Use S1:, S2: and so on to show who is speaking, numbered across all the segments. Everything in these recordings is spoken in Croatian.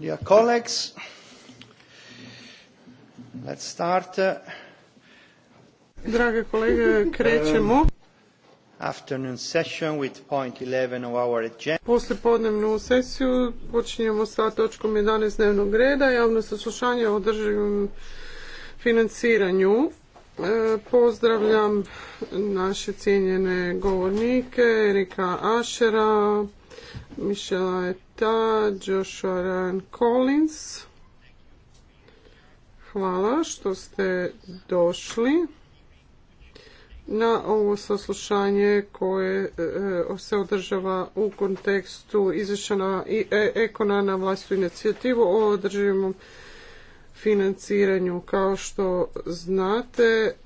S1: Dear colleagues, let's start.
S2: Drage kolege, krećemo. Um, afternoon session with point 11 of our agenda. Poslijepodnevnu sesiju počinjemo sa točkom 11 dnevnog reda, javno saslušanje o održivom financiranju. E, pozdravljam naše cijenjene govornike Erika Ashera, Michelle Eta, Joshua Ryan Collins. Hvala što ste došli na ovo saslušanje koje e, se održava u kontekstu izvršena i e, ekona na inicijativu o održivom financiranju. Kao što znate,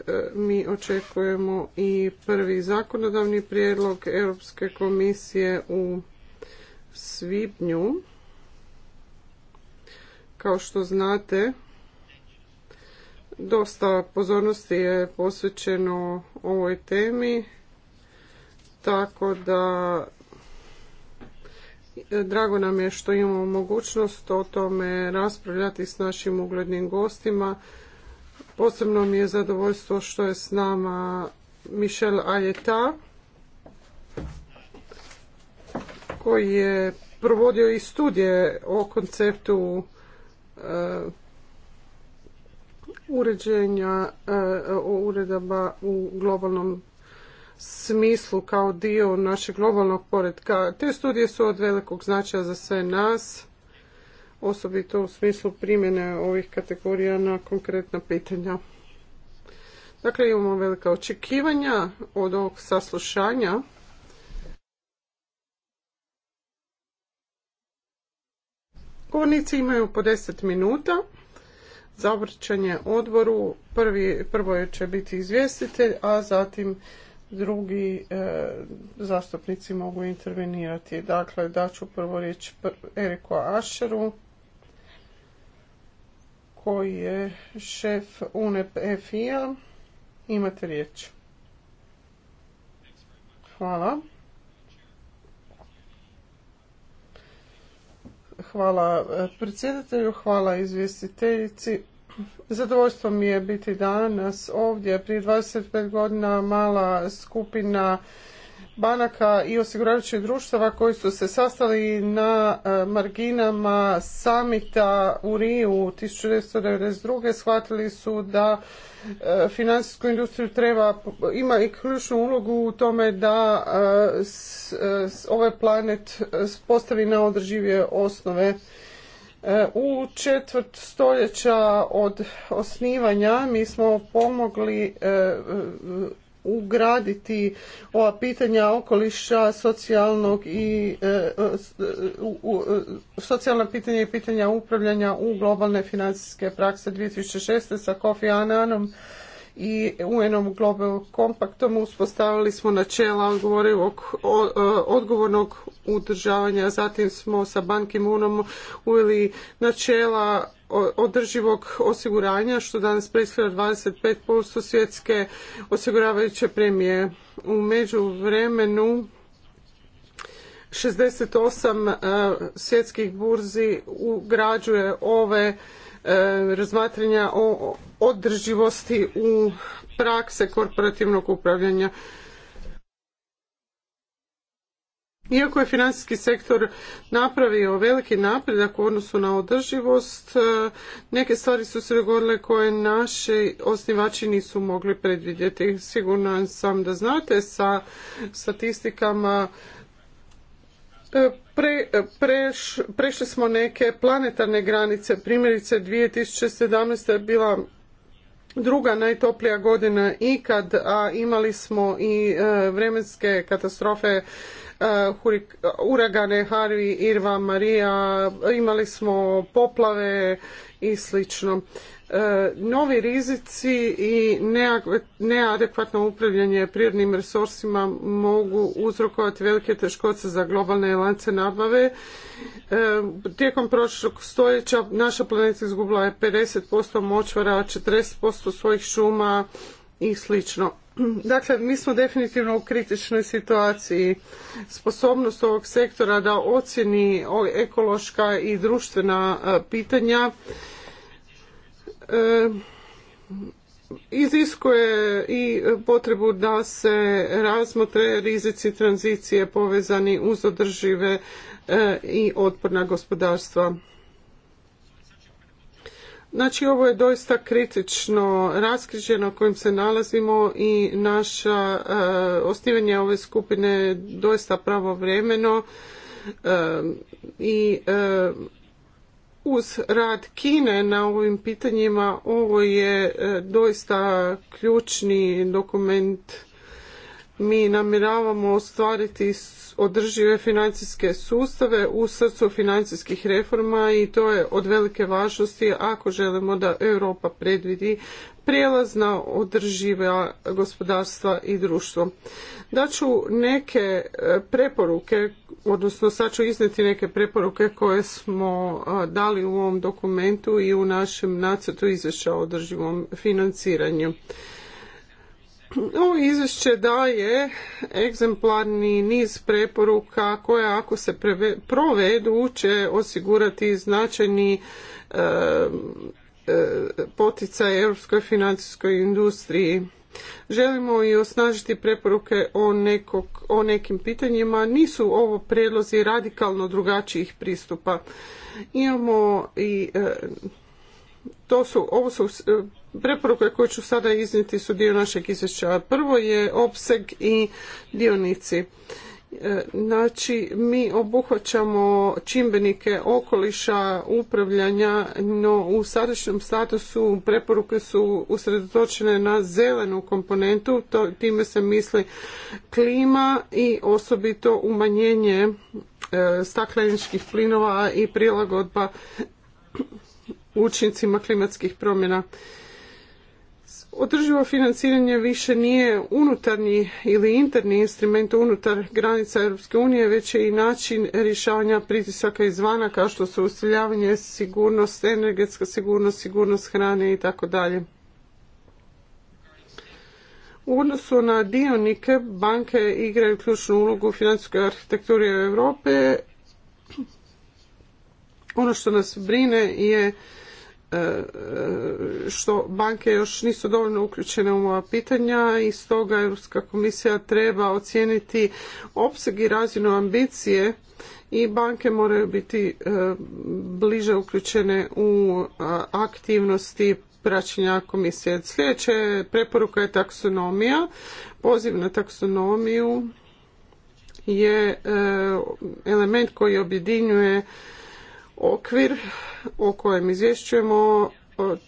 S2: e, mi očekujemo i prvi zakonodavni prijedlog Europske komisije u svibnju kao što znate dosta pozornosti je posvećeno ovoj temi tako da drago nam je što imamo mogućnost o tome raspravljati s našim uglednim gostima posebno mi je zadovoljstvo što je s nama Michel Ajeta koji je provodio i studije o konceptu e, uređenja e, o uredaba u globalnom smislu kao dio našeg globalnog poredka. Te studije su od velikog značaja za sve nas, osobito u smislu primjene ovih kategorija na konkretna pitanja. Dakle, imamo velika očekivanja od ovog saslušanja Govornici imaju po 10 minuta za obraćanje odboru. prvo će biti izvjestitelj, a zatim drugi e, zastupnici mogu intervenirati. Dakle, daću prvo riječ Eriku Ašeru koji je šef UNEP FIA. Imate riječ. Hvala. Hvala e, predsjedatelju, hvala izvjestiteljici. Zadovoljstvo mi je biti danas ovdje. Prije 25 godina mala skupina banaka i osiguravajućih društava koji su se sastali na e, marginama samita u Riju 1992. shvatili su da e, financijsku industriju treba, ima i ključnu ulogu u tome da e, ovaj planet postavi na održivije osnove. U četvrt stoljeća od osnivanja mi smo pomogli ugraditi ova pitanja okoliša, socijalnog i e, e, socijalna pitanja i pitanja upravljanja u globalne financijske prakse 2006. sa Kofi i UN-om Global Compactom uspostavili smo načela odgovorivog, e, odgovornog udržavanja. Zatim smo sa Ban Ki-moonom uveli načela održivog osiguranja, što danas predstavlja 25% svjetske osiguravajuće premije. U međuvremenu 68 e, svjetskih burzi ugrađuje ove e, razmatranja o održivosti u prakse korporativnog upravljanja. Iako je financijski sektor napravio veliki napredak u odnosu na održivost, e, neke stvari su se dogodile koje naši osnivači nisu mogli predvidjeti. Sigurno sam da znate sa statistikama e, Pre, e, prešli smo neke planetarne granice. Primjerice 2017. je bila druga najtoplija godina ikad, a imali smo i vremenske katastrofe Eh, uragane Harvi, Irva, Marija, imali smo poplave i slično. Eh, novi rizici i neadekvatno upravljanje prirodnim resursima mogu uzrokovati velike teškoće za globalne lance nabave. Eh, tijekom prošlog stoljeća naša planeta izgubila je 50% močvara, 40% svojih šuma i slično Dakle, mi smo definitivno u kritičnoj situaciji. Sposobnost ovog sektora da ocjeni ekološka i društvena e, pitanja e, iziskuje i potrebu da se razmotre rizici tranzicije povezani uz održive e, i otporna gospodarstva. Znači ovo je doista kritično raskrižje na kojem se nalazimo i naša e, osnivanje ove skupine doista pravovremeno e, i e, uz rad Kine na ovim pitanjima ovo je e, doista ključni dokument mi namjeravamo ostvariti održive financijske sustave u srcu financijskih reforma i to je od velike važnosti ako želimo da Europa predvidi prijelazna na održiva gospodarstva i društvo. Daću neke e, preporuke, odnosno sad ću izneti neke preporuke koje smo e, dali u ovom dokumentu i u našem nacrtu izvješća o održivom financiranju. Ovo izvješće daje egzemplarni niz preporuka koje ako se preve, provedu će osigurati značajni e, e, poticaj europskoj financijskoj industriji. Želimo i osnažiti preporuke o, nekog, o nekim pitanjima. Nisu ovo predlozi radikalno drugačijih pristupa. Imamo i e, to su, ovo su e, preporuke koje ću sada iznijeti su dio našeg izvješća. Prvo je opseg i dionici. E, znači, mi obuhvaćamo čimbenike okoliša, upravljanja, no u sadašnjem statusu preporuke su usredotočene na zelenu komponentu, to, time se misli klima i osobito umanjenje e, stakleničkih plinova i prilagodba učincima klimatskih promjena. Održivo financiranje više nije unutarnji ili interni instrument unutar granica Europske unije, već je i način rješavanja pritisaka izvana kao što su useljavanje, sigurnost, energetska sigurnost, sigurnost hrane i tako dalje. U odnosu na dionike, banke igraju ključnu ulogu u financijskoj arhitekturi Europe. Ono što nas brine je E, što banke još nisu dovoljno uključene u ova pitanja i stoga Europska komisija treba ocijeniti opseg i razinu ambicije i banke moraju biti e, bliže uključene u aktivnosti praćenja komisije. Sljedeća preporuka je taksonomija, poziv na taksonomiju je e, element koji objedinjuje okvir o kojem izvješćujemo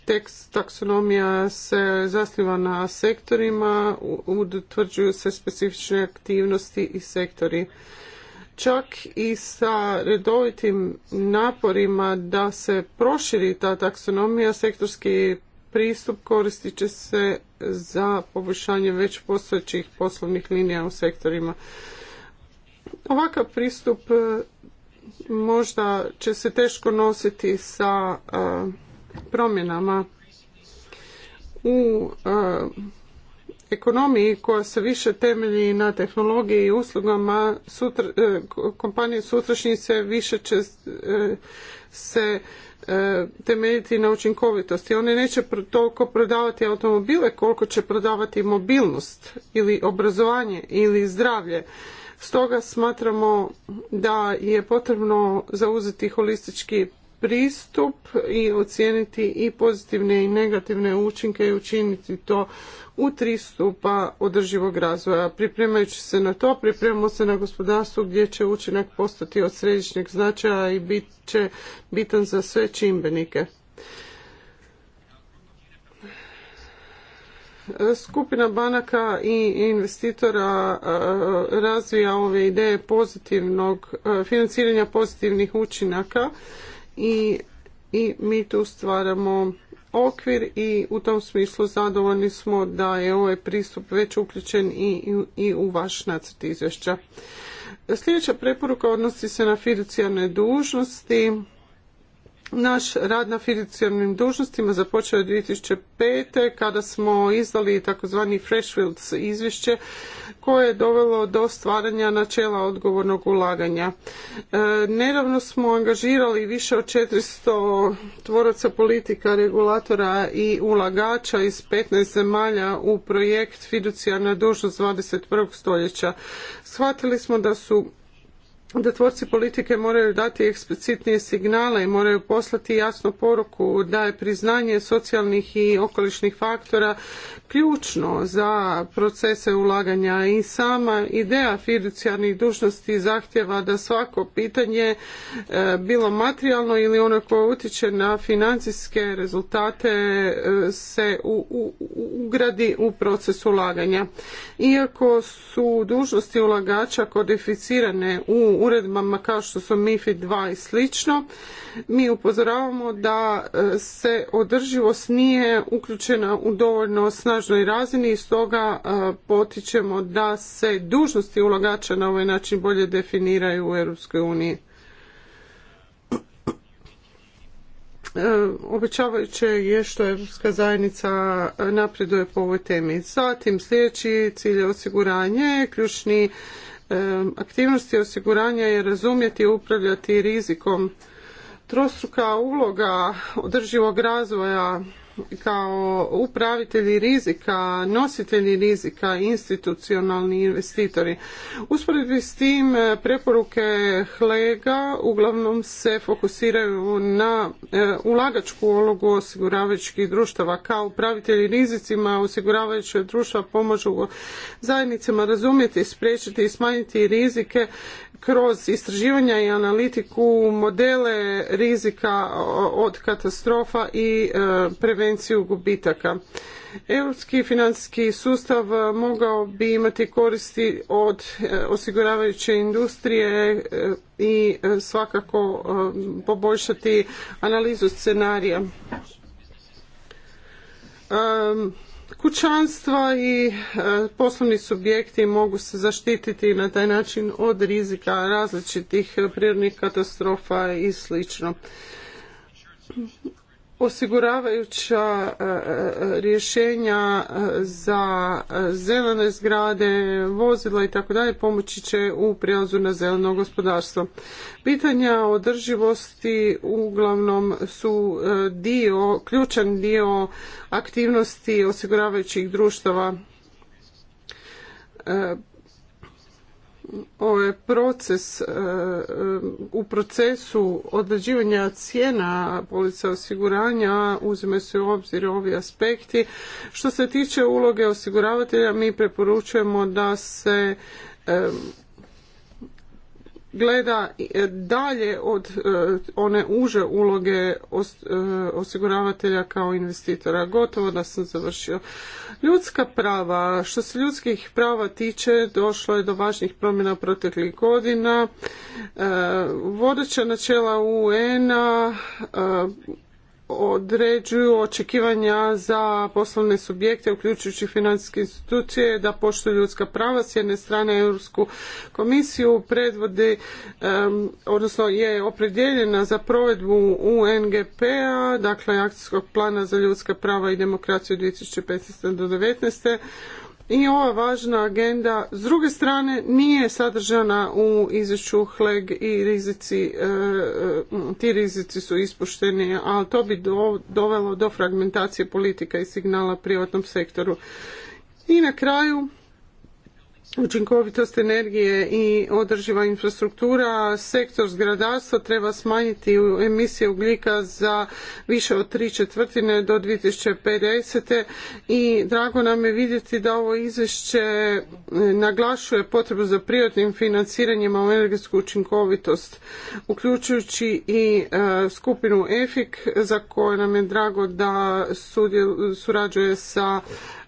S2: tekst taksonomija se zasniva na sektorima, utvrđuju se specifične aktivnosti i sektori. Čak i sa redovitim naporima da se proširi ta taksonomija, sektorski pristup koristit će se za poboljšanje već postojećih poslovnih linija u sektorima. Ovakav pristup možda će se teško nositi sa e, promjenama u e, ekonomiji koja se više temelji na tehnologiji i uslugama e, kompanije sutrašnjice više će se temeljiti na učinkovitosti. One neće toliko prodavati automobile koliko će prodavati mobilnost ili obrazovanje ili zdravlje. Stoga smatramo da je potrebno zauzeti holistički pristup i ocijeniti i pozitivne i negativne učinke i učiniti to u tri stupa održivog razvoja. Pripremajući se na to, pripremamo se na gospodarstvo gdje će učinak postati od središnjeg značaja i bit će bitan za sve čimbenike. skupina banaka i investitora e, razvija ove ideje pozitivnog e, financiranja pozitivnih učinaka i, i mi tu stvaramo okvir i u tom smislu zadovoljni smo da je ovaj pristup već uključen i, i u vaš nacrt izvješća. Sljedeća preporuka odnosi se na fiducijalne dužnosti naš rad na fiducijalnim dužnostima započeo je 2005. kada smo izdali takozvani Freshfields izvješće koje je dovelo do stvaranja načela odgovornog ulaganja. E, nedavno smo angažirali više od 400 tvoraca politika, regulatora i ulagača iz 15 zemalja u projekt Fiducijalna dužnost 21. stoljeća. Shvatili smo da su da tvorci politike moraju dati eksplicitnije signale i moraju poslati jasnu poruku da je priznanje socijalnih i okolišnih faktora ključno za procese ulaganja i sama ideja fiducijarnih dužnosti zahtjeva da svako pitanje e, bilo materijalno ili ono koje utječe na financijske rezultate e, se ugradi u proces ulaganja. Iako su dužnosti ulagača kodificirane u uredbama kao što su MIFID 2 i slično, mi upozoravamo da e, se održivost nije uključena u dovoljno snažnoj razini i stoga e, potičemo da se dužnosti ulagača na ovaj način bolje definiraju u Europskoj uniji. E, obećavajuće je što Europska zajednica napreduje po ovoj temi. Zatim sljedeći cilj je osiguranje, ključni aktivnosti osiguranja je razumjeti i upravljati rizikom. Trostruka uloga održivog razvoja kao upravitelji rizika, nositelji rizika, institucionalni investitori. Usporedbi s tim e, preporuke Hlega uglavnom se fokusiraju na e, ulagačku ulogu osiguravajućih društava. Kao upravitelji rizicima osiguravajuća društva pomažu zajednicama razumjeti, spriječiti i smanjiti rizike kroz istraživanja i analitiku modele rizika od katastrofa i e, prevenciju gubitaka. Europski financijski sustav e, mogao bi imati koristi od e, osiguravajuće industrije i svakako poboljšati analizu scenarija. Kućanstva i e, poslovni subjekti mogu se zaštititi na taj način od rizika različitih prirodnih katastrofa i slično osiguravajuća e, e, rješenja e, za zelene zgrade, vozila i tako dalje pomoći će u prijelazu na zeleno gospodarstvo. Pitanja održivosti uglavnom su dio, ključan dio aktivnosti osiguravajućih društava ovaj proces e, e, u procesu određivanja cijena polica osiguranja uzme se u obzir ovi aspekti. Što se tiče uloge osiguravatelja mi preporučujemo da se e, gleda e, dalje od e, one uže uloge e, osiguravatelja kao investitora. Gotovo da sam završio. Ljudska prava, što se ljudskih prava tiče, došlo je do važnih promjena proteklih godina. Vodeća načela UN-a određuju očekivanja za poslovne subjekte, uključujući financijske institucije, da poštuju ljudska prava. S jedne strane, Europsku komisiju predvodi, odnosno je opredjeljena za provedbu UNGP-a, dakle akcijskog plana za ljudska prava i demokraciju 2015. do 2019 i ova važna agenda s druge strane nije sadržana u izvješću HLEG i rizici, e, e, ti rizici su ispušteni, ali to bi dovelo do fragmentacije politika i signala privatnom sektoru. I na kraju učinkovitost energije i održiva infrastruktura, sektor zgradarstva treba smanjiti emisije ugljika za više od tri četvrtine do 2050. I drago nam je vidjeti da ovo izvješće e, naglašuje potrebu za prirodnim financiranjima u energetsku učinkovitost, uključujući i e, skupinu EFIK za koju nam je drago da surađuje sa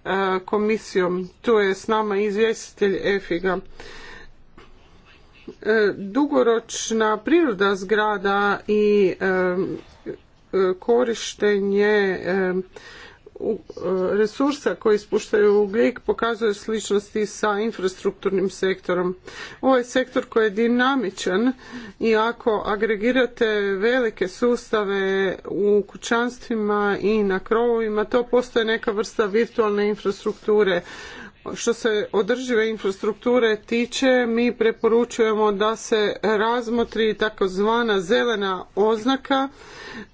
S2: E, komisijom. Tu je s nama izvjestitelj Efiga. E, dugoročna priroda zgrada i e, korištenje E, resursa koji ispuštaju ugljik pokazuje sličnosti sa infrastrukturnim sektorom. Ovaj sektor koji je dinamičan i ako agregirate velike sustave u kućanstvima i na krovovima, to postaje neka vrsta virtualne infrastrukture što se održive infrastrukture tiče, mi preporučujemo da se razmotri takozvana zelena oznaka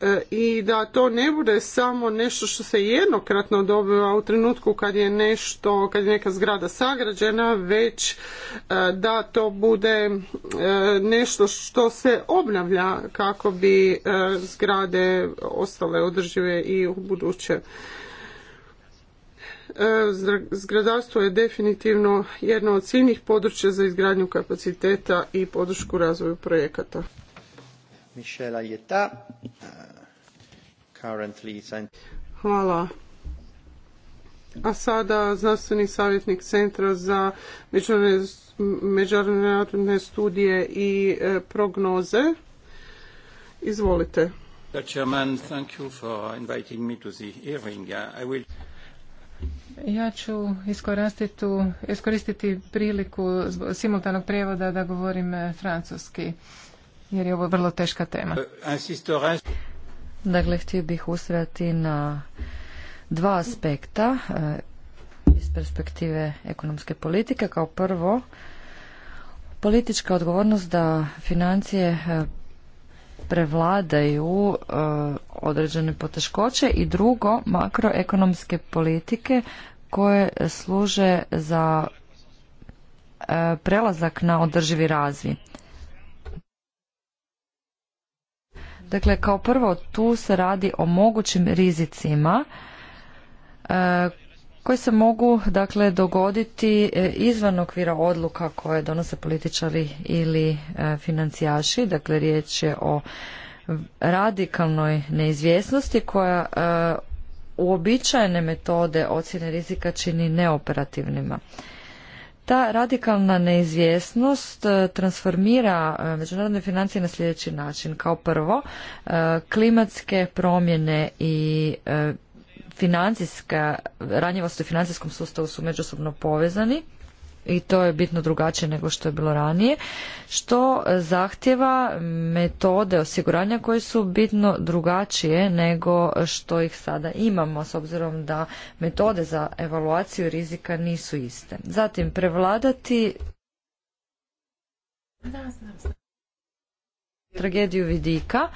S2: e, i da to ne bude samo nešto što se jednokratno dobiva u trenutku kad je nešto, kad je neka zgrada sagrađena, već e, da to bude e, nešto što se obnavlja kako bi zgrade ostale održive i u buduće. E, zgradarstvo je definitivno jedno od ciljnih područja za izgradnju kapaciteta i podršku razvoju projekata.
S1: Michela Jeta,
S2: Hvala. A sada znanstveni savjetnik Centra za međunarodne studije i e, prognoze.
S3: Izvolite.
S1: Chairman, thank you for inviting me to
S3: ja ću iskoristiti priliku simultanog prijevoda da govorim e, francuski, jer je ovo vrlo teška tema.
S1: E,
S3: dakle, htio bih usrati
S4: na dva aspekta e, iz perspektive ekonomske politike. Kao prvo, politička odgovornost da financije prevladaju e, određene poteškoće i drugo makroekonomske politike koje služe za e, prelazak na održivi razvoj. Dakle, kao prvo tu se radi o mogućim rizicima e, koje se mogu dakle dogoditi e, izvan okvira odluka koje donose političari ili e, financijaši. Dakle, riječ je o radikalnoj neizvjesnosti koja e, uobičajene metode ocjene rizika čini neoperativnima. Ta radikalna neizvjesnost transformira međunarodne financije na sljedeći način. Kao prvo, klimatske promjene i financijska ranjivost u financijskom sustavu su međusobno povezani i to je bitno drugačije nego što je bilo ranije, što zahtjeva metode osiguranja koje su bitno drugačije nego što ih sada imamo s obzirom da metode za evaluaciju rizika nisu iste. Zatim prevladati tragediju vidika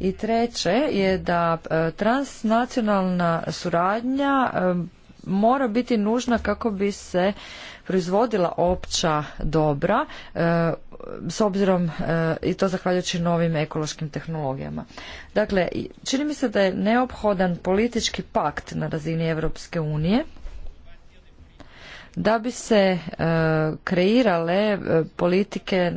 S4: I treće je da e, transnacionalna suradnja e, mora biti nužna kako bi se proizvodila opća dobra e, s obzirom i to zahvaljujući novim ekološkim tehnologijama. Dakle, čini mi se da je neophodan politički pakt na razini Europske unije da bi se kreirale politike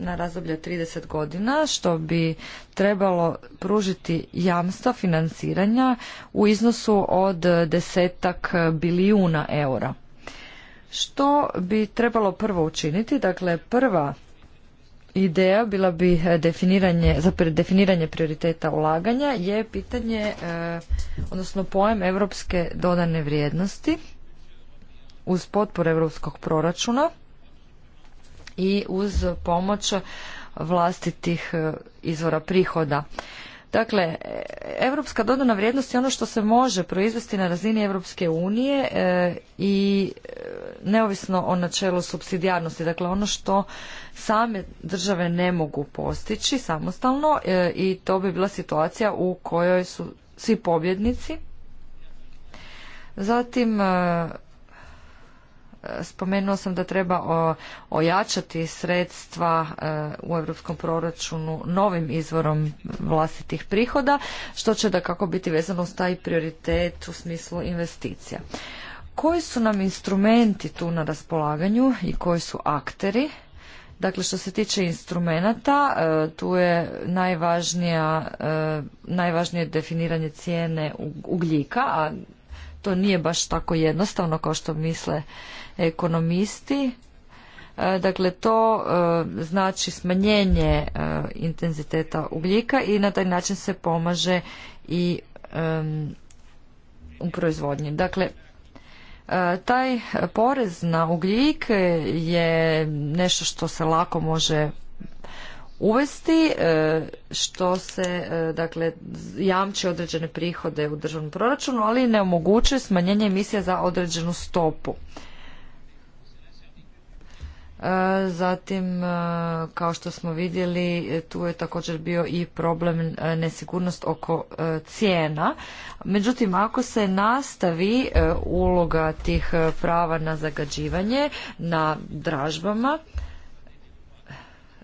S4: na razdoblje 30 godina, što bi trebalo pružiti jamstva financiranja u iznosu od desetak bilijuna eura. Što bi trebalo prvo učiniti? Dakle, prva ideja bila bi definiranje, za definiranje prioriteta ulaganja je pitanje, e, odnosno pojam europske dodane vrijednosti uz potporu europskog proračuna i uz pomoć vlastitih e, izvora prihoda. Dakle, europska dodana vrijednost je ono što se može proizvesti na razini Europske unije e, i e, neovisno o načelu subsidijarnosti, dakle ono što same države ne mogu postići samostalno i to bi bila situacija u kojoj su svi pobjednici. Zatim spomenuo sam da treba ojačati sredstva e, u europskom proračunu novim izvorom vlastitih prihoda, što će da kako biti vezano uz taj prioritet u smislu investicija. Koji su nam instrumenti tu na raspolaganju i koji su akteri? Dakle, što se tiče instrumenata, e, tu je najvažnija, e, najvažnije definiranje cijene ugljika, a to nije baš tako jednostavno kao što misle ekonomisti. E, dakle, to e, znači smanjenje e, intenziteta ugljika i na taj način se pomaže i u proizvodnji. Dakle, taj porez na ugljik je nešto što se lako može uvesti e, što se e, dakle jamči određene prihode u državnom proračunu, ali ne omogućuje smanjenje emisija za određenu stopu. E, zatim, kao što smo vidjeli, tu je također bio i problem nesigurnost oko cijena. Međutim, ako se nastavi uloga tih prava na zagađivanje, na dražbama,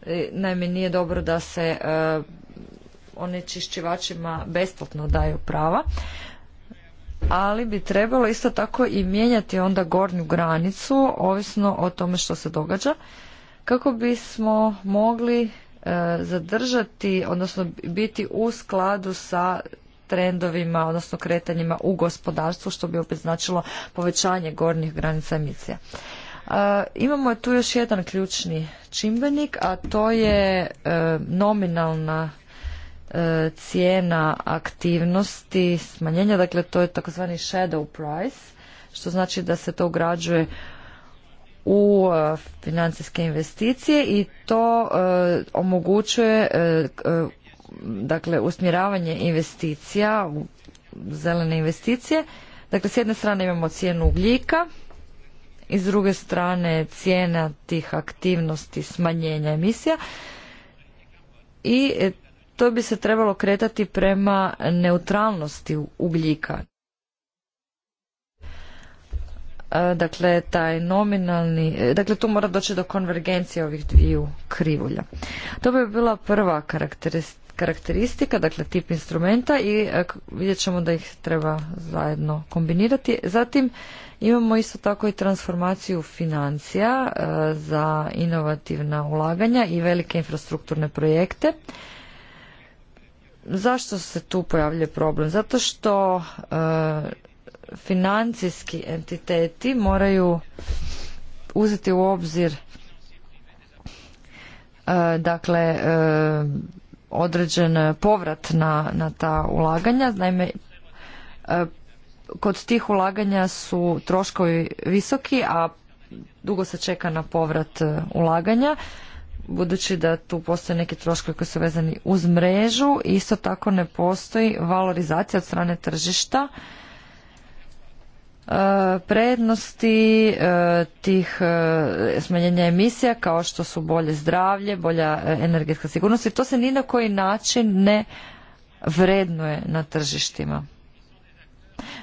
S4: E, naime, nije dobro da se e, onečišćivačima besplatno daju prava, ali bi trebalo isto tako i mijenjati onda gornju granicu, ovisno o tome što se događa, kako bismo mogli e, zadržati, odnosno biti u skladu sa trendovima, odnosno kretanjima u gospodarstvu, što bi opet značilo povećanje gornjih granica emisija. Imamo tu još jedan ključni čimbenik, a to je e, nominalna e, cijena aktivnosti smanjenja, dakle to je takozvani shadow price, što znači da se to ugrađuje u e, financijske investicije i to omogućuje dakle usmjeravanje investicija u zelene investicije. Dakle, s jedne strane imamo cijenu ugljika, i s druge strane cijena tih aktivnosti smanjenja emisija i e, to bi se trebalo kretati prema neutralnosti ugljika. E, dakle, taj nominalni, e, dakle tu mora doći do konvergencije ovih dviju krivulja. To bi bila prva karakteristika, dakle tip instrumenta i vidjet ćemo da ih treba zajedno kombinirati. Zatim, Imamo isto tako i transformaciju financija e, za inovativna ulaganja i velike infrastrukturne projekte. Zašto se tu pojavljuje problem? Zato što e, financijski entiteti moraju uzeti u obzir e, dakle određen povrat na, na ta ulaganja. Naime, kod tih ulaganja su troškovi visoki, a dugo se čeka na povrat e, ulaganja budući da tu postoje neki troškovi koji su vezani uz mrežu isto tako ne postoji valorizacija od strane tržišta e, prednosti e, tih smanjenja emisija kao što su bolje zdravlje bolja energetska sigurnost i to se ni na koji način ne vrednuje na tržištima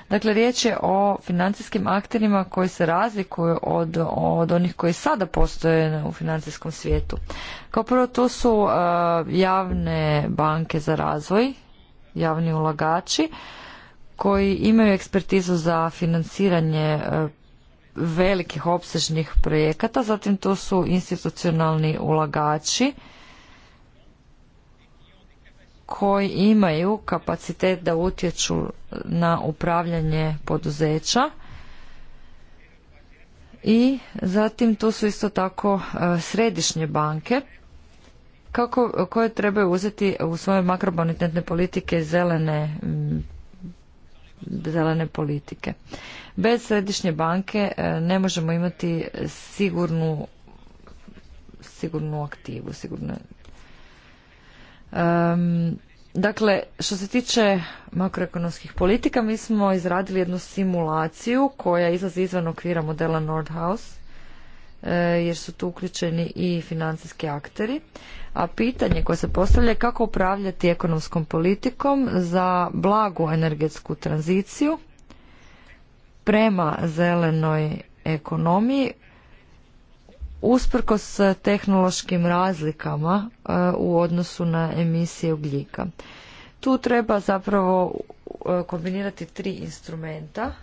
S4: Dakle, riječ je o financijskim akterima koji se razlikuju od, od onih koji sada postoje u financijskom svijetu. Kao prvo, to su e, javne banke za razvoj, javni ulagači, koji imaju ekspertizu za financiranje e, velikih opsežnih projekata, zatim to su institucionalni ulagači, koji imaju kapacitet da utječu na upravljanje poduzeća i zatim tu su isto tako e, središnje banke kako, koje trebaju uzeti u svoje makrobonitetne politike zelene, zelene politike. Bez središnje banke e, ne možemo imati sigurnu sigurnu aktivu, sigurnu dakle, što se tiče makroekonomskih politika, mi smo izradili jednu simulaciju koja izlazi izvan okvira modela Nordhaus, e, jer su tu uključeni i financijski akteri. A pitanje koje se postavlja je kako upravljati ekonomskom politikom za blagu energetsku tranziciju prema zelenoj ekonomiji usprkos e, tehnološkim razlikama e, u odnosu na emisije ugljika. Tu treba zapravo e, kombinirati tri instrumenta,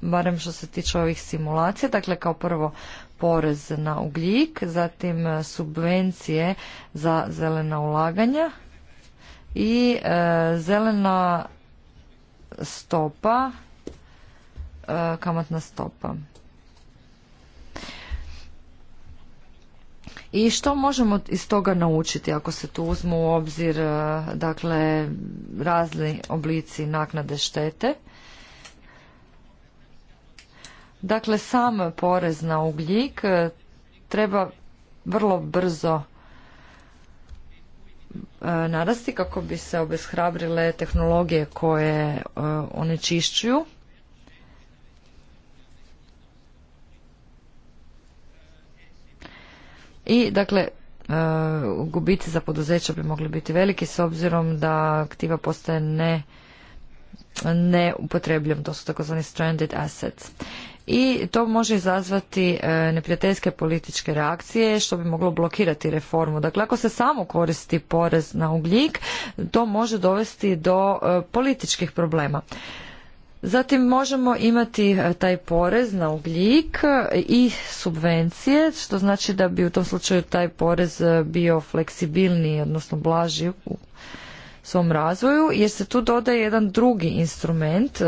S4: barem što se tiče ovih simulacija, dakle kao prvo porez na ugljik, zatim subvencije za zelena ulaganja i zelena stopa, kamatna stopa. i što možemo iz toga naučiti ako se tu uzmu u obzir e, dakle razni oblici naknade štete dakle sam porez na ugljik e, treba vrlo brzo e, narasti kako bi se obeshrabrile tehnologije koje onečišćuju I dakle, eh, gubici za poduzeća bi mogli biti veliki s obzirom da aktiva postaje ne to su takozvani stranded assets. I to može izazvati eh, neprijateljske političke reakcije što bi moglo blokirati reformu. Dakle, ako se samo koristi porez na ugljik, to može dovesti do eh, političkih problema. Zatim možemo imati e, taj porez na ugljik e, i subvencije, što znači da bi u tom slučaju taj porez e, bio fleksibilniji, odnosno blaži u svom razvoju, jer se tu dodaje jedan drugi instrument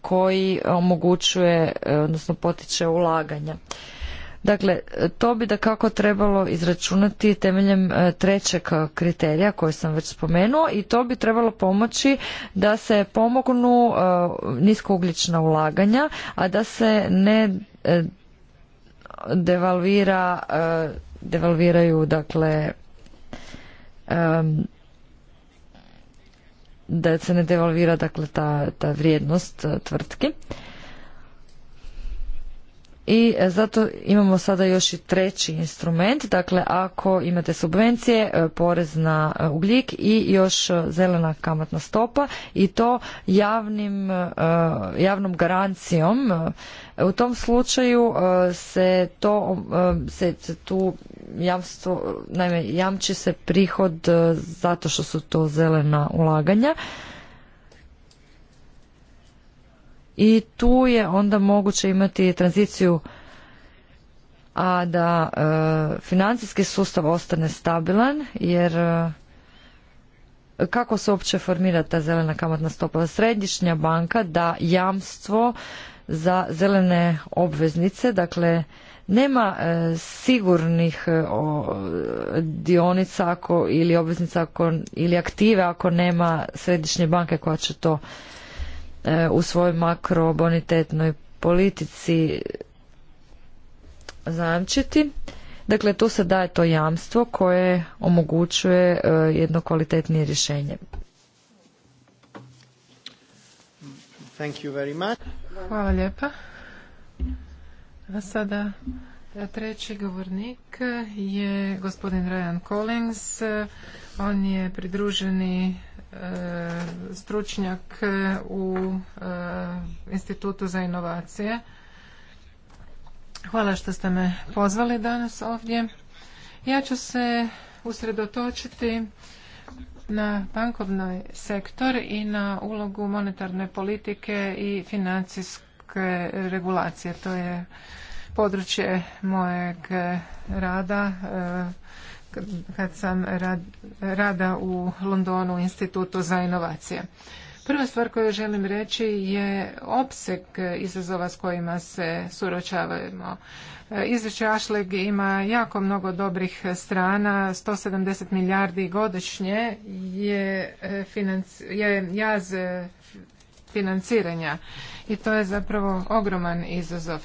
S4: koji omogućuje, odnosno potiče ulaganja. Dakle, to bi da kako trebalo izračunati temeljem e, trećeg kriterija koji sam već spomenuo i to bi trebalo pomoći da se pomognu e, niskouglična ulaganja, a da se ne e, devalvira devalviraju dakle da se ne devalvira dakle ta, ta vrijednost tvrtki i e, zato imamo sada još i treći instrument, dakle ako imate subvencije, e, porez na e, ugljik i još zelena kamatna stopa i to javnim, javnom garancijom. U tom slučaju se to se, se tu jamstvo, naime jamči se prihod zato što su to zelena ulaganja i tu je onda moguće imati tranziciju a da e, financijski sustav ostane stabilan jer e, kako se uopće formira ta zelena kamatna stopa središnja banka da jamstvo za zelene obveznice dakle nema e, sigurnih o, dionica ako ili obveznica ako ili aktive ako nema središnje banke koja će to E, u svojoj makrobonitetnoj politici zamčiti. Dakle, tu se daje to jamstvo koje omogućuje e, jedno kvalitetnije
S3: rješenje. Thank you very much. Hvala lijepa. A sada e, treći govornik je gospodin Ryan Collins. On je pridruženi E, stručnjak e, u e, Institutu za inovacije. Hvala što ste me pozvali danas ovdje. Ja ću se usredotočiti na bankovni sektor i na ulogu monetarne politike i financijske regulacije. To je područje mojeg rada kad sam rad, rada u Londonu institutu za inovacije. Prva stvar koju želim reći je opseg izazova s kojima se suročavamo. Izvješće Ašleg ima jako mnogo dobrih strana, 170 milijardi godišnje je, e, je jaz e, financiranja i to je zapravo ogroman izazov.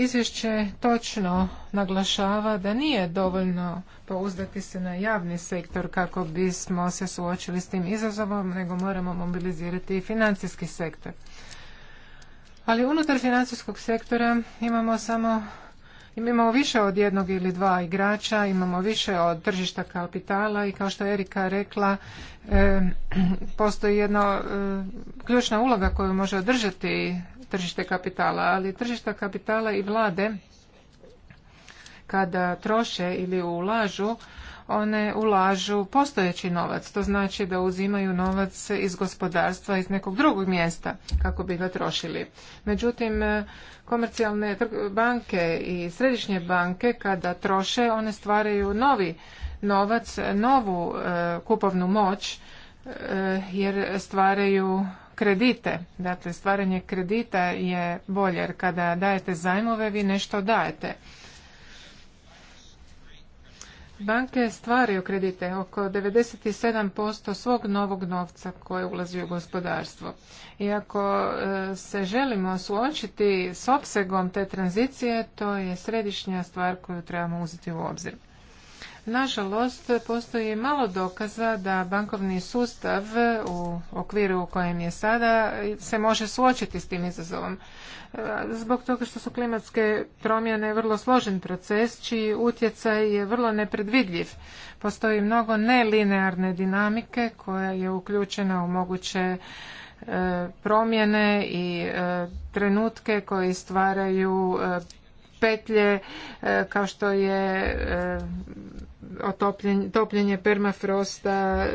S3: Izvješće točno naglašava da nije dovoljno pouzdati se na javni sektor kako bismo se suočili s tim izazovom, nego moramo mobilizirati i financijski sektor. Ali unutar financijskog sektora imamo samo Imamo više od jednog ili dva igrača, imamo više od tržišta kapitala i kao što je Erika rekla, postoji jedna ključna uloga koju može održati tržište kapitala, ali tržišta kapitala i vlade kada troše ili ulažu, one ulažu postojeći novac. To znači da uzimaju novac iz gospodarstva iz nekog drugog mjesta kako bi ga trošili. Međutim, komercijalne banke i središnje banke kada troše, one stvaraju novi novac, novu e, kupovnu moć e, jer stvaraju kredite. Dakle, stvaranje kredita je bolje, jer kada dajete zajmove, vi nešto dajete. Banke stvaraju kredite, oko 97% svog novog novca koje ulazi u gospodarstvo. I ako e, se želimo suočiti s opsegom te tranzicije, to je središnja stvar koju trebamo uzeti u obzir. Nažalost, postoji malo dokaza da bankovni sustav u okviru u kojem je sada se može suočiti s tim izazovom. E, zbog toga što su klimatske promjene vrlo složen proces, čiji utjecaj je vrlo nepredvidljiv. Postoji mnogo nelinearne dinamike koja je uključena u moguće e, promjene i e, trenutke koji stvaraju petlje kao što je otopljenje, topljenje permafrosta,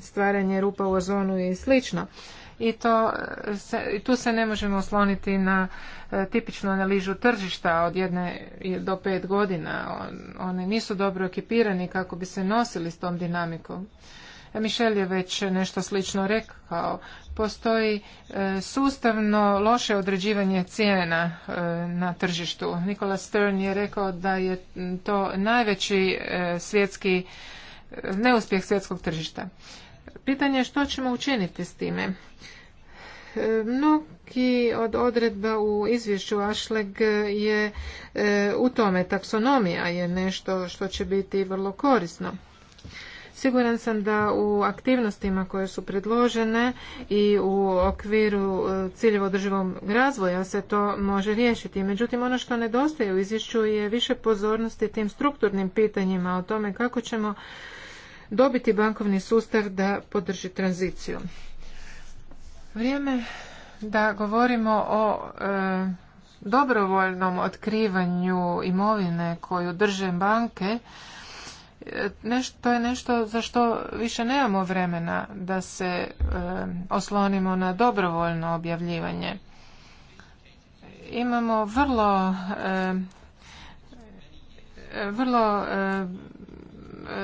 S3: stvaranje rupa u ozonu i slično. I to e, tu se ne možemo osloniti na e, tipičnu analizu tržišta od jedne do pet godina. One nisu dobro ekipirani kako bi se nosili s tom dinamikom. E, Mišel je već nešto slično rekao postoji e, sustavno loše određivanje cijena e, na tržištu. Nikola Stern je rekao da je to najveći e, svjetski neuspjeh svjetskog tržišta. Pitanje je što ćemo učiniti s time. Mnogi od odredba u izvješću Ašleg je u tome taksonomija je nešto što će biti vrlo korisno. Siguran sam da u aktivnostima koje su predložene i u okviru e, ciljeva održivog razvoja se to može riješiti. Međutim, ono što nedostaje u izvješću je više pozornosti tim strukturnim pitanjima o tome kako ćemo dobiti bankovni sustav da podrži tranziciju. Vrijeme da govorimo o e, dobrovoljnom otkrivanju imovine koju drže banke to je nešto za što više nemamo vremena da se oslonimo na dobrovoljno objavljivanje. Imamo vrlo vrlo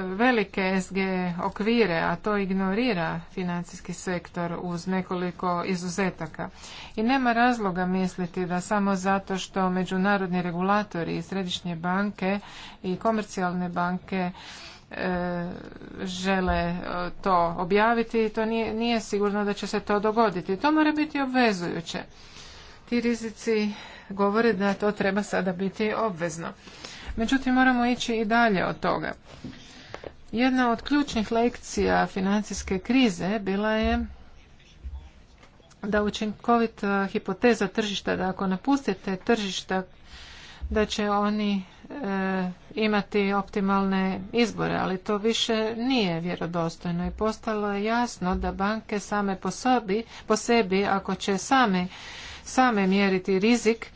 S3: velike SG okvire, a to ignorira financijski sektor uz nekoliko izuzetaka. I nema razloga misliti da samo zato što međunarodni regulatori i središnje banke i komercijalne banke e, žele e, to objaviti, to nije, nije sigurno da će se to dogoditi. To mora biti obvezujuće. Ti rizici govore da to treba sada biti obvezno. Međutim, moramo ići i dalje od toga. Jedna od ključnih lekcija financijske krize bila je da učinkovita e, hipoteza tržišta, da ako napustite tržišta, da će oni e, imati optimalne izbore, ali to više nije vjerodostojno i postalo je jasno da banke same po, sebi, po sebi, ako će same, same mjeriti rizik,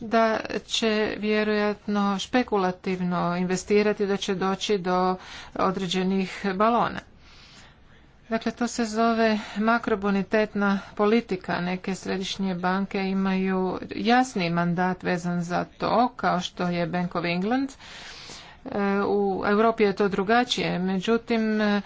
S3: da će vjerojatno špekulativno investirati, da će doći do određenih balona. Dakle, to se zove makrobonitetna politika. Neke središnje banke imaju jasni mandat vezan za to, kao što je Bank of England, E, u Europi je to drugačije. Međutim, e,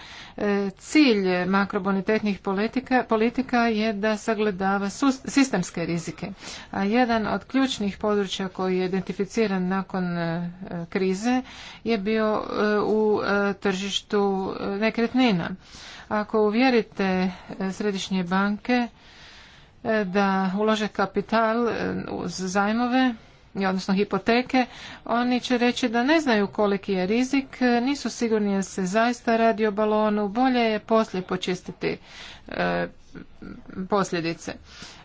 S3: cilj makrobonitetnih politika, politika je da sagledava sistemske rizike. A jedan od ključnih područja koji je identificiran nakon e, krize je bio u tržištu nekretnina. Ako uvjerite središnje banke da ulože kapital uz zajmove, odnosno hipoteke, oni će reći da ne znaju koliki je rizik, nisu sigurni da se zaista radi o balonu, bolje je poslije počistiti e, posljedice.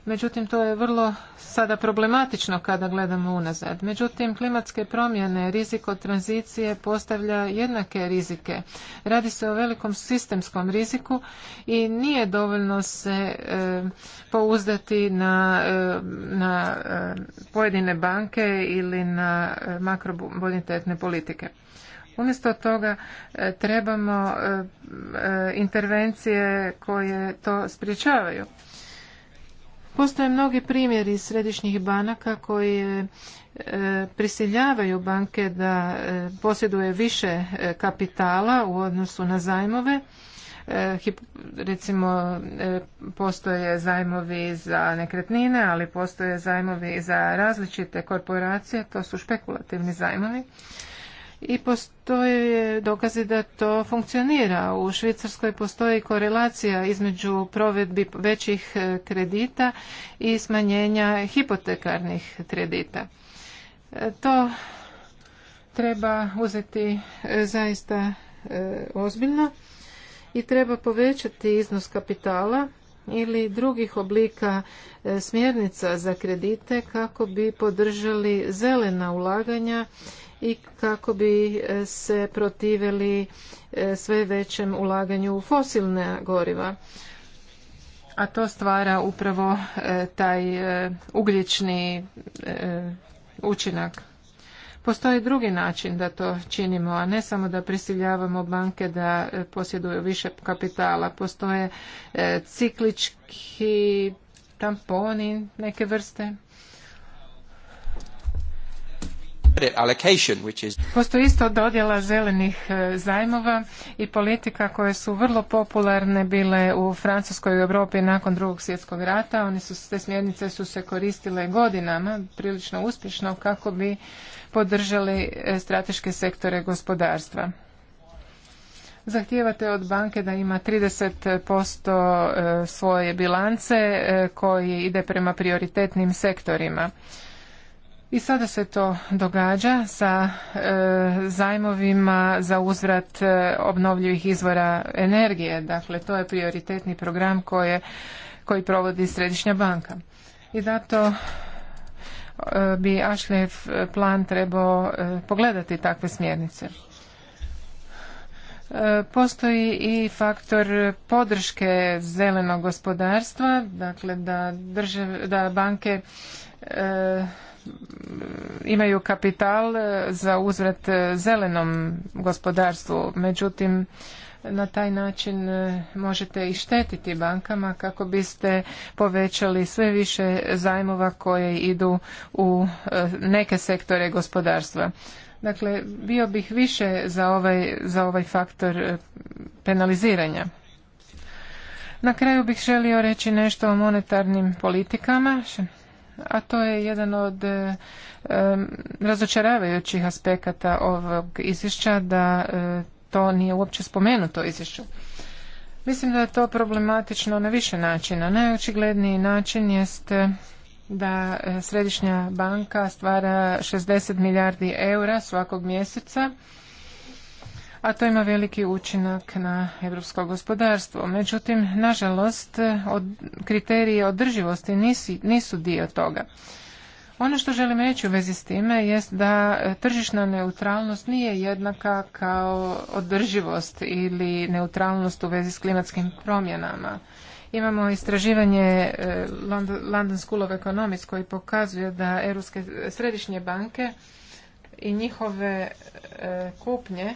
S3: Međutim, to je vrlo sada problematično kada gledamo unazad. Međutim, klimatske promjene, rizik od tranzicije postavlja jednake rizike. Radi se o velikom sistemskom riziku i nije dovoljno se e, pouzdati na, e, na e, pojedine banke ili na makrobonitetne politike. Umjesto toga e, trebamo e, e, intervencije koje to spriječavaju. Postoje mnogi primjeri središnjih banaka koji prisiljavaju banke da posjeduje više kapitala u odnosu na zajmove. Recimo, postoje zajmovi za nekretnine, ali postoje zajmovi za različite korporacije, to su špekulativni zajmovi i postoje dokazi da to funkcionira. U Švicarskoj postoji korelacija između provedbi većih e, kredita i smanjenja hipotekarnih kredita. E, to treba uzeti e, zaista ozbiljno i treba povećati iznos kapitala ili drugih oblika smjernica za kredite kako bi podržali zelena ulaganja i kako bi e, se protivili e, sve većem ulaganju u fosilna goriva a to stvara upravo e, taj ugljični učinak Postoji drugi način da to činimo, a ne samo da prisiljavamo banke da posjeduju više kapitala. Postoje ciklički tamponi neke vrste. Postoji isto dodjela zelenih e, zajmova i politika koje su vrlo popularne bile u Francuskoj i Europi nakon drugog svjetskog rata. su, te smjernice su se koristile godinama, prilično uspješno, kako bi podržali e, strateške sektore gospodarstva. Zahtijevate od banke da ima 30% e, svoje bilance koji ide prema prioritetnim sektorima. I sada se to događa sa e, zajmovima za uzvrat e, obnovljivih izvora energije. Dakle, to je prioritetni program koji provodi Središnja banka. I zato e, bi Ašljev plan trebao pogledati takve smjernice. Postoji i faktor podrške zelenog gospodarstva, dakle da, banke imaju kapital e, za uzvrat e, zelenom gospodarstvu. Međutim, na taj način e, možete i štetiti bankama kako biste povećali sve više zajmova koje idu u neke sektore gospodarstva. Dakle, bio bih više za ovaj, za ovaj faktor penaliziranja. Na kraju bih želio reći nešto o monetarnim politikama a to je jedan od e, razočaravajućih aspekata ovog izvješća da e, to nije uopće spomenuto izvješću. Mislim da je to problematično na više načina. Najočigledniji način jest e, da Središnja banka stvara 60 milijardi eura svakog mjeseca a to ima veliki učinak na europsko gospodarstvo. Međutim, nažalost, od, kriteriji održivosti nisi, nisu dio toga. Ono što želim reći u vezi s time jest da tržišna neutralnost nije jednaka kao održivost ili neutralnost u vezi s klimatskim promjenama. Imamo istraživanje e, London School of Economics koji pokazuje da Europske središnje banke i njihove e, kupnje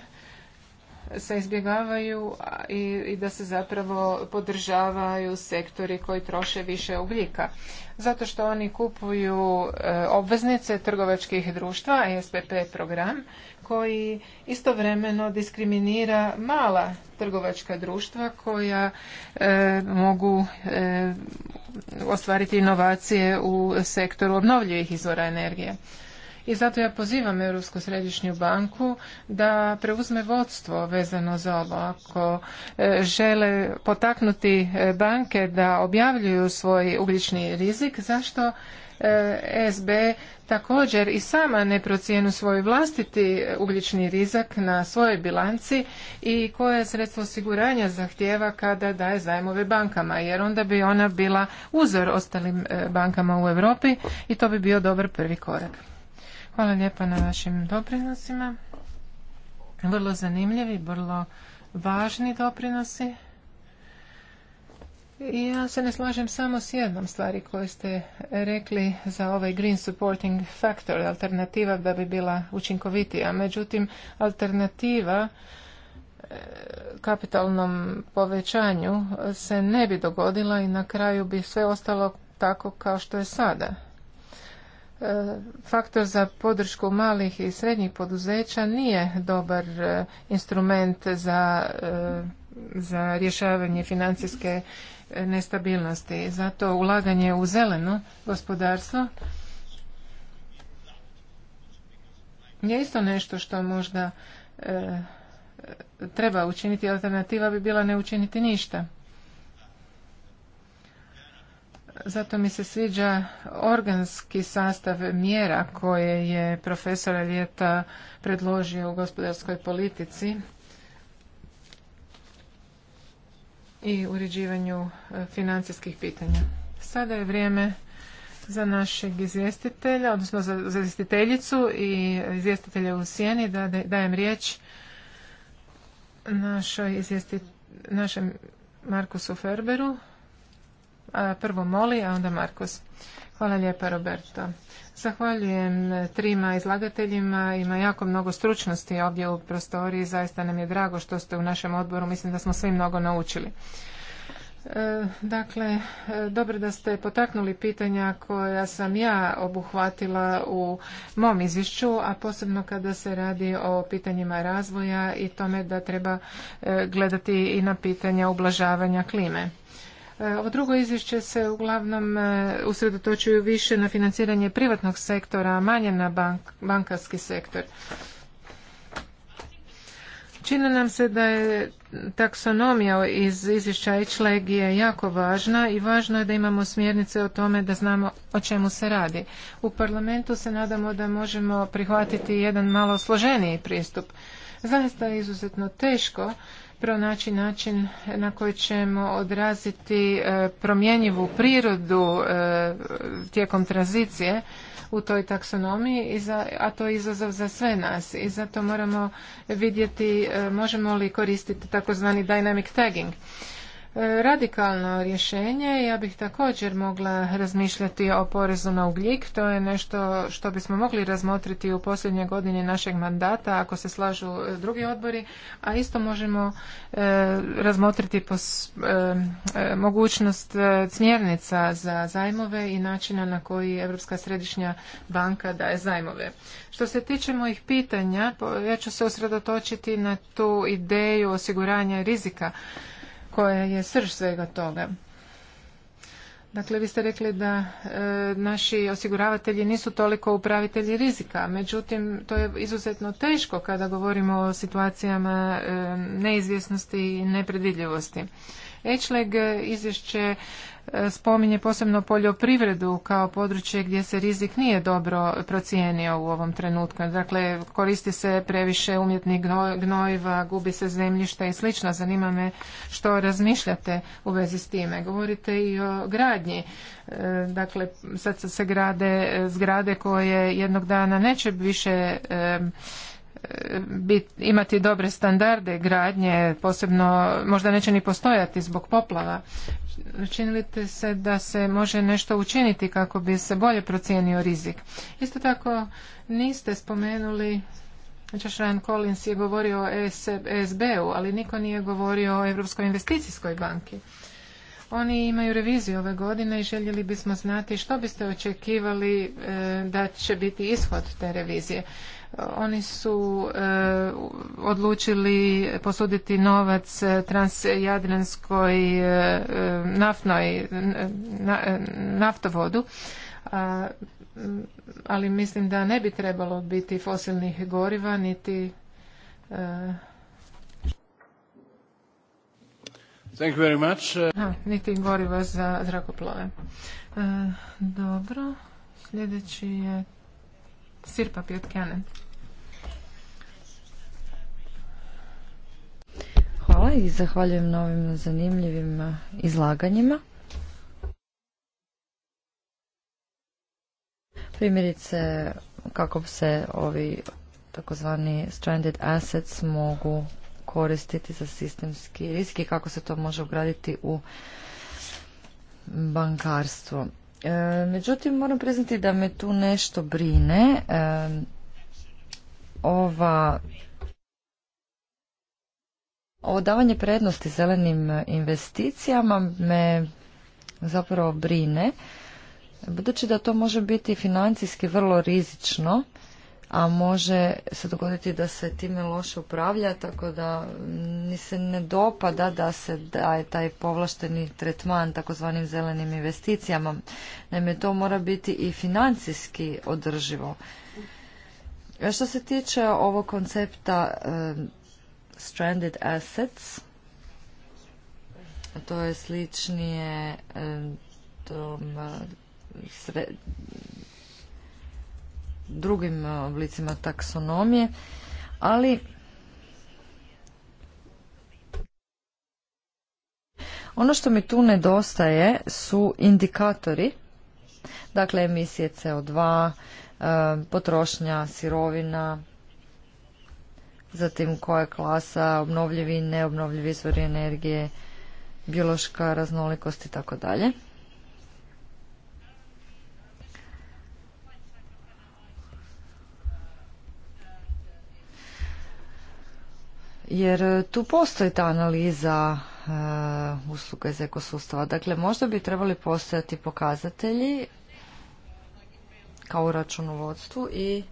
S3: se izbjegavaju i, da se zapravo podržavaju sektori koji troše više ugljika. Zato što oni kupuju e, obveznice trgovačkih društva, SPP program, koji istovremeno diskriminira mala trgovačka društva koja e, mogu e, ostvariti inovacije u sektoru obnovljivih izvora energije i zato ja pozivam Europsku središnju banku da preuzme vodstvo vezano za ovo. Ako e, žele potaknuti e, banke da objavljuju svoj ugljični rizik, zašto e, SB također i sama ne procijenu svoj vlastiti ugljični rizik na svojoj bilanci i koje sredstvo osiguranja zahtjeva kada daje zajmove bankama jer onda bi ona bila uzor ostalim bankama u Europi i to bi bio dobar prvi korak. Hvala lijepa na vašim doprinosima. Vrlo zanimljivi, vrlo važni doprinosi. Ja se ne slažem samo s jednom stvari koje ste rekli za ovaj green supporting factor, alternativa da bi bila učinkovitija. Međutim, alternativa e, kapitalnom povećanju se ne bi dogodila i na kraju bi sve ostalo tako kao što je sada faktor za podršku malih i srednjih poduzeća nije dobar e, instrument za, e, za rješavanje financijske e, nestabilnosti. Zato ulaganje u zeleno gospodarstvo je isto nešto što možda treba učiniti. Alternativa bi bila ne učiniti ništa. Zato mi se sviđa organski sastav mjera koje je profesor Ljeta predložio u gospodarskoj politici i uređivanju e, financijskih pitanja. Sada je vrijeme za našeg izvjestitelja, odnosno za, izvjestiteljicu i izvjestitelja u sjeni da dajem riječ našoj našem Markusu Ferberu Prvo Moli, a onda Markus. Hvala lijepa Roberto. Zahvaljujem trima izlagateljima. Ima jako mnogo stručnosti ovdje u prostoriji. Zaista nam je drago što ste u našem odboru. Mislim da smo svi mnogo naučili. E, dakle, e, dobro da ste potaknuli pitanja koja sam ja obuhvatila u mom izvješću, a posebno kada se radi o pitanjima razvoja i tome da treba e, gledati i na pitanja ublažavanja klime. E, ovo drugo izvješće se uglavnom e, usredotočuju više na financiranje privatnog sektora, a manje na bank, bankarski sektor. Čini nam se da je taksonomija iz izvješća Ičlegije jako važna i važno je da imamo smjernice o tome da znamo o čemu se radi. U parlamentu se nadamo da možemo prihvatiti jedan malo složeniji pristup. Zaista je izuzetno teško pronaći način na koji ćemo odraziti e, promjenjivu prirodu e, tijekom tranzicije u toj taksonomiji, a to je izazov za sve nas i zato moramo vidjeti e, možemo li koristiti takozvani dynamic tagging. E, radikalno rješenje. Ja bih također mogla razmišljati o porezu na ugljik. To je nešto što bismo mogli razmotriti u posljednje godine našeg mandata ako se slažu e, drugi odbori, a isto možemo e, razmotriti mogućnost smjernica za zajmove i načina na koji Europska središnja banka daje zajmove. Što se tiče mojih pitanja, ja ću se usredotočiti na tu ideju osiguranja rizika koja je srž svega toga. Dakle, vi ste rekli da e, naši osiguravatelji nisu toliko upravitelji rizika, međutim, to je izuzetno teško kada govorimo o situacijama e, neizvjesnosti i nepredvidljivosti. Ečleg izvješće spominje posebno poljoprivredu kao područje gdje se rizik nije dobro procijenio u ovom trenutku. Dakle, koristi se previše umjetnih gnojiva, gubi se zemljišta i slično. Zanima me što razmišljate u vezi s time. Govorite i o gradnji. E, dakle, sad se grade zgrade koje jednog dana neće više bit, imati dobre standarde gradnje, posebno možda neće ni postojati zbog poplava činilite se da se može nešto učiniti kako bi se bolje procijenio rizik. Isto tako niste spomenuli Rand Collins je govorio o ESB-u, ali niko nije govorio o Europskoj investicijskoj banki. Oni imaju reviziju ove godine i željeli bismo znati što biste očekivali e, da će biti ishod te revizije. Oni su e, odlučili posuditi novac e, transjadranskoj e, naftnoj naftovodu, ali mislim da ne bi trebalo biti fosilnih goriva niti Thank you very much. niti goriva za zrakoplove. Dobro, sljedeći je Sirpa Pjotkanen.
S4: i zahvaljujem na ovim zanimljivim izlaganjima. Primjerice kako se ovi takozvani stranded assets mogu koristiti za sistemski rizik i kako se to može ugraditi u bankarstvo. E, međutim, moram priznati da me tu nešto brine. E, ova ovo davanje prednosti zelenim e, investicijama me zapravo brine, budući da to može biti financijski vrlo rizično, a može se dogoditi da se time loše upravlja, tako da ni se ne dopada da se daje taj povlašteni tretman takozvanim zelenim investicijama. Naime, to mora biti i financijski održivo. E, što se tiče ovog koncepta e, stranded assets. To je sličnije drugim oblicima taksonomije, ali ono što mi tu nedostaje su indikatori, dakle emisije CO2, potrošnja sirovina, zatim koja je klasa, obnovljivi i neobnovljivi izvori energije, biološka raznolikost i tako dalje. Jer eh, tu postoji ta analiza eh, usluga iz ekosustava. Dakle, možda bi trebali postojati pokazatelji kao u računovodstvu i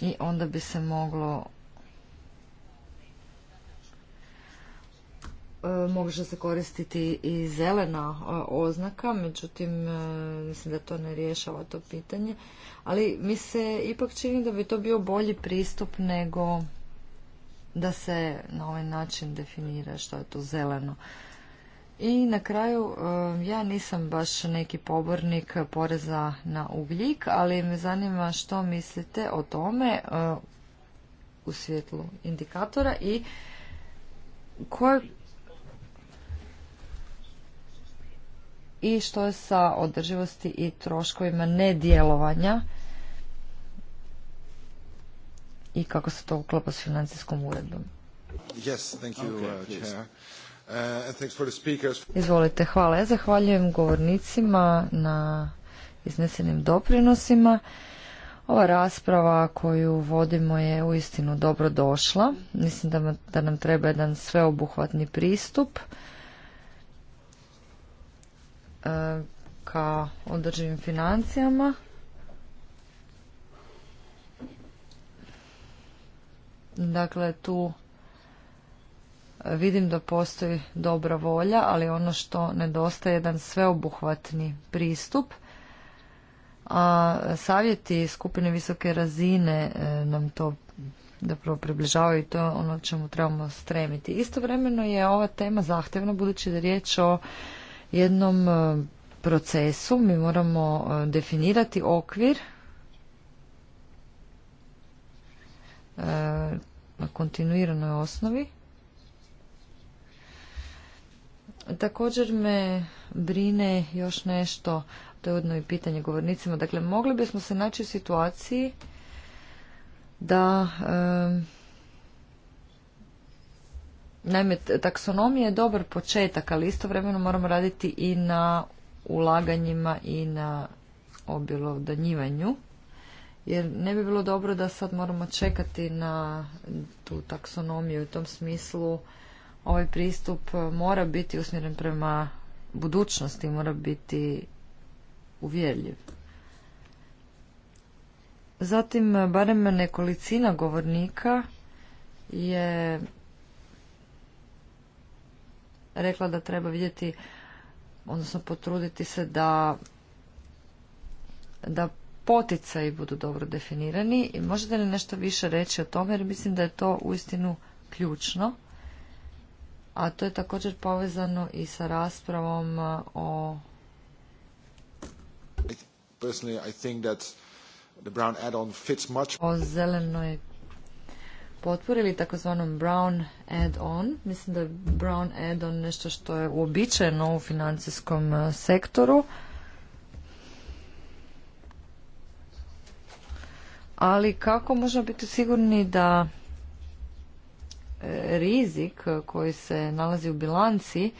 S4: i onda bi se moglo e, može se koristiti i zelena e, oznaka, međutim e, mislim da to ne rješava to pitanje, ali mi se ipak čini da bi to bio bolji pristup nego da se na ovaj način definira što je to zeleno. I na kraju, e, ja nisam baš neki pobornik poreza na ugljik, ali me zanima što mislite o tome e, u svjetlu indikatora i koje i što je sa održivosti i troškovima nedjelovanja i kako se to uklapa s financijskom uredbom.
S5: Yes, thank you, uh, Uh, Izvolite,
S4: hvala. zahvaljujem govornicima na iznesenim doprinosima. Ova rasprava koju vodimo je uistinu dobro došla. Mislim da, nam treba jedan sveobuhvatni pristup uh, ka održivim financijama. Dakle, tu Vidim da postoji dobra volja, ali ono što nedostaje je jedan sveobuhvatni pristup. A savjeti skupine visoke razine e, nam to zapravo približavaju i to je ono čemu trebamo stremiti. Istovremeno je ova tema zahtjevna budući da je riječ o jednom e, procesu. Mi moramo e, definirati okvir na kontinuiranoj osnovi Također me brine još nešto, to je odno i pitanje govornicima. Dakle, mogli bismo se naći u situaciji da... naime, taksonomija je dobar početak, ali istovremeno moramo raditi i na ulaganjima i na objelodanjivanju. Jer ne bi bilo dobro da sad moramo čekati na tu taksonomiju u tom smislu Ovaj pristup e, mora biti usmjeren prema budućnosti, mora biti uvjerljiv. Zatim, barem nekolicina govornika je rekla da treba vidjeti, odnosno potruditi se da, da poticaji budu dobro definirani. I možete li nešto više reći o tome, jer mislim da je to uistinu ključno a to je također povezano i sa raspravom o o zelenoj potpori ili takozvanom brown add-on. Mislim da je brown add-on nešto što je uobičajeno u financijskom sektoru. Ali kako možemo biti sigurni da rizik koji se nalazi u bilanci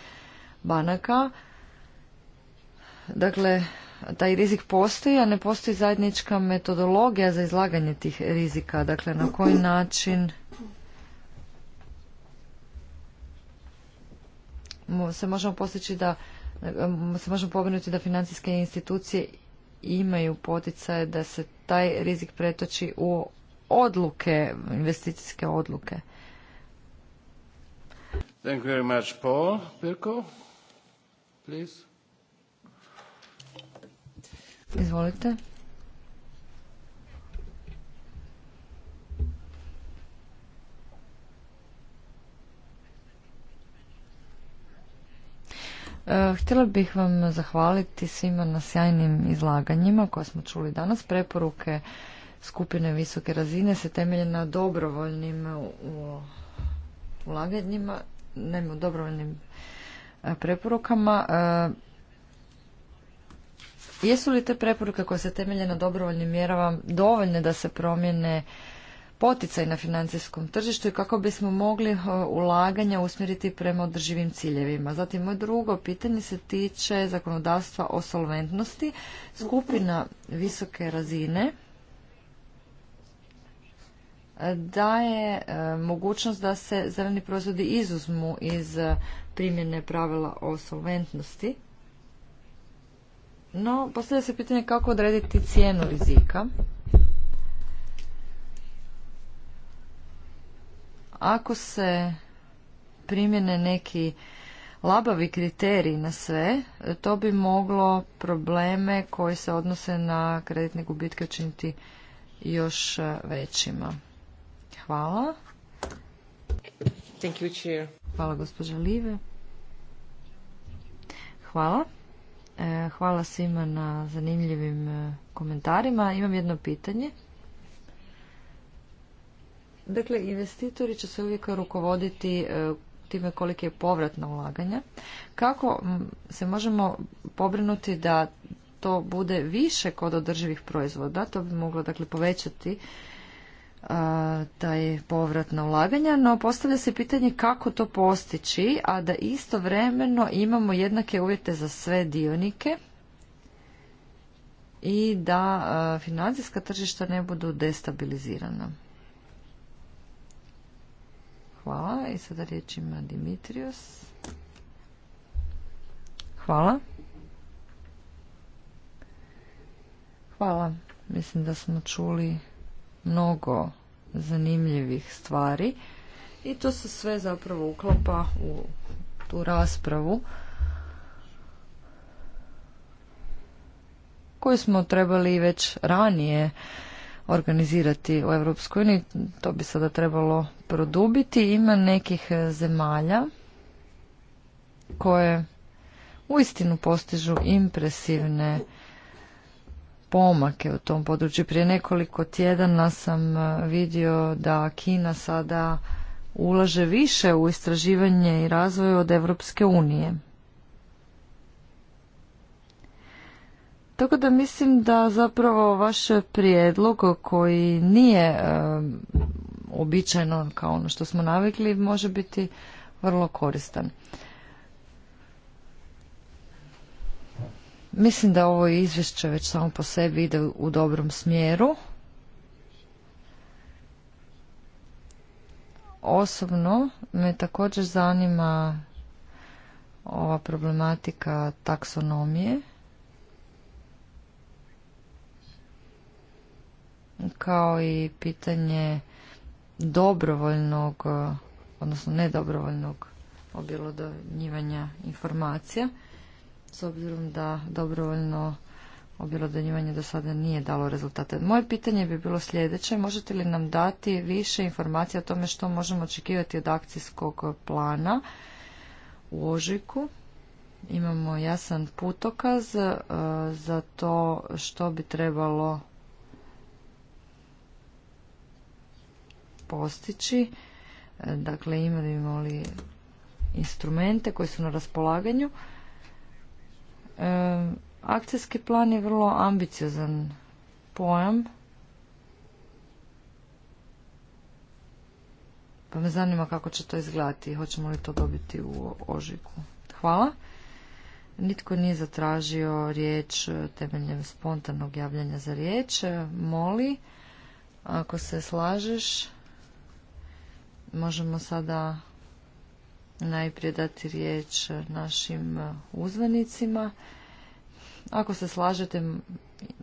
S4: banaka. Dakle, taj rizik postoji, a ne postoji zajednička metodologija za izlaganje tih rizika. Dakle, na koji način se možemo postići da se možemo pobrinuti da financijske institucije imaju poticaje da se taj rizik pretoči u odluke, investicijske odluke.
S1: Thank you very much,
S4: e, Htjela bih vam zahvaliti svima na sjajnim izlaganjima koje smo čuli danas. Preporuke skupine visoke razine se temelje na dobrovoljnim ulaganjima naime, u dobrovoljnim e, preporukama. E, jesu li te preporuke koje se temelje na dobrovoljnim mjerama dovoljne da se promjene poticaj na financijskom tržištu i kako bismo mogli e, ulaganja usmjeriti prema održivim ciljevima. Zatim, moje drugo pitanje se tiče zakonodavstva o solventnosti. Skupina visoke razine daje e, mogućnost da se zeleni proizvodi izuzmu iz e, primjene pravila o solventnosti. No, postavlja se pitanje kako odrediti cijenu rizika. Ako se primjene neki labavi kriteriji na sve, to bi moglo probleme koji se odnose na kreditne gubitke učiniti još e, većima. Hvala.
S3: Thank you,
S4: Hvala gospođa Live. Hvala. E, hvala svima na zanimljivim e, komentarima. Imam jedno pitanje. Dakle, investitori će se uvijek rukovoditi e, time kolike je povratna ulaganja. Kako se možemo pobrinuti da to bude više kod održivih proizvoda? To bi moglo dakle povećati taj povrat na ulaganja, no postavlja se pitanje kako to postići, a da istovremeno imamo jednake uvjete za sve dionike i da financijska tržišta ne budu destabilizirana. Hvala. I sada riječ ima Dimitrios. Hvala. Hvala. Mislim da smo čuli mnogo zanimljivih stvari i to se sve zapravo uklapa u tu raspravu koju smo trebali već ranije organizirati u Europskoj uniji. To bi sada trebalo produbiti. Ima nekih zemalja koje uistinu postižu impresivne pomake u tom području. Prije nekoliko tjedana sam e, vidio da Kina sada ulaže više u istraživanje i razvoj od Europske unije. Tako da mislim da zapravo vaš prijedlog koji nije e, običajno kao ono što smo navikli može biti vrlo koristan. Mislim da ovo izvješće već samo po sebi ide u dobrom smjeru. Osobno me također zanima ova problematika taksonomije. Kao i pitanje dobrovoljnog, odnosno nedobrovoljnog objelodavnjivanja informacija s obzirom da dobrovoljno objelodanjivanje do sada nije dalo rezultate. Moje pitanje bi bilo sljedeće, možete li nam dati više informacija o tome što možemo očekivati od akcijskog plana u Ožiku. Imamo jasan putokaz e, za to što bi trebalo postići. E, dakle, imamo li instrumente koji su na raspolaganju. E, akcijski plan je vrlo ambiciozan pojam. Pa me zanima kako će to izgledati i hoćemo li to dobiti u ožiku. Hvala. Nitko nije zatražio riječ temeljem spontanog javljanja za riječ. Moli, ako se slažeš, možemo sada najprije dati riječ našim uzvanicima. Ako se slažete,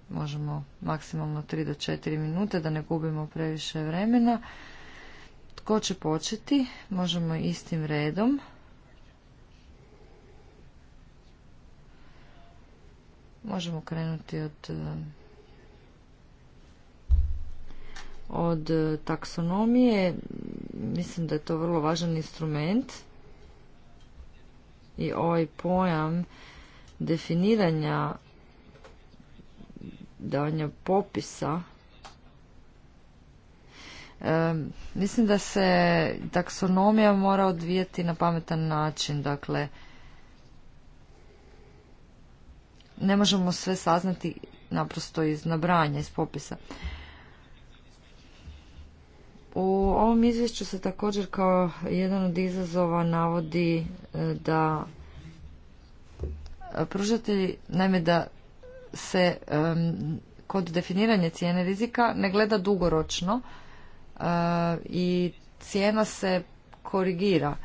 S4: možemo maksimalno 3 do 4 minute da ne gubimo previše vremena. Tko će početi? Možemo istim redom. Možemo krenuti od od taksonomije. Mislim da je to vrlo važan instrument i ovaj pojam definiranja danja popisa mislim da se taksonomija mora odvijeti na pametan način, dakle ne možemo sve saznati naprosto iz nabranja, iz popisa. U ovom izvješću se također kao jedan od izazova navodi e, da pružatelji, naime da se kod definiranja cijene rizika ne gleda dugoročno e, i cijena se korigira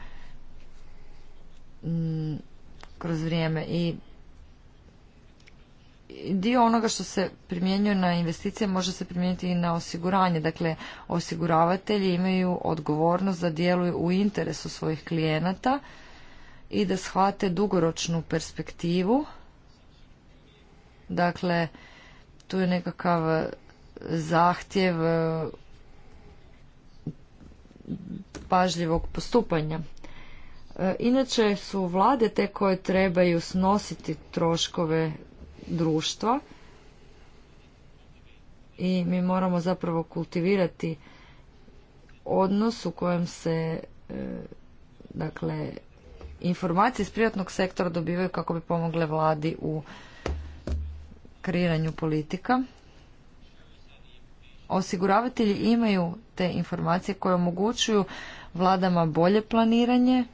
S4: kroz vrijeme i dio onoga što se primjenjuje na investicije može se primijeniti i na osiguranje. Dakle, osiguravatelji imaju odgovornost da djeluju u interesu svojih klijenata i da shvate dugoročnu perspektivu. Dakle, tu je nekakav zahtjev e, pažljivog postupanja. E, inače su vlade te koje trebaju snositi troškove društva i mi moramo zapravo kultivirati odnos u kojem se e, dakle informacije iz privatnog sektora dobivaju kako bi pomogle vladi u kreiranju politika. Osiguravatelji imaju te informacije koje omogućuju vladama bolje planiranje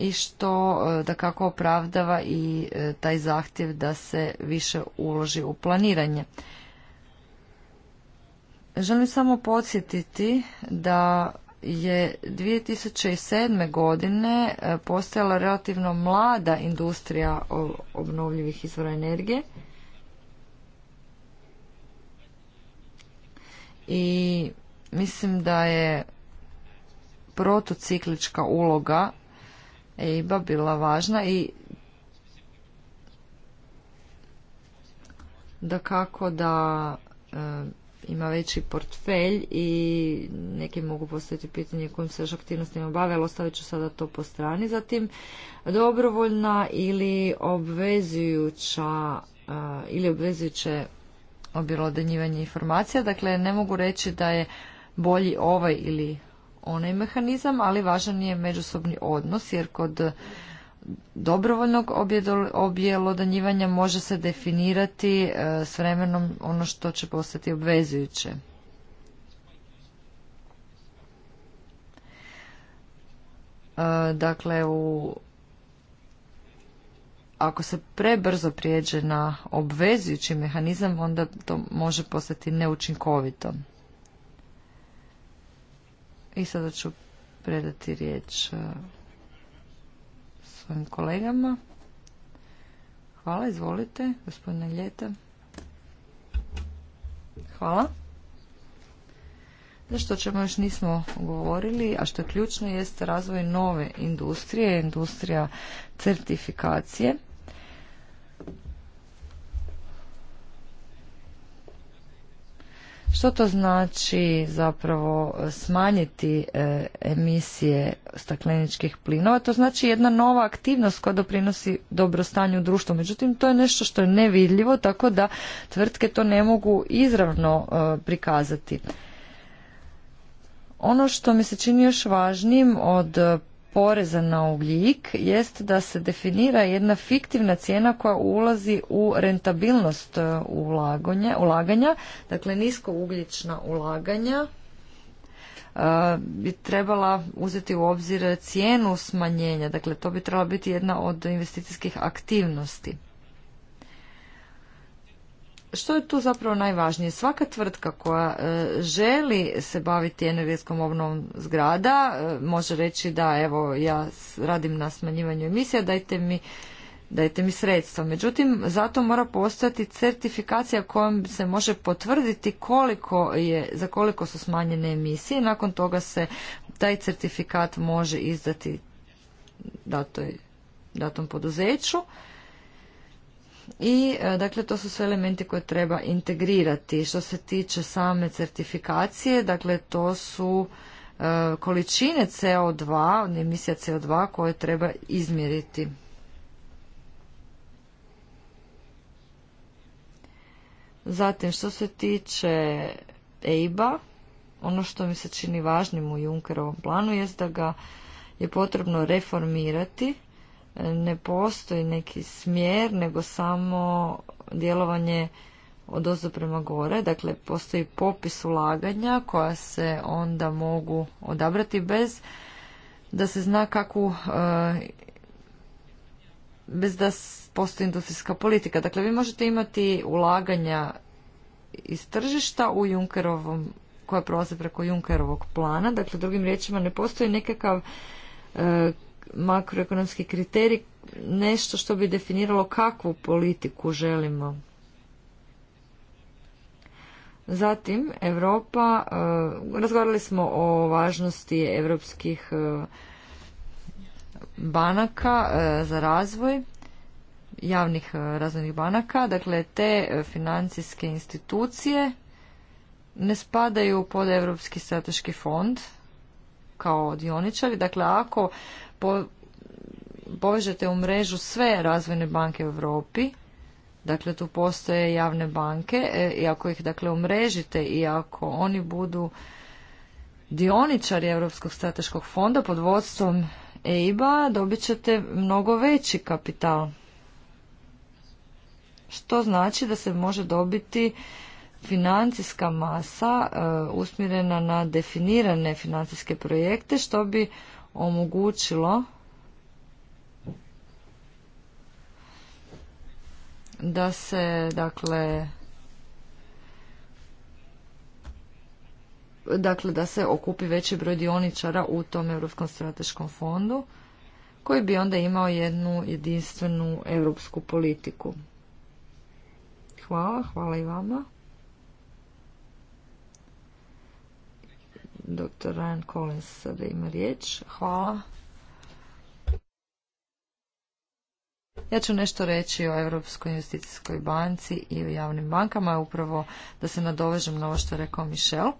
S4: i što e, da kako opravdava i e, taj zahtjev da se više uloži u planiranje. Želim samo podsjetiti da je 2007. godine e, postojala relativno mlada industrija obnovljivih izvora energije i mislim da je protociklička uloga EIBA bila važna i da kako da e, ima veći portfelj i neki mogu postaviti pitanje kojim se još aktivnostima bave, ali ostavit ću sada to po strani. Zatim, dobrovoljna ili obvezujuća e, ili obvezujuće objelodanjivanje informacija. Dakle, ne mogu reći da je bolji ovaj ili onaj mehanizam, ali važan je međusobni odnos jer kod dobrovoljnog objelodanjivanja može se definirati e, s vremenom ono što će postati obvezujuće. E, dakle, u ako se prebrzo prijeđe na obvezujući mehanizam, onda to može postati neučinkovito. I sada ću predati riječ e, svojim kolegama. Hvala, izvolite, gospodine Ljeta. Hvala. Za što ćemo još nismo govorili, a što je ključno, jeste razvoj nove industrije, industrija certifikacije. Što to znači zapravo smanjiti e, emisije stakleničkih plinova? To znači jedna nova aktivnost koja doprinosi dobrostanju društvu. Međutim, to je nešto što je nevidljivo, tako da tvrtke to ne mogu izravno e, prikazati. Ono što mi se čini još važnijim od poreza na ugljik jest da se definira jedna fiktivna cijena koja ulazi u rentabilnost e, ulaganja, ulaganja dakle ugljična ulaganja e, bi trebala uzeti u obzir cijenu smanjenja, dakle to bi trebala biti jedna od investicijskih aktivnosti što je tu zapravo najvažnije? Svaka tvrtka koja e, želi se baviti energetskom obnovom zgrada e, može reći da evo ja radim na smanjivanju emisija, dajte mi dajte mi sredstva. Međutim, zato mora postojati certifikacija kojom se može potvrditi koliko je, za koliko su smanjene emisije. Nakon toga se taj certifikat može izdati datom poduzeću i e, dakle to su sve elementi koje treba integrirati. Što se tiče same certifikacije, dakle to su e, količine CO2, emisija CO2 koje treba izmjeriti. Zatim što se tiče EIBA, ono što mi se čini važnim u Junckerovom planu jest da ga je potrebno reformirati ne postoji neki smjer, nego samo djelovanje od ozdo prema gore, dakle postoji popis ulaganja koja se onda mogu odabrati bez da se zna kakvu e, bez da postoji industrijska politika. Dakle, vi možete imati ulaganja iz tržišta u Junkerovom, koja prolaze preko Junkerovog plana. Dakle, drugim riječima ne postoji nekakav e, makroekonomski kriterij nešto što bi definiralo kakvu politiku želimo. Zatim, Europa, eh, razgovarali smo o važnosti europskih eh, banaka eh, za razvoj, javnih razvojnih banaka, dakle te financijske institucije ne spadaju pod Europski strateški fond kao dioničari, dakle ako po, povežete u mrežu sve razvojne banke u Europi, dakle tu postoje javne banke e, i ako ih dakle umrežite i ako oni budu dioničari Europskog strateškog fonda pod vodstvom EIBA a dobit ćete mnogo veći kapital. Što znači da se može dobiti financijska masa e, usmjerena na definirane financijske projekte što bi omogućilo da se dakle dakle da se okupi veći broj dioničara u tom Europskom strateškom fondu koji bi onda imao jednu jedinstvenu europsku politiku. Hvala, hvala i vama. Dr. Ryan Collins sada ima riječ. Hvala. Ja ću nešto reći o Europskoj investicijskoj banci i o javnim bankama, upravo da se nadovežem na ovo što je rekao Michel.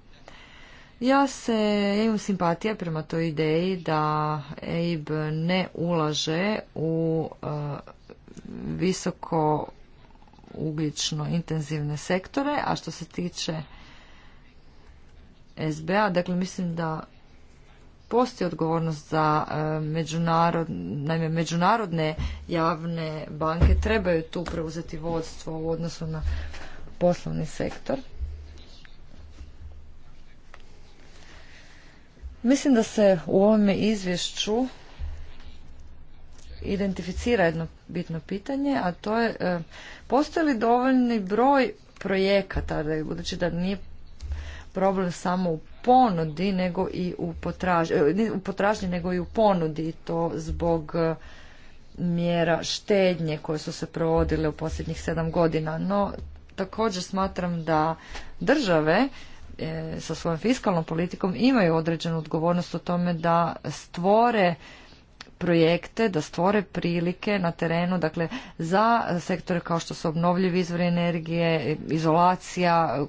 S4: Ja se ja imam simpatija prema toj ideji da EIB ne ulaže u e, visoko ugljično intenzivne sektore, a što se tiče SBA. Dakle, mislim da postoji odgovornost za e, naime, međunarodne javne banke trebaju tu preuzeti vodstvo u odnosu na poslovni sektor. Mislim da se u ovome izvješću identificira jedno bitno pitanje, a to je e, postoji li dovoljni broj projekata, budući da nije problem samo u ponudi nego i u potražnji, e, u potražnji nego i u ponudi i to zbog e, mjera štednje koje su se provodile u posljednjih sedam godina. No, također smatram da države e, sa svojom fiskalnom politikom imaju određenu odgovornost o tome da stvore projekte, da stvore prilike na terenu, dakle za sektore kao što su obnovljivi izvori energije, izolacija,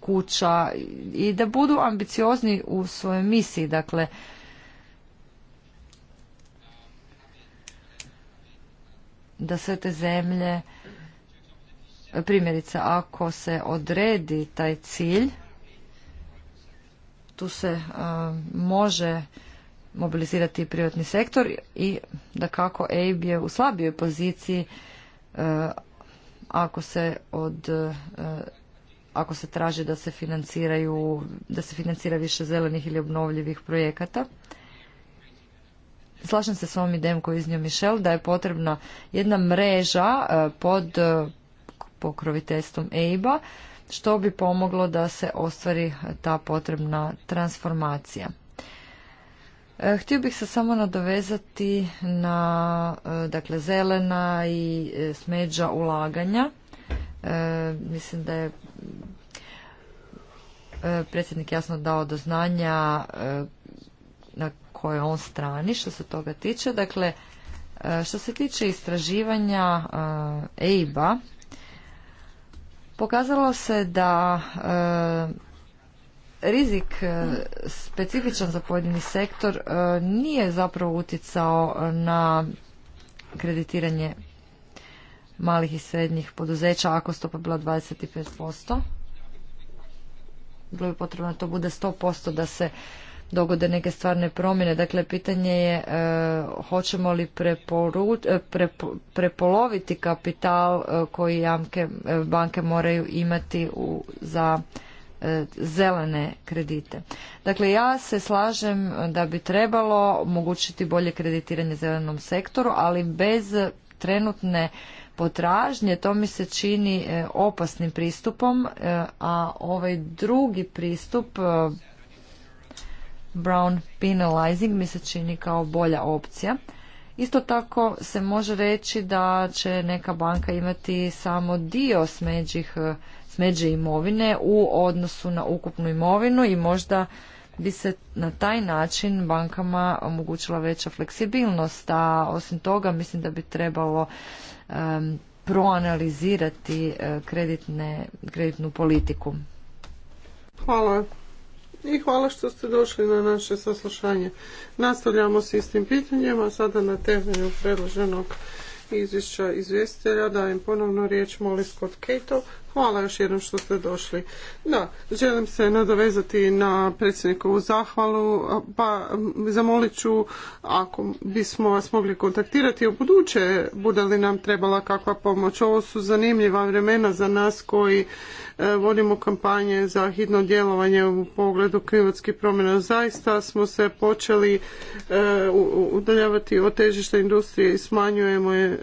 S4: kuća i da budu ambiciozni u svojoj misiji. Dakle, da sve te zemlje, primjerice ako se odredi taj cilj, tu se e, može mobilizirati privatni sektor i da kako EIB je u slabijoj poziciji e, ako se od e, ako se traži da se financiraju, da se financira više zelenih ili obnovljivih projekata. Slažem se s ovom idejom koju iznio Michel da je potrebna jedna mreža e, pod e, pokroviteljstvom EIBA što bi pomoglo da se ostvari ta potrebna transformacija. E, htio bih se samo nadovezati na dakle, zelena i smeđa ulaganja. E, mislim da je e, predsjednik jasno dao do znanja e, na kojoj on strani što se toga tiče. Dakle, što se tiče istraživanja EIBA, pokazalo se da rizik specifičan za pojedini sektor nije zapravo utjecao na kreditiranje malih i srednjih poduzeća ako stopa bila 25%. Bilo bi potrebno da to bude 100% da se dogode neke stvarne promjene. Dakle, pitanje je e, hoćemo li preporu, e, prepoloviti kapital e, koji jamke, banke moraju imati u, za zelene kredite. Dakle, ja se slažem da bi trebalo omogućiti bolje kreditiranje zelenom sektoru, ali bez trenutne potražnje, to mi se čini e, opasnim pristupom, e, a ovaj drugi pristup e, Brown penalizing mi se čini kao bolja opcija. Isto tako se može reći da će neka banka imati samo dio smeđih, smeđe imovine u odnosu na ukupnu imovinu i možda bi se na taj način bankama omogućila veća fleksibilnost, a osim toga mislim da bi trebalo Um, proanalizirati uh, kreditne, kreditnu politiku.
S2: Hvala i hvala što ste došli na naše saslušanje. Nastavljamo s istim pitanjima. a sada na temelju predloženog izvješća izvjestitelja dajem ponovno riječ Molly Scott Hvala još jednom što ste došli. Da, želim se nadovezati na predsjednikovu zahvalu, pa zamolit ću ako bismo vas mogli kontaktirati u buduće, bude li nam trebala kakva pomoć. Ovo su zanimljiva vremena za nas koji e, vodimo kampanje za hitno djelovanje u pogledu klimatskih promjena. Zaista smo se počeli e, udaljavati od težišta industrije i smanjujemo e,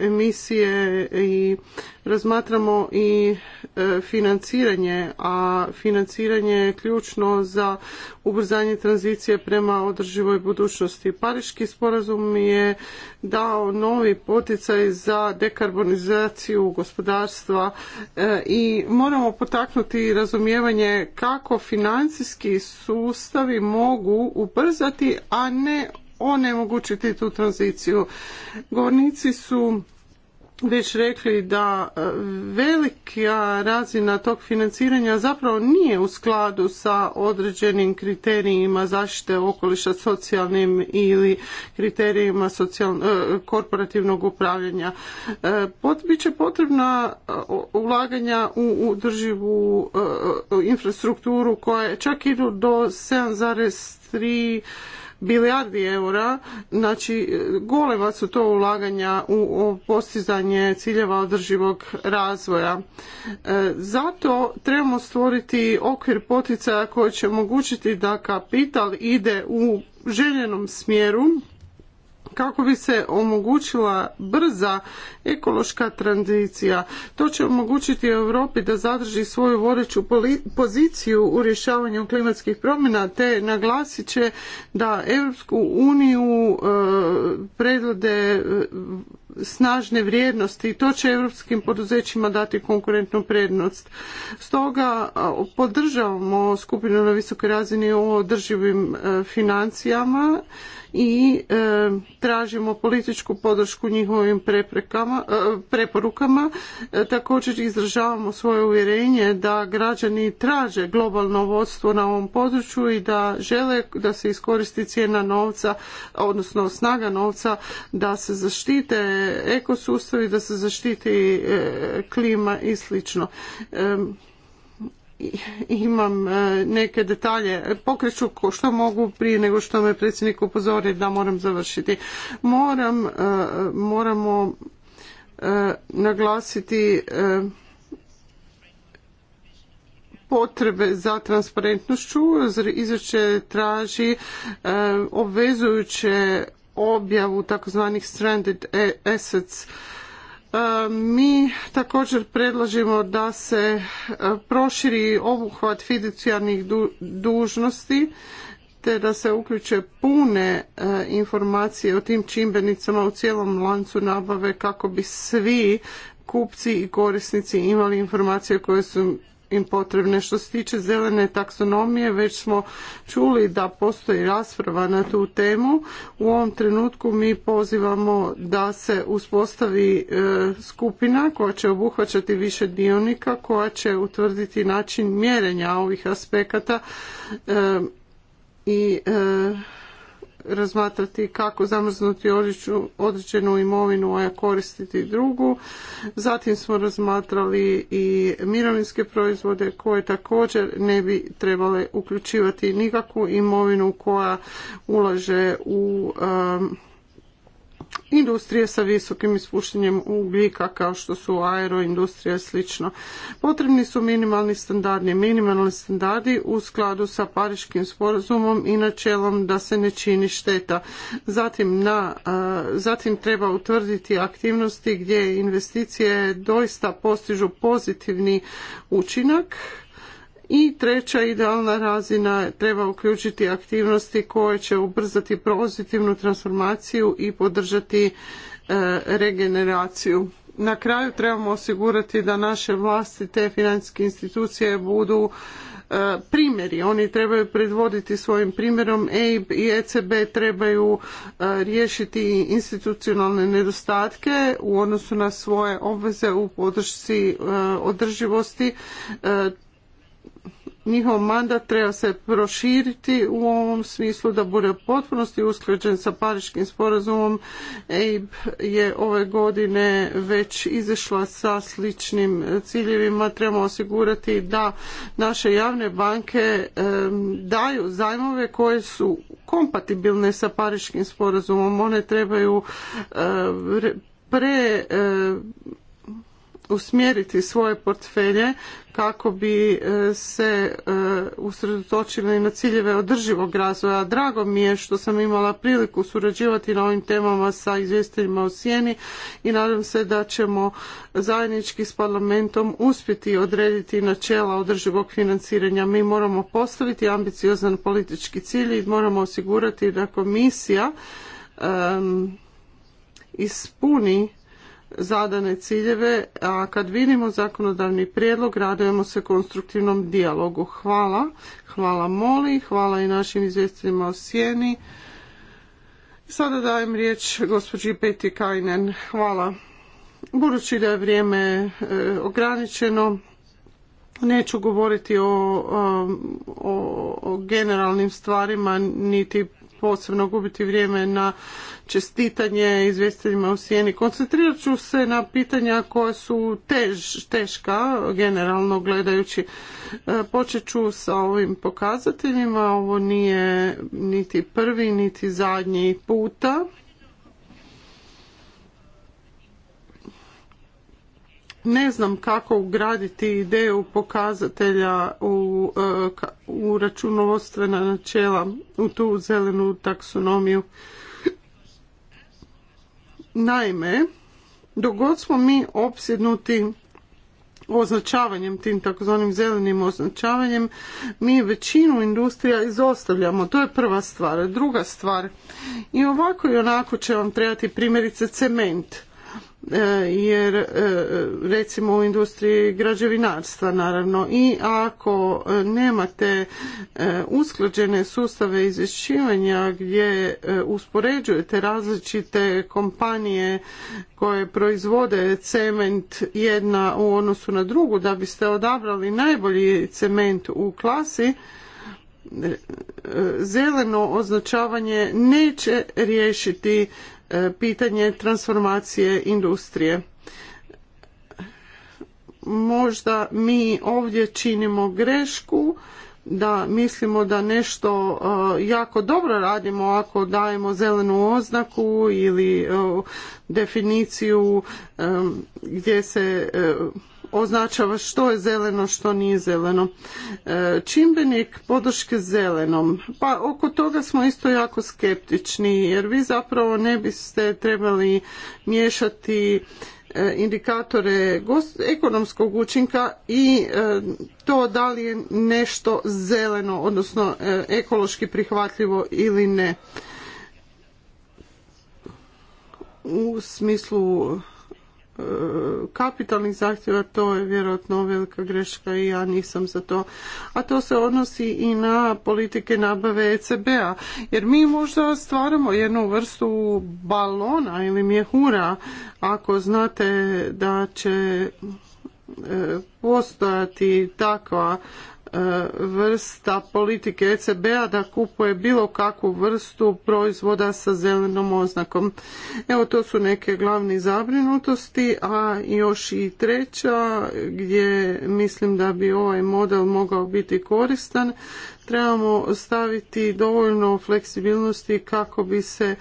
S2: emisije i razmatramo i e, financiranje, a financiranje je ključno za ubrzanje tranzicije prema održivoj budućnosti. Pariški sporazum je dao novi poticaj za dekarbonizaciju gospodarstva e, i moramo potaknuti razumijevanje kako financijski sustavi mogu ubrzati, a ne onemogućiti tu tranziciju. Govornici su već rekli da e, velika razina tog financiranja zapravo nije u skladu sa određenim kriterijima zaštite okoliša socijalnim ili kriterijima socijal, e, korporativnog upravljanja. E, pot, Biće potrebna ulaganja u održivu infrastrukturu koja čak idu do 7,3 bilijardi eura, znači goleva su to ulaganja u postizanje ciljeva održivog razvoja. E, zato trebamo stvoriti okvir poticaja koji će omogućiti da kapital ide u željenom smjeru kako bi se omogućila brza ekološka tranzicija. To će omogućiti Europi da zadrži svoju vodeću poziciju u rješavanju klimatskih promjena te naglasit će da Europsku uniju e, predvode e, snažne vrijednosti i to će europskim poduzećima dati konkurentnu prednost. Stoga podržavamo skupinu na visokoj razini o održivim e, financijama i e, tražimo političku podršku njihovim e, preporukama. E, također izražavamo svoje uvjerenje da građani traže globalno vodstvo na ovom području i da žele da se iskoristi cijena novca, odnosno snaga novca da se zaštite ekosustavi, da se zaštiti klima i slično imam e, neke detalje. Pokreću što mogu prije nego što me predsjednik upozori da moram završiti. Moram, e, moramo e, naglasiti potrebe za transparentnošću. Izvješće traži obvezujuće objavu takozvanih stranded assets mi također predlažemo da se e, proširi obuhvat fiducijarnih dužnosti te da se uključe pune e, informacije o tim čimbenicama u cijelom lancu nabave kako bi svi kupci i korisnici imali informacije koje su im potrebne. Što se tiče zelene taksonomije, već smo čuli da postoji rasprava na tu temu. U ovom trenutku mi pozivamo da se uspostavi e, skupina koja će obuhvaćati više dionika, koja će utvrditi način mjerenja ovih aspekata e, i e, razmatrati kako zamrznuti određenu imovinu, a koristiti drugu. Zatim smo razmatrali i mirovinske proizvode koje također ne bi trebale uključivati nikakvu imovinu koja ulaže u um, industrije sa visokim ispuštenjem ugljika kao što su aeroindustrija i slično. Potrebni su minimalni standardi. Minimalni standardi u skladu sa Pariškim sporazumom i načelom da se ne čini šteta. Zatim, na, zatim treba utvrditi aktivnosti gdje investicije doista postižu pozitivni učinak i treća idealna razina treba uključiti aktivnosti koje će ubrzati pozitivnu transformaciju i podržati e, regeneraciju. Na kraju trebamo osigurati da naše vlasti te financijske institucije budu e, primjeri. Oni trebaju predvoditi svojim primjerom. EIB i ECB e trebaju riješiti institucionalne nedostatke u odnosu na svoje obveze u podršci održivosti njihov mandat treba se proširiti u ovom smislu da bude u potpunosti usklađen sa Pariškim sporazumom. EIB je ove godine već izašla sa sličnim ciljevima. Trebamo osigurati da naše javne banke daju zajmove koje su kompatibilne sa Pariškim sporazumom. One trebaju pre usmjeriti svoje portfelje kako bi e, se e, usredotočili na ciljeve održivog razvoja. Drago mi je što sam imala priliku surađivati na ovim temama sa izvjestiteljima u Sjeni i nadam se da ćemo zajednički s parlamentom uspjeti odrediti načela održivog financiranja. Mi moramo postaviti ambiciozan politički cilj i moramo osigurati da komisija ispuni zadane ciljeve, a kad vidimo zakonodavni prijedlog radujemo se konstruktivnom dijalogu. Hvala, hvala Moli, hvala i našim izvjestiteljima o Sjeni. Sada dajem riječ gospođi Peti Kajnen. Hvala. Budući da je vrijeme e, ograničeno, neću govoriti o generalnim stvarima niti posebno gubiti vrijeme na čestitanje izvjestiteljima u sjeni. Koncentrirat ću se na pitanja koja su tež, teška, generalno gledajući. E, počet ću sa ovim pokazateljima. Ovo nije niti prvi, niti zadnji puta ne znam kako ugraditi ideju pokazatelja u, e, u računovodstvena načela u tu zelenu taksonomiju. Naime, dogod smo mi opsjednuti označavanjem, tim takozvanim zelenim označavanjem, mi većinu industrija izostavljamo. To je prva stvar. Druga stvar, i ovako i onako će vam trebati primjerice cement E, jer e, recimo u industriji građevinarstva naravno i ako nemate e, usklađene sustave izvješćivanja gdje uspoređujete različite kompanije koje proizvode cement jedna u odnosu na drugu da biste odabrali najbolji cement u klasi zeleno označavanje neće riješiti E, pitanje transformacije industrije. Možda mi ovdje činimo grešku da mislimo da nešto e, jako dobro radimo ako dajemo zelenu oznaku ili e, definiciju gdje se označava što je zeleno, što nije zeleno. E, čimbenik podrške zelenom. Pa oko toga smo isto jako skeptični jer vi zapravo ne biste trebali miješati e, indikatore ekonomskog učinka i e, to da li je nešto zeleno, odnosno ekološki prihvatljivo ili ne. U smislu kapitalnih zahtjeva, to je vjerojatno velika greška i ja nisam za to. A to se odnosi i na politike nabave ECB-a, jer mi možda stvaramo jednu vrstu balona ili mjehura, ako znate da će e, postojati takva vrsta politike ECB-a da kupuje bilo kakvu vrstu proizvoda sa zelenom oznakom. Evo to su neke glavne zabrinutosti, a još i treća gdje mislim da bi ovaj model mogao biti koristan, trebamo staviti dovoljno fleksibilnosti kako bi se e,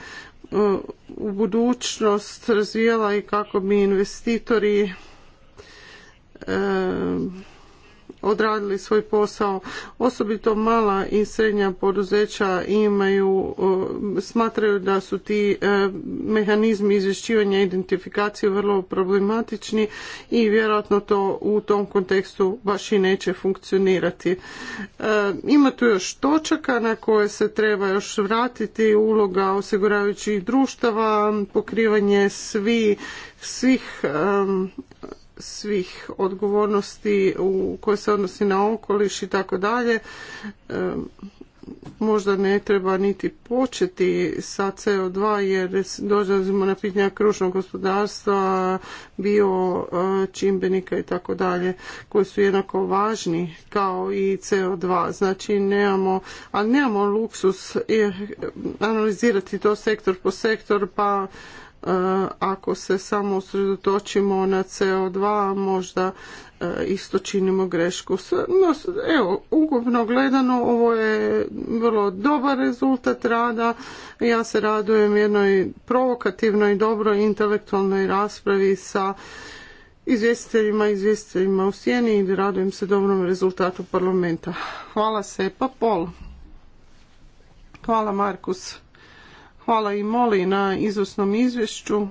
S2: u budućnost razvijala i kako bi investitori e, odradili svoj posao. Osobito mala i srednja poduzeća imaju, e, smatraju da su ti e, mehanizmi izvješćivanja i identifikacije vrlo problematični i vjerojatno to u tom kontekstu baš i neće funkcionirati. E, ima tu još točaka na koje se treba još vratiti uloga osiguravajućih društava, pokrivanje svi, svih svih odgovornosti u koje se odnosi na okoliš i tako dalje e, možda ne treba niti početi sa CO2 jer dolazimo na pitanja kružnog gospodarstva, bio e, čimbenika i tako dalje koji su jednako važni kao i CO2. Znači nemamo, ali nemamo luksus e, analizirati to sektor po sektor pa E, ako se samo usredotočimo na CO2, možda e, isto činimo grešku. No, evo, ukupno gledano, ovo je vrlo dobar rezultat rada. Ja se radujem jednoj provokativnoj, dobroj intelektualnoj raspravi sa izvjestiteljima i izvjestiteljima u sjeni i radujem se dobrom rezultatu parlamenta. Hvala se, pa pol. Hvala Markus. Hvala i Moli na izvrsnom izvješću.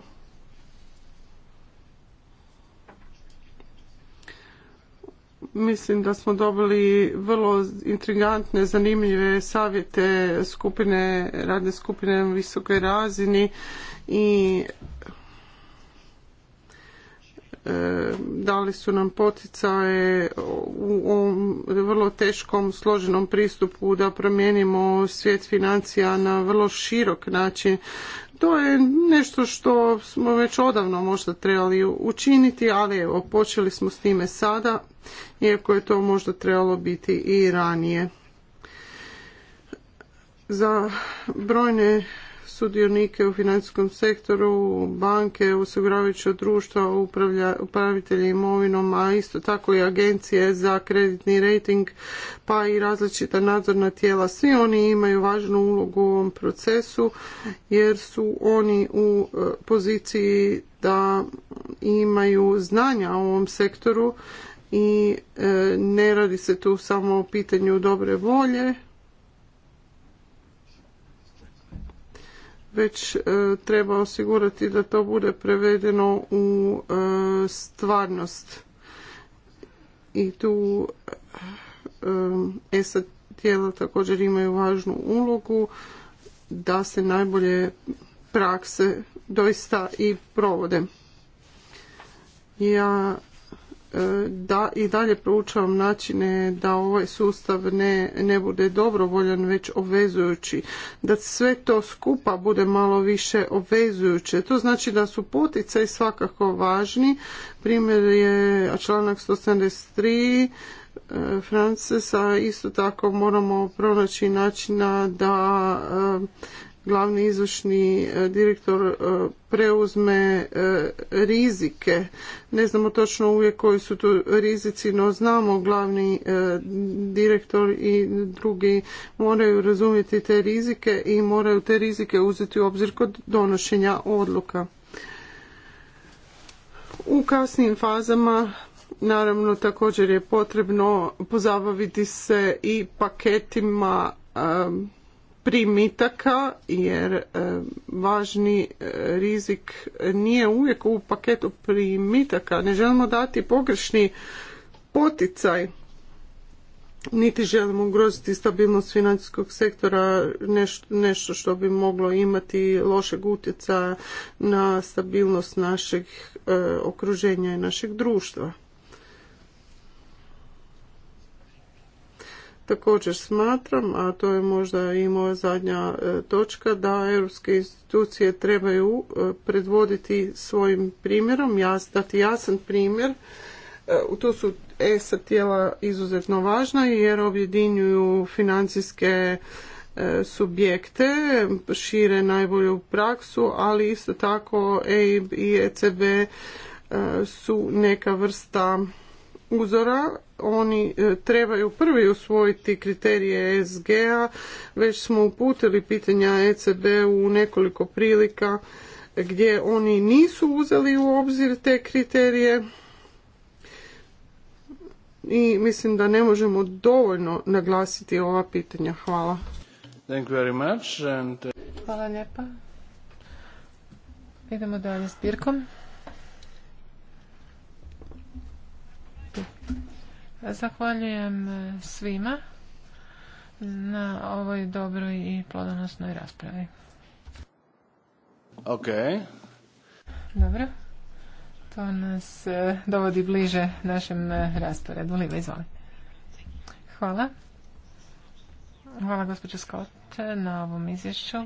S2: Mislim da smo dobili vrlo intrigantne, zanimljive savjete skupine, radne skupine na visokoj razini i E, dali su nam poticaje u ovom vrlo teškom, složenom pristupu da promijenimo svijet financija na vrlo širok način. To je nešto što smo već odavno možda trebali učiniti, ali evo, počeli smo s time sada, iako je to možda trebalo biti i ranije. Za brojne sudionike u financijskom sektoru, banke, osiguravajuća društva, upravlja, upravitelji imovinom, a isto tako i agencije za kreditni rating, pa i različita nadzorna tijela. Svi oni imaju važnu ulogu u ovom procesu jer su oni u e, poziciji da imaju znanja o ovom sektoru i e, ne radi se tu samo o pitanju dobre volje, već e, treba osigurati da to bude prevedeno u e, stvarnost. I tu ESA e, tijela također imaju važnu ulogu da se najbolje prakse doista i provode. Ja E, da i dalje proučavam načine da ovaj sustav ne, ne bude dobrovoljan već obvezujući da sve to skupa bude malo više obvezujuće to znači da su poticaji svakako važni primjer je članak 173 e, Francesa isto tako moramo pronaći načina da e, glavni izvršni e, direktor e, preuzme e, rizike. Ne znamo točno uvijek koji su tu rizici, no znamo glavni direktor i drugi moraju razumjeti te rizike i moraju te rizike uzeti u obzir kod donošenja odluka. U kasnim fazama naravno također je potrebno pozabaviti se i paketima primitaka jer e, važni e, rizik nije uvijek u paketu primitaka. Ne želimo dati pogrešni poticaj niti želimo ugroziti stabilnost financijskog sektora, nešto što bi moglo imati lošeg utjecaja na stabilnost našeg e, okruženja i našeg društva. Također smatram, a to je možda i moja zadnja e, točka, da europske institucije trebaju e, predvoditi svojim primjerom, dati jasan primjer. E, to su ESA tijela izuzetno važna jer objedinjuju financijske subjekte, šire najbolju praksu, ali isto tako EIB i ECB su neka vrsta uzora. Oni e, trebaju prvi usvojiti kriterije SGA. Već smo uputili pitanja ECB u nekoliko prilika gdje oni nisu uzeli u obzir te kriterije i mislim da ne možemo dovoljno naglasiti ova pitanja. Hvala.
S1: Thank you very much and... Uh,
S3: Hvala lijepa. Idemo dalje s Zahvaljujem svima na ovoj dobroj i plodonosnoj raspravi. Ok. Dobro. To nas e, dovodi bliže našem e, rasporedu. Liva, izvoli. Hvala. Hvala gospođo Skot na ovom izvješću.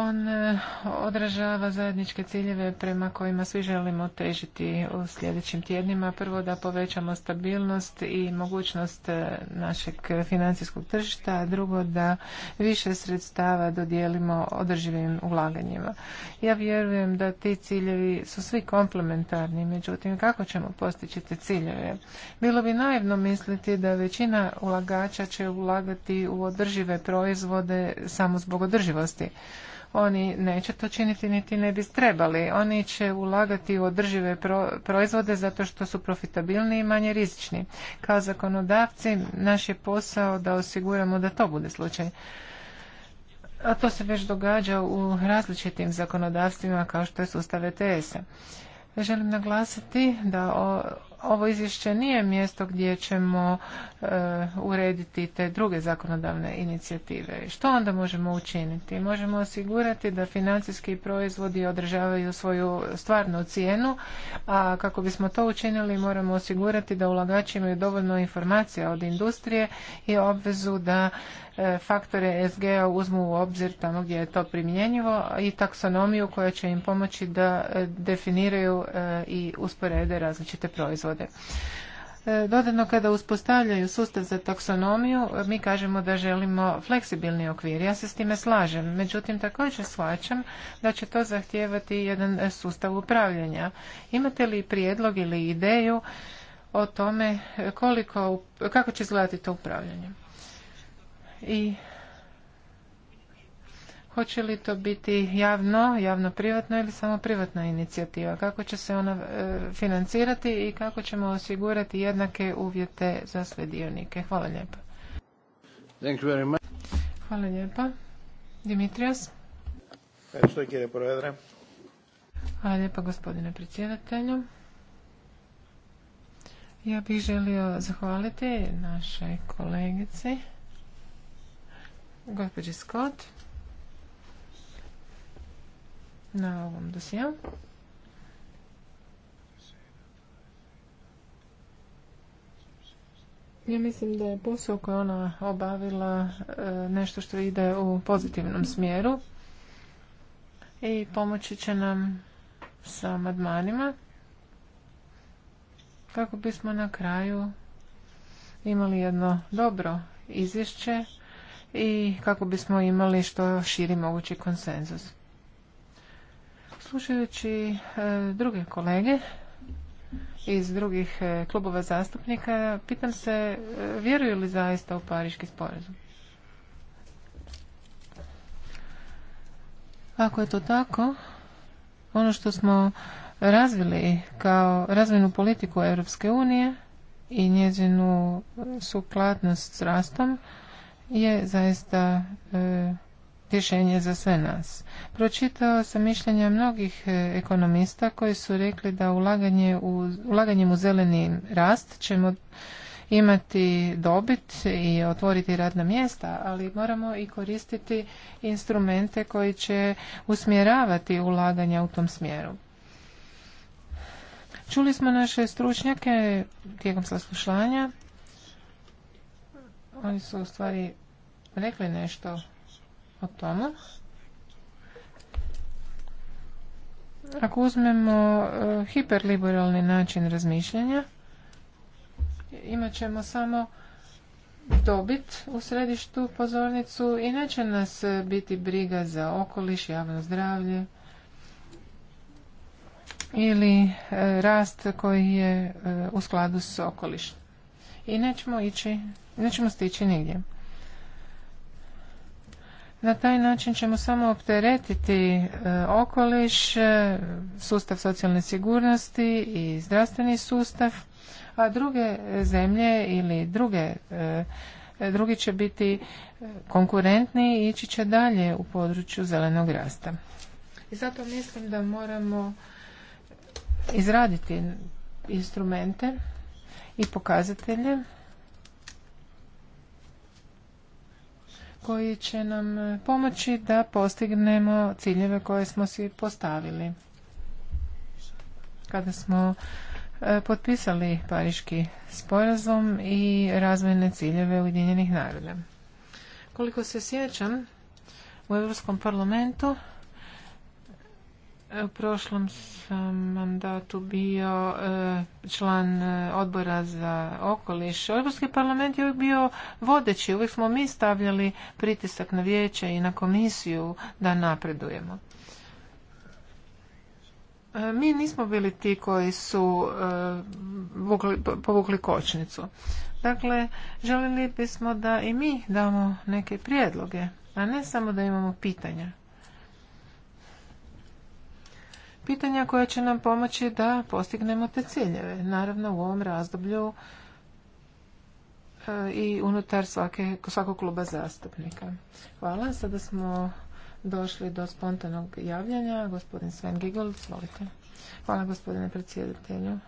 S3: On e, odražava zajedničke ciljeve prema kojima svi želimo težiti u sljedećim tjednima. Prvo da povećamo stabilnost i mogućnost e, našeg financijskog tržišta, a drugo da više sredstava dodijelimo održivim ulaganjima. Ja vjerujem da ti ciljevi su svi komplementarni, međutim kako ćemo postići te ciljeve? Bilo bi naivno misliti da većina ulagača će ulagati u održive proizvode samo zbog održivosti. Oni neće to činiti niti ne bi trebali. Oni će ulagati u održive proizvode zato što su profitabilni i manje rizični. Kao zakonodavci naš je posao da osiguramo da to bude slučaj. A to se već događa u različitim zakonodavstvima kao što je sustav ETS-a. Želim naglasiti da o ovo izvješće nije mjesto gdje ćemo e, urediti te druge zakonodavne inicijative. Što onda možemo učiniti? Možemo osigurati da financijski proizvodi održavaju svoju stvarnu cijenu, a kako bismo to učinili moramo osigurati da ulagači imaju dovoljno informacija od industrije i obvezu da E, faktore sg uzmu u obzir tamo gdje je to primjenjivo i taksonomiju koja će im pomoći da e, definiraju e, i usporede različite proizvode. Dodano kada uspostavljaju sustav za taksonomiju, mi kažemo da želimo fleksibilni okvir. Ja se s time slažem. Međutim, također shvaćam da će to zahtijevati jedan sustav upravljanja. Imate li prijedlog ili ideju o tome koliko, kako će izgledati to upravljanje? i hoće li to biti javno, javno privatno ili samo privatna inicijativa, kako će se ona e, financirati i kako ćemo osigurati jednake uvjete za sve dionike. Hvala lijepa.
S2: Thank you very much.
S3: Hvala lijepa. Dimitrios. Hvala lijepa gospodine predsjedatelju. Ja bih želio zahvaliti našoj kolegici gospođi Scott na ovom dosijem? Ja mislim da je posao koji ona obavila e, nešto što ide u pozitivnom smjeru i pomoći će nam sa madmanima kako bismo na kraju imali jedno dobro izvješće i kako bismo imali što širi mogući konsenzus. Slušajući e, druge kolege iz drugih e, klubova zastupnika, pitam se e, vjeruju li zaista u Pariški sporazum? Ako je to tako, ono što smo razvili kao razvojnu politiku Europske unije i njezinu sukladnost s rastom je zaista e, rješenje za sve nas. Pročitao sam mišljenja mnogih e, ekonomista koji su rekli da ulaganje u, ulaganjem u zeleni rast ćemo imati dobit i otvoriti radna mjesta, ali moramo i koristiti instrumente koji će usmjeravati ulaganja u tom smjeru. Čuli smo naše stručnjake tijekom saslušanja oni su u stvari rekli nešto o tomu. Ako uzmemo e, hiperliberalni način razmišljanja, imat ćemo samo dobit u središtu pozornicu i neće nas biti briga za okoliš, javno zdravlje ili e, rast koji je e, u skladu s okolišem. I nećemo ići nećemo stići nigdje. Na taj način ćemo samo opteretiti e, okoliš, e, sustav socijalne sigurnosti i zdravstveni sustav, a druge zemlje ili druge, e, drugi će biti konkurentni i ići će dalje u području zelenog rasta. I zato mislim da moramo izraditi instrumente i pokazatelje koji će nam e, pomoći da postignemo ciljeve koje smo si postavili. Kada smo e, potpisali Pariški sporazum i razvojne ciljeve Ujedinjenih naroda. Koliko se sjećam, u Europskom parlamentu E, u prošlom sam mandatu bio e, član e, odbora za okoliš. Europski parlament je uvijek bio vodeći, uvijek smo mi stavljali pritisak na vijeće i na komisiju da napredujemo. Mi nismo bili ti koji su povukli kočnicu. Dakle, željeli bismo da i mi damo neke prijedloge, a ne samo da imamo pitanja. pitanja koja će nam pomoći da postignemo te ciljeve. Naravno u ovom razdoblju e, i unutar svakog kluba zastupnika. Hvala. Sada smo došli do spontanog javljanja. Gospodin Sven Gigol, izvolite. Hvala gospodine predsjedatelju.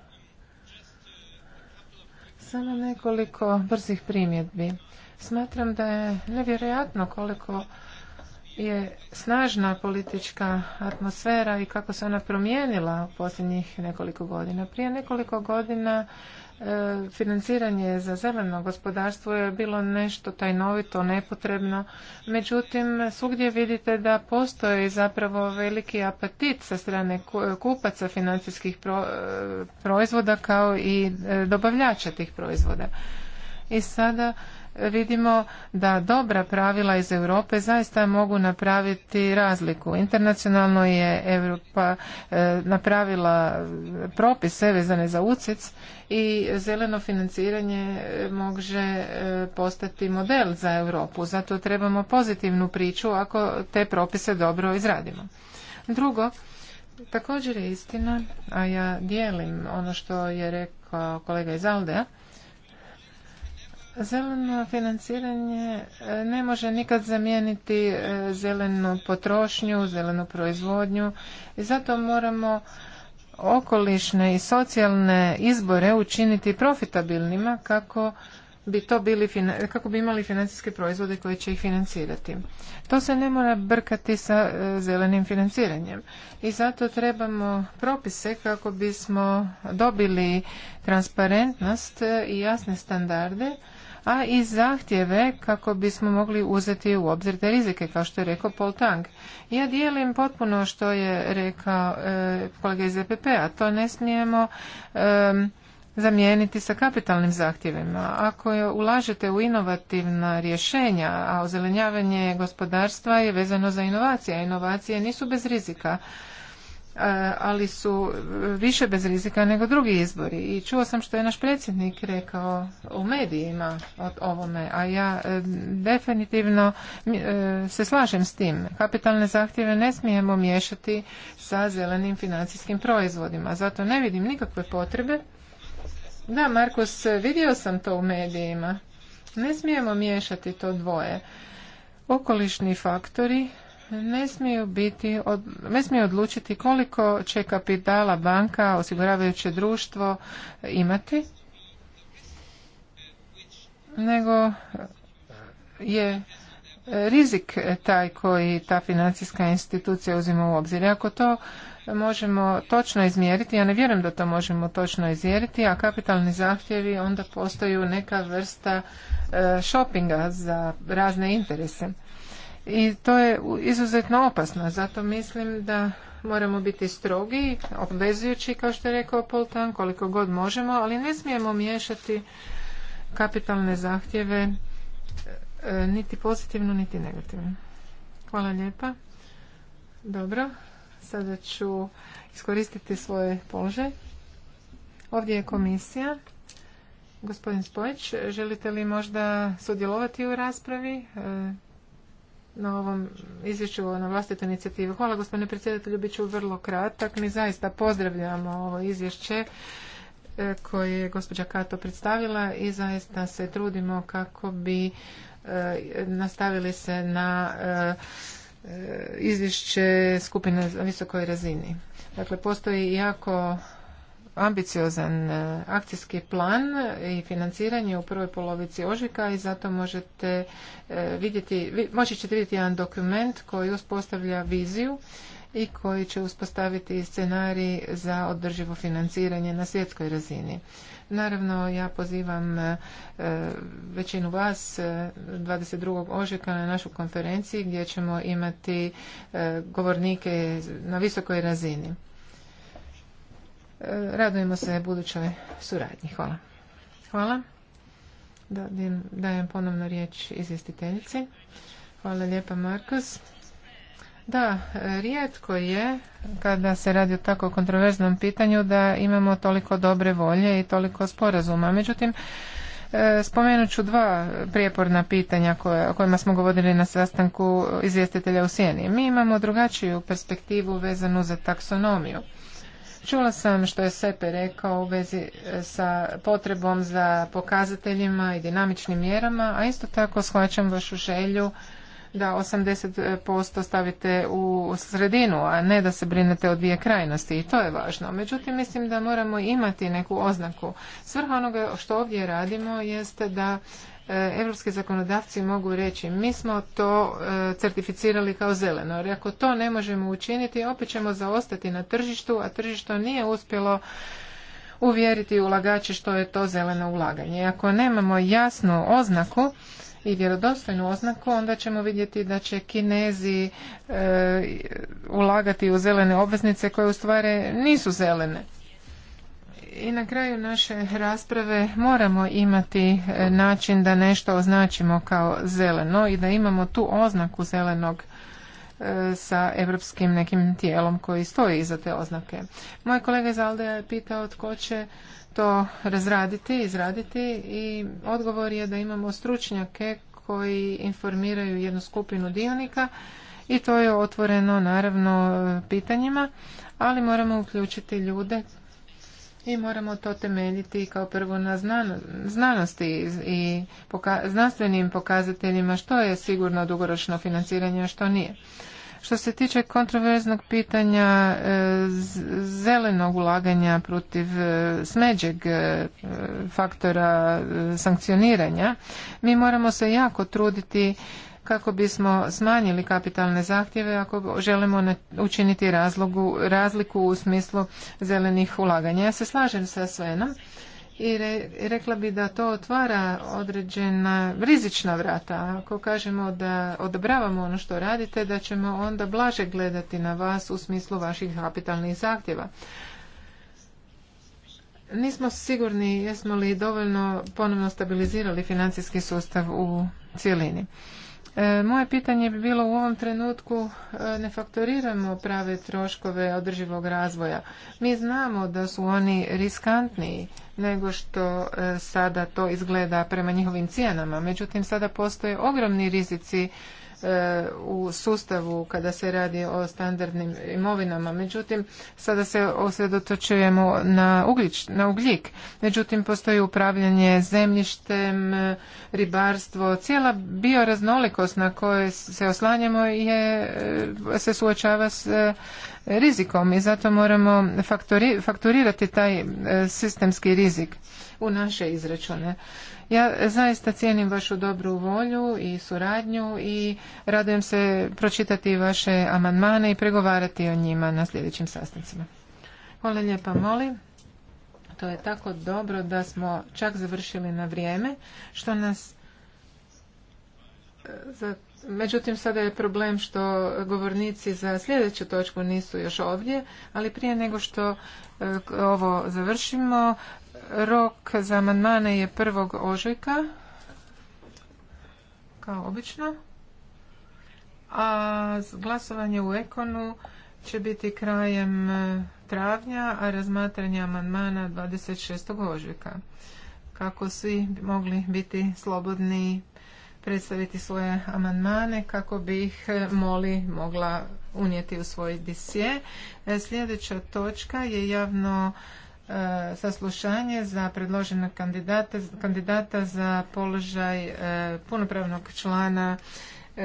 S3: Samo nekoliko brzih primjedbi. Smatram da je nevjerojatno koliko je snažna politička atmosfera i kako se ona promijenila u posljednjih nekoliko godina. Prije nekoliko godina e, financiranje za zeleno gospodarstvo je bilo nešto tajnovito, nepotrebno. Međutim, svugdje vidite da postoji zapravo veliki apetit sa strane kupaca financijskih e, proizvoda kao i e, dobavljača tih proizvoda. I sada vidimo da dobra pravila iz Europe zaista mogu napraviti razliku. Internacionalno je Europa e, napravila propise vezane za UCIC i zeleno financiranje e, može e, postati model za Europu. Zato trebamo pozitivnu priču ako te propise dobro izradimo. Drugo, također je istina, a ja dijelim ono što je rekao kolega iz Aldea, Zeleno financiranje e, ne može nikad zamijeniti e, zelenu potrošnju, zelenu proizvodnju i zato moramo okolišne i socijalne izbore učiniti profitabilnima kako bi to bili kako bi imali financijske proizvode koje će ih financirati. To se ne mora brkati sa e, zelenim financiranjem i zato trebamo propise kako bismo dobili transparentnost i jasne standarde a i zahtjeve kako bismo mogli uzeti u obzir te rizike, kao što je rekao Paul Tang. Ja dijelim potpuno što je rekao e, kolega iz EPP-a, to ne smijemo e, zamijeniti sa kapitalnim zahtjevima. Ako ulažete u inovativna rješenja, a ozelenjavanje gospodarstva je vezano za inovacije, a inovacije nisu bez rizika. E, ali su više bez rizika nego drugi izbori. I čuo sam što je naš predsjednik rekao u medijima o ovome, a ja e, definitivno e, se slažem s tim. Kapitalne zahtjeve ne smijemo miješati sa zelenim financijskim proizvodima. Zato ne vidim nikakve potrebe. Da, Markus, vidio sam to u medijima. Ne smijemo miješati to dvoje. Okolišni faktori ne smiju, biti, od, ne smiju odlučiti koliko će kapitala banka, osiguravajuće društvo imati, nego je rizik taj koji ta financijska institucija uzima u obzir. Ako to možemo točno izmjeriti, ja ne vjerujem da to možemo točno izmjeriti, a kapitalni zahtjevi onda postaju neka vrsta shoppinga e, za razne interese i to je izuzetno opasno. Zato mislim da moramo biti strogi, obvezujući, kao što je rekao Poltan, koliko god možemo, ali ne smijemo miješati kapitalne zahtjeve e, niti pozitivno, niti negativno. Hvala lijepa. Dobro, sada ću iskoristiti svoje položaj. Ovdje je komisija. Gospodin Spojić, želite li možda sudjelovati u raspravi? E, na ovom izvješću na vlastitu inicijativu. Hvala gospodine predsjedatelju, bit ću vrlo kratak. Mi zaista pozdravljamo ovo izvješće e, koje je gospođa Kato predstavila i zaista se trudimo kako bi e, nastavili se na e, izvješće skupine na visokoj razini. Dakle, postoji jako ambiciozan e, akcijski plan i financiranje u prvoj polovici ožujka i zato možete e, vidjeti, moći ćete vidjeti jedan dokument koji uspostavlja viziju i koji će uspostaviti scenarij za održivo financiranje na svjetskoj razini. Naravno, ja pozivam e, većinu vas 22. ožujka na našu konferenciji gdje ćemo imati govornike na visokoj razini. Radujemo se budućoj suradnji. Hvala. Hvala. Dajem, dajem ponovno riječ izvjestiteljici. Hvala lijepa Markus. Da, rijetko je kada se radi o tako kontroverznom pitanju da imamo toliko dobre volje i toliko sporazuma. Međutim, e, spomenut ću dva prijeporna pitanja koje, o kojima smo govorili na sastanku izvjestitelja u Sjeni. Mi imamo drugačiju perspektivu vezanu za taksonomiju. Čula sam što je Sepe rekao u vezi e, sa potrebom za pokazateljima i dinamičnim mjerama, a isto tako shvaćam vašu želju da 80% stavite u sredinu, a ne da se brinete o dvije krajnosti i to je važno. Međutim, mislim da moramo imati neku oznaku. Svrha onoga što ovdje radimo jeste da europski zakonodavci mogu reći mi smo to e, certificirali kao zeleno jer ako to ne možemo učiniti opet ćemo zaostati na tržištu a tržište nije uspjelo uvjeriti ulagače što je to zeleno ulaganje. Ako nemamo jasnu oznaku i vjerodostojnu oznaku, onda ćemo vidjeti da će Kinezi e, ulagati u zelene obveznice koje u stvari nisu zelene i na kraju naše rasprave moramo imati e, način da nešto označimo kao zeleno i da imamo tu oznaku zelenog e, sa europskim nekim tijelom koji stoji iza te oznake. Moj kolega iz je pitao tko će to razraditi, izraditi i odgovor je da imamo stručnjake koji informiraju jednu skupinu dionika i to je otvoreno naravno e, pitanjima, ali moramo uključiti ljude i moramo to temeljiti kao prvo na znanosti i znanstvenim pokazateljima što je sigurno dugoročno financiranje, a što nije. Što se tiče kontroverznog pitanja e, zelenog ulaganja protiv e, smeđeg e, faktora sankcioniranja, mi moramo se jako truditi kako bismo smanjili kapitalne zahtjeve ako želimo učiniti razlogu, razliku u smislu zelenih ulaganja. Ja se slažem sa Svenom i rekla bi da to otvara određena rizična vrata. Ako kažemo da odobravamo ono što radite, da ćemo onda blaže gledati na vas u smislu vaših kapitalnih zahtjeva. Nismo sigurni jesmo li dovoljno ponovno stabilizirali financijski sustav u cjelini. E, moje pitanje bi bilo u ovom trenutku e, ne faktoriramo prave troškove održivog razvoja. Mi znamo da su oni riskantniji nego što e, sada to izgleda prema njihovim cijenama. Međutim, sada postoje ogromni rizici E, u sustavu kada se radi o standardnim imovinama. Međutim, sada se osredotočujemo na, ugljič, na ugljik. Međutim, postoji upravljanje zemljištem, ribarstvo. Cijela bioraznolikost na koje se oslanjamo je, e, se suočava s e, rizikom i zato moramo fakturirati taj sistemski rizik u naše izračune. Ja zaista cijenim vašu dobru volju i suradnju i radujem se pročitati vaše amandmane i pregovarati o njima na sljedećim sastancima. Hvala lijepa, molim. To je tako dobro da smo čak završili na vrijeme, što nas... E, međutim, sada je problem što govornici za sljedeću točku nisu još ovdje, ali prije nego što e, ovo završimo, Rok za amandmane je prvog ožujka, kao obično. A glasovanje u Ekonu će biti krajem e, travnja, a razmatranje amandmana 26. ožujka. Kako svi mogli biti slobodni predstaviti svoje amandmane kako bi ih e, Moli mogla unijeti u svoj disje. E, sljedeća točka je javno saslušanje za predloženog kandidata, kandidata za položaj e, punopravnog člana e,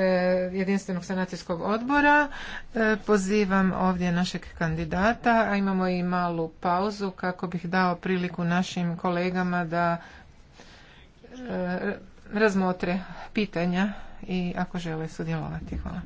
S3: jedinstvenog sanacijskog odbora. E, pozivam ovdje našeg kandidata, a imamo i malu pauzu kako bih dao priliku našim kolegama da razmotre pitanja i ako žele sudjelovati. Hvala.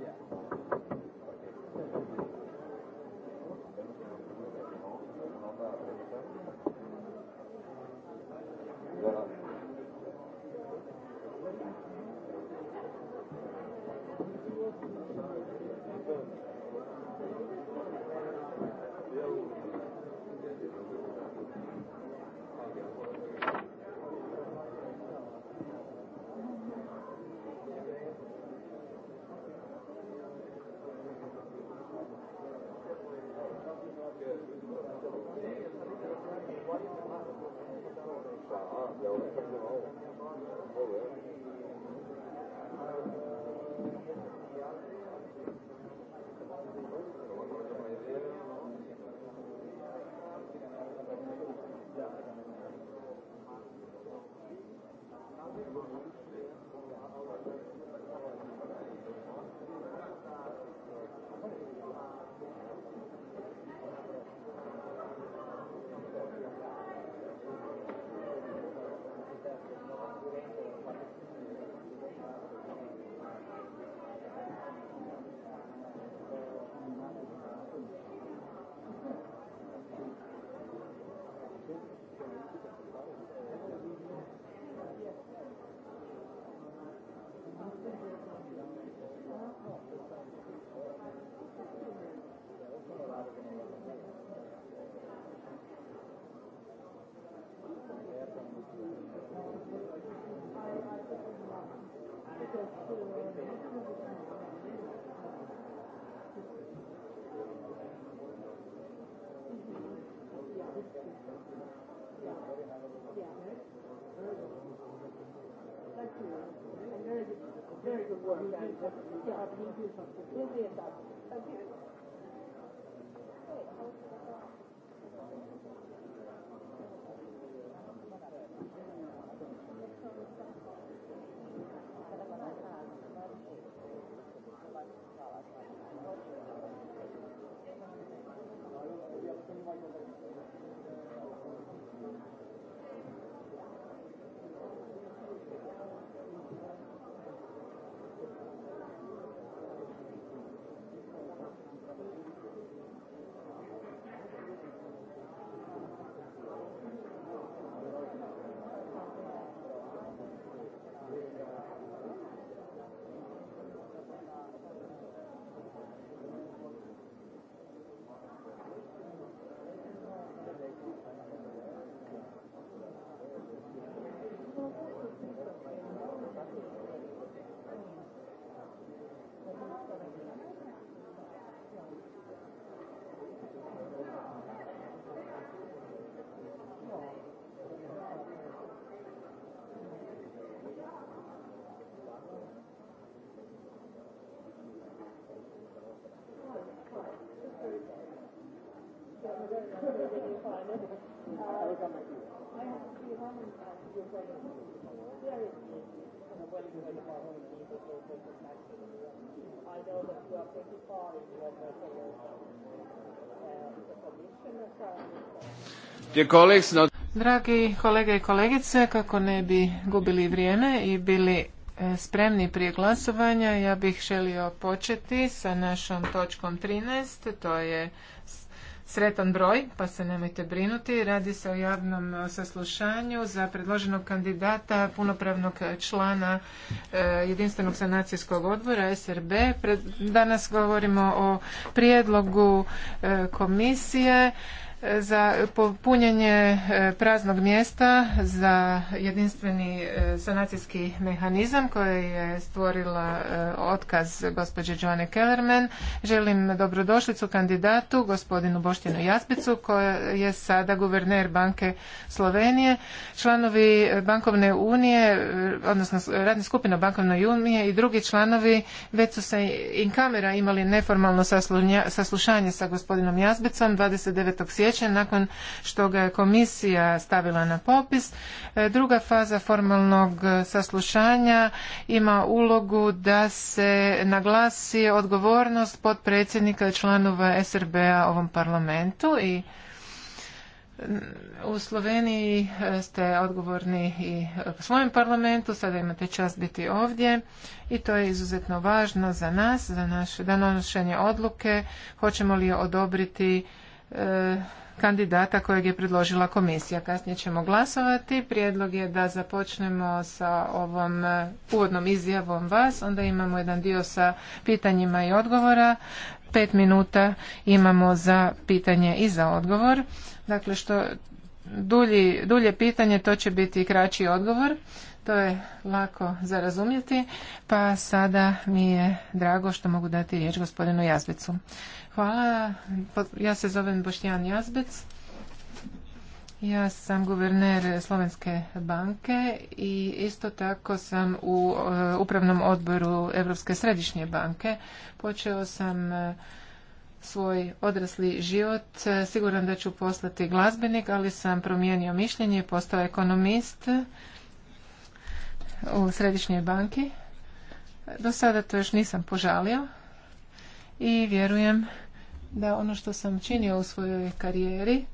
S5: Yeah. Hvala drugi je tako.
S3: Dragi kolege i kolegice, kako ne bi gubili vrijeme i bili e, spremni prije glasovanja, ja bih želio početi sa našom točkom 13. To je sretan broj, pa se nemojte brinuti. Radi se o javnom e, saslušanju za predloženog kandidata, punopravnog člana e, Jedinstvenog sanacijskog odbora, SRB. Danas govorimo o prijedlogu e, komisije za punjenje e, praznog mjesta za jedinstveni e, sanacijski mehanizam koji je stvorila e, otkaz gospođe Joane Kellerman. Želim dobrodošlicu kandidatu gospodinu Boštinu Jaspicu koja je sada guverner Banke Slovenije. Članovi Bankovne unije, odnosno radne skupina Bankovne unije i drugi članovi već su se in kamera imali neformalno saslušanje sa gospodinom Jaspicom 29 nakon što ga je komisija stavila na popis. E, druga faza formalnog e, saslušanja ima ulogu da se naglasi odgovornost potpredsjednika i članova SRB-a ovom parlamentu i u Sloveniji e, ste odgovorni i u svojem parlamentu, sada imate čast biti ovdje i to je izuzetno važno za nas, za naše danošenje odluke, hoćemo li odobriti E, kandidata kojeg je predložila komisija. Kasnije ćemo glasovati. Prijedlog je da započnemo sa ovom e, uvodnom izjavom vas. Onda imamo jedan dio sa pitanjima i odgovora. Pet minuta imamo za pitanje i za odgovor. Dakle, što dulji, dulje pitanje, to će biti kraći odgovor. To je lako za razumjeti. Pa sada mi je drago što mogu dati riječ gospodinu Jazvicu. Hvala. Ja se zovem Boštjan Jazbec. Ja sam guverner Slovenske banke i isto tako sam u eh, upravnom odboru Europske središnje banke. Počeo sam eh, svoj odrasli život. Siguran da ću postati glazbenik, ali sam promijenio mišljenje i postao ekonomist u središnjoj banki. Do sada to još nisam požalio i vjerujem da ono što sam činio u svojoj karijeri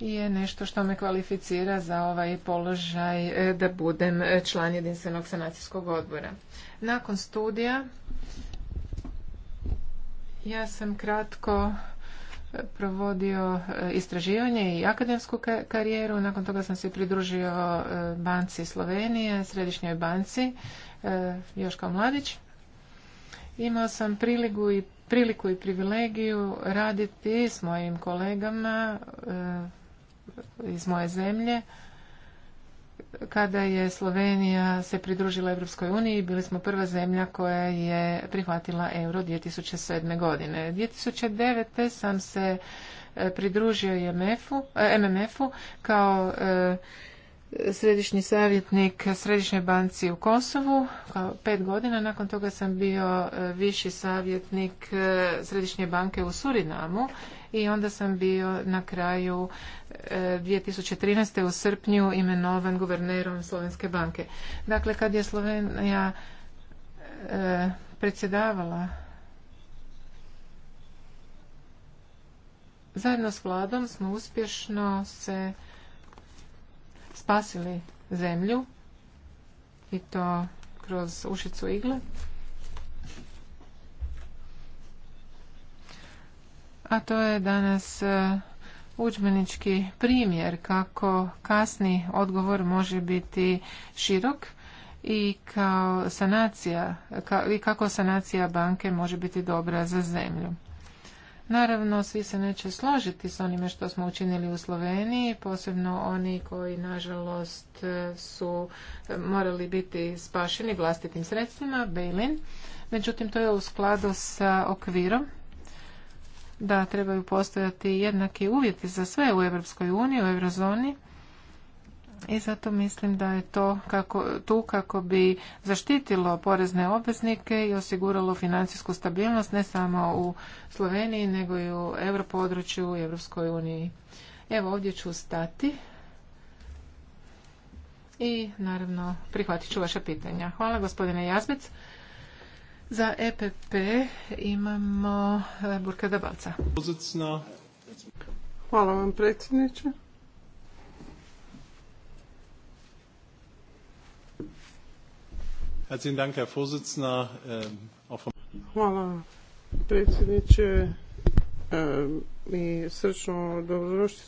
S3: je nešto što me kvalificira za ovaj položaj e, da budem član jedinstvenog sanacijskog odbora. Nakon studija ja sam kratko e, provodio e, istraživanje i akademsku karijeru. Nakon toga sam se pridružio banci Slovenije, središnjoj banci, još kao mladić. Imao sam priliku i priliku i privilegiju raditi s mojim kolegama eh, iz moje zemlje kada je Slovenija se pridružila Europskoj uniji, bili smo prva zemlja koja je prihvatila euro 2007. godine. 2009. sam se eh, pridružio MMF-u eh, kao središnji savjetnik središnje banci u Kosovu. Pa pet godina nakon toga sam bio e, viši savjetnik e, Središnje banke u Surinamu i onda sam bio na kraju 2013. E, u srpnju imenovan guvernerom Slovenske banke. Dakle, kad je Slovenija predsjedavala zajedno s vladom smo uspješno se spasili zemlju i to kroz ušicu igle. A to je danas e, učbenički primjer kako kasni odgovor može biti širok i kao sanacija i kako sanacija banke može biti dobra za zemlju. Naravno, svi se neće složiti s onime što smo učinili u Sloveniji, posebno oni koji, nažalost, su morali biti spašeni vlastitim sredstvima, Bejlin. Međutim, to je u skladu sa okvirom da trebaju postojati jednaki uvjeti za sve u Europskoj uniji, u eurozoni i zato mislim da je to kako, tu kako bi zaštitilo porezne obveznike i osiguralo financijsku stabilnost ne samo u Sloveniji nego i u europodručju i Europskoj uniji. Evo ovdje ću stati i naravno prihvatit ću vaše pitanja. Hvala gospodine Jazbec. Za EPP imamo eh, Burka Dabalca. Hvala vam predsjedniče.
S1: Ähm,
S2: Hvala predsjedniče ehm, i srčno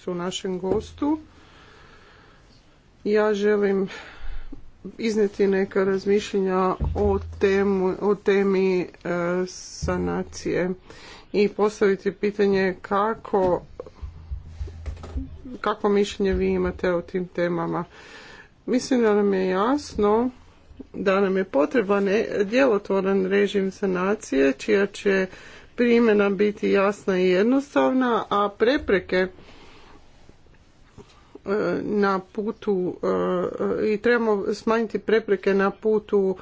S2: u našem gostu. Ja želim iznijeti neka razmišljenja o, temu, o temi e, sanacije i postaviti pitanje kako kako mišljenje vi imate o tim temama. Mislim da nam je jasno da nam je potreban e, djelotvoran režim sanacije čija će primjena biti jasna i jednostavna, a prepreke e, na putu e, i trebamo smanjiti prepreke na putu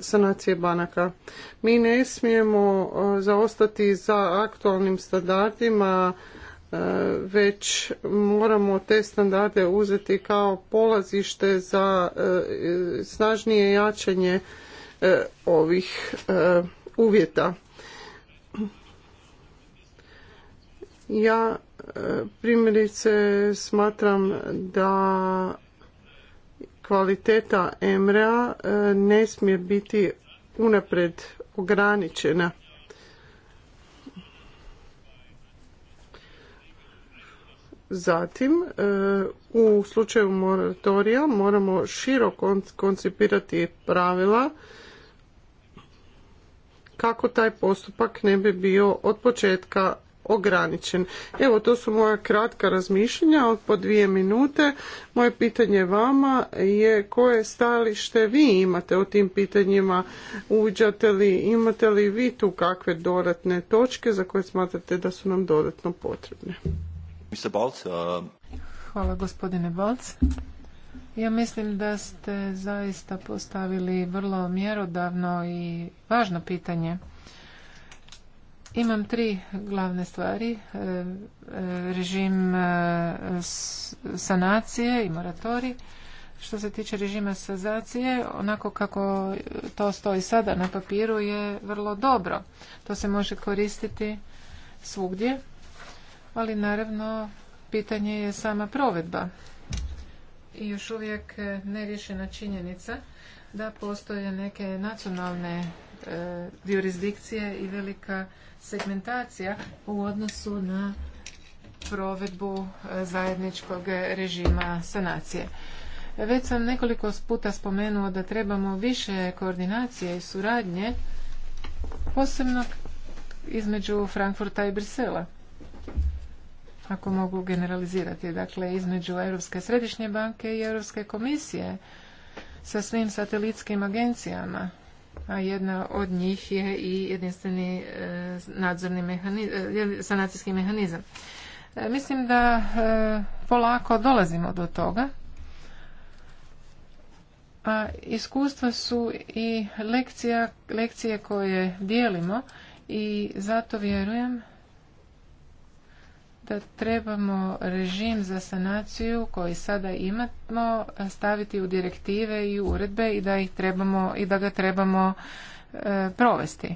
S2: sanacije banaka. Mi ne smijemo zaostati za aktualnim standardima E, već moramo te standarde uzeti kao polazište za e, snažnije jačanje e, ovih uvjeta. Ja primjerice smatram da kvaliteta emrea ne smije biti unapred ograničena. Zatim, e, u slučaju moratorija moramo široko koncipirati pravila kako taj postupak ne bi bio od početka ograničen. Evo, to su moja kratka razmišljanja od po dvije minute. Moje pitanje vama je koje stajalište vi imate o tim pitanjima? Uđate li, imate li vi tu kakve dodatne točke za koje smatrate da su nam dodatno potrebne?
S1: Uh,
S3: Hvala gospodine Balc. Ja mislim da ste zaista postavili vrlo mjerodavno i važno pitanje. Imam tri glavne stvari. E, e, režim e, sanacije i moratori. Što se tiče režima sanacije, onako kako to stoji sada na papiru je vrlo dobro. To se može koristiti svugdje ali naravno pitanje je sama provedba i još uvijek e, neriješena činjenica da postoje neke nacionalne e, jurisdikcije i velika segmentacija u odnosu na provedbu e, zajedničkog režima sanacije. Već sam nekoliko puta spomenuo da trebamo više koordinacije i suradnje, posebno između Frankfurta i Brisela ako mogu generalizirati, dakle između Europske središnje banke i Europske komisije sa svim satelitskim agencijama, a jedna od njih je i jedinstveni e, nadzorni mehanizam, e, sanacijski mehanizam. E, mislim da polako dolazimo do toga. A iskustva su i lekcija, lekcije koje dijelimo i zato vjerujem da trebamo režim za sanaciju koji sada imamo staviti u direktive i uredbe i da ih trebamo i da ga trebamo e, provesti.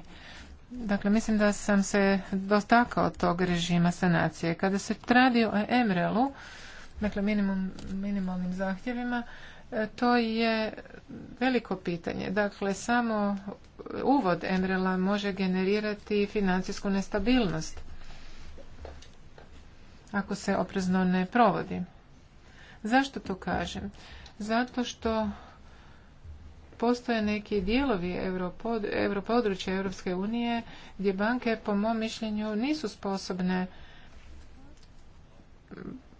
S3: Dakle, mislim da sam se dotakao tog režima sanacije. Kada se radi o emrelu, dakle minimum, minimalnim zahtjevima, e, to je veliko pitanje. Dakle, samo uvod emrela može generirati financijsku nestabilnost ako se oprezno ne provodi. Zašto to kažem? Zato što postoje neki dijelovi europodručja Europske unije gdje banke po mom mišljenju nisu sposobne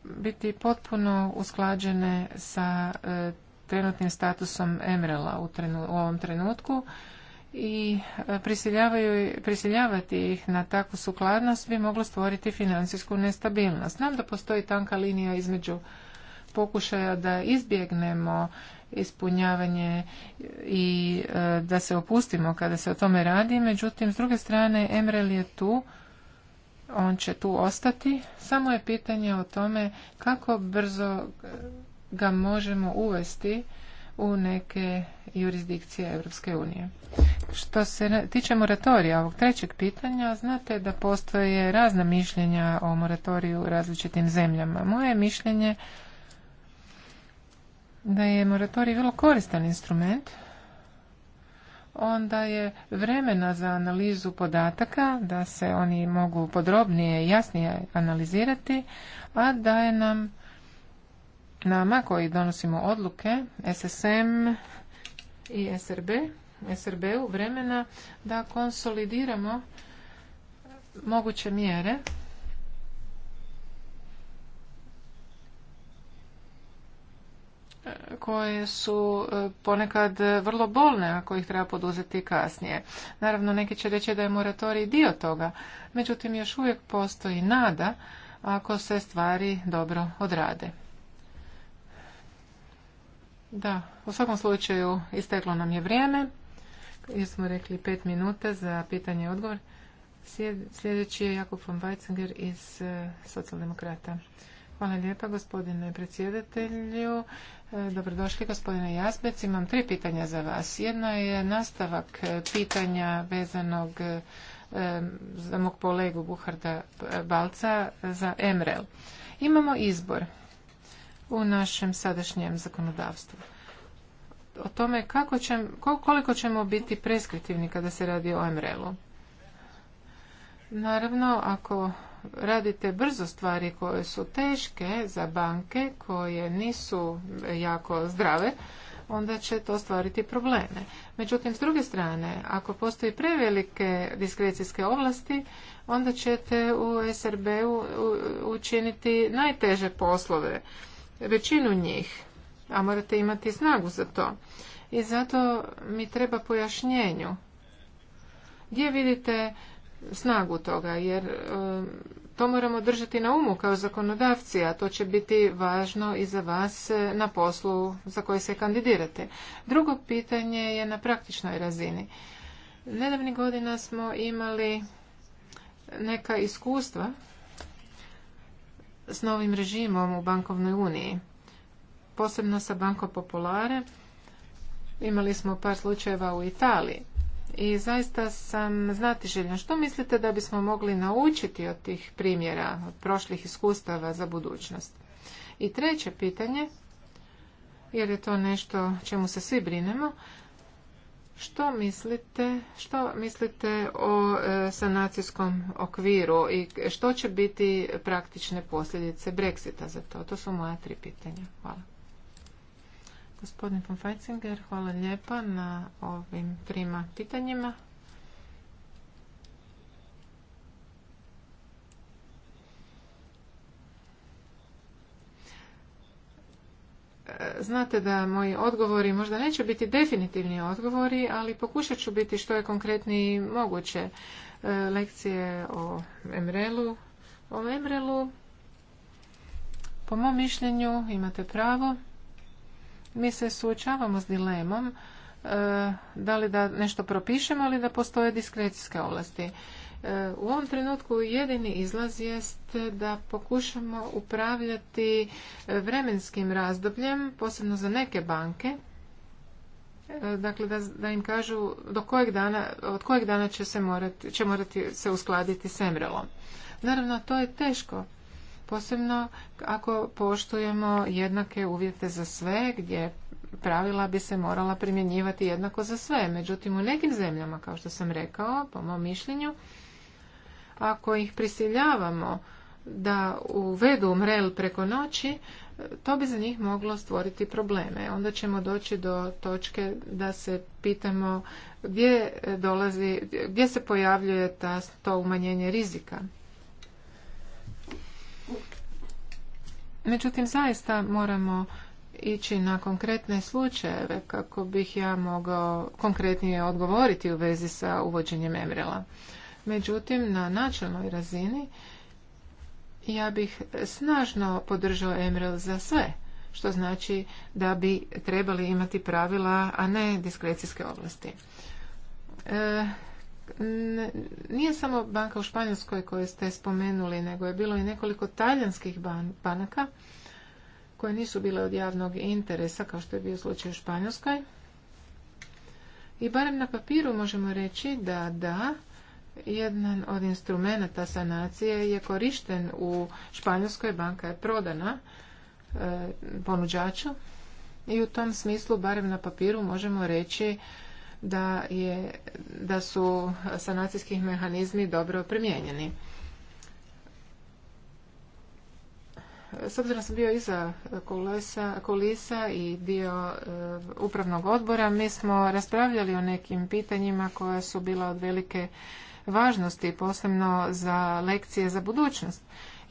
S3: biti potpuno usklađene sa e, trenutnim statusom Emrela u ovom trenutku i e, prisiljavati ih na takvu sukladnost bi moglo stvoriti financijsku nestabilnost. Znam da postoji tanka linija između pokušaja da izbjegnemo ispunjavanje i e, da se opustimo kada se o tome radi. Međutim, s druge strane, Emrel je tu, on će tu ostati. Samo je pitanje o tome kako brzo ga možemo uvesti u neke jurisdikcije Europske unije. Što se tiče moratorija ovog trećeg pitanja, znate da postoje razna mišljenja o moratoriju u različitim zemljama. Moje mišljenje da je moratorij vrlo koristan instrument, onda je vremena za analizu podataka, da se oni mogu podrobnije i jasnije analizirati, a daje nam nama koji donosimo odluke, SSM i SRB, SRB-u vremena da konsolidiramo moguće mjere koje su e, ponekad vrlo bolne ako ih treba poduzeti kasnije. Naravno, neki će reći da je moratorij dio toga, međutim još uvijek postoji nada ako se stvari dobro odrade. Da, u svakom slučaju isteklo nam je vrijeme. Jer smo rekli pet minuta za pitanje i odgovor. Sljedeći je Jakub von Weizinger iz e, Socialdemokrata. Hvala lijepa gospodine predsjedatelju. E, dobrodošli gospodine Jasbec. Imam tri pitanja za vas. Jedno je nastavak pitanja vezanog e, za mog kolegu Buharda Balca za MRL. Imamo izbor u našem sadašnjem zakonodavstvu. O tome kako koliko ćemo biti preskriptivni kada se radi o MRL-u. Naravno, ako radite brzo stvari koje su teške za banke, koje nisu jako zdrave, onda će to stvariti probleme. Međutim, s druge strane, ako postoji prevelike diskrecijske ovlasti, onda ćete u SRB-u učiniti najteže poslove većinu njih, a morate imati snagu za to. I zato mi treba pojašnjenju. Gdje vidite snagu toga, jer e, to moramo držati na umu kao zakonodavci, a to će biti važno i za vas e, na poslu za koji se kandidirate. Drugo pitanje je na praktičnoj razini. Nedavni godina smo imali neka iskustva s novim režimom u bankovnoj uniji. Posebno sa Banko Populare imali smo par slučajeva u Italiji. I zaista sam znati željen Što mislite da bismo mogli naučiti od tih primjera, od prošlih iskustava za budućnost? I treće pitanje, jer je to nešto čemu se svi brinemo, što mislite, što mislite o e, sanacijskom okviru i što će biti praktične posljedice Brexita za to? To su moja tri pitanja. Hvala. Gospodin von Feitzinger, hvala lijepa na ovim trima pitanjima. znate da moji odgovori možda neće biti definitivni odgovori, ali pokušat ću biti što je konkretniji moguće. E, lekcije o Emrelu. O Emrelu, po mom mišljenju, imate pravo, mi se suočavamo s dilemom e, da li da nešto propišemo ili da postoje diskrecijske ovlasti. E, u ovom trenutku jedini izlaz jest da pokušamo upravljati e, vremenskim razdobljem, posebno za neke banke, e, dakle da, da im kažu do kojeg dana, od kojeg dana će se morati, će morati se uskladiti s Emrelom. Naravno, to je teško, posebno ako poštujemo jednake uvjete za sve, gdje pravila bi se morala primjenjivati jednako za sve. Međutim, u nekim zemljama, kao što sam rekao, po mom mišljenju, ako ih prisiljavamo da uvedu mrel preko noći, to bi za njih moglo stvoriti probleme. Onda ćemo doći do točke da se pitamo gdje dolazi, gdje se pojavljuje to umanjenje rizika. Međutim, zaista moramo ići na konkretne slučajeve kako bih ja mogao konkretnije odgovoriti u vezi sa uvođenjem emrela. Međutim, na načelnoj razini ja bih snažno podržao Emrel za sve, što znači da bi trebali imati pravila, a ne diskrecijske oblasti. E, nije samo banka u Španjolskoj koju ste spomenuli, nego je bilo i nekoliko talijanskih banaka koje nisu bile od javnog interesa, kao što je bio slučaj u Španjolskoj. I barem na papiru možemo reći da da, jedan od instrumenta sanacije je korišten u Španjolskoj, banka je prodana e, ponuđaču i u tom smislu, barem na papiru, možemo reći da, je, da su sanacijski mehanizmi dobro primijenjeni. S obzirom sam bio iza kulisa, kulisa i dio e, upravnog odbora, mi smo raspravljali o nekim pitanjima koja su bila od velike važnosti, posebno za lekcije za budućnost.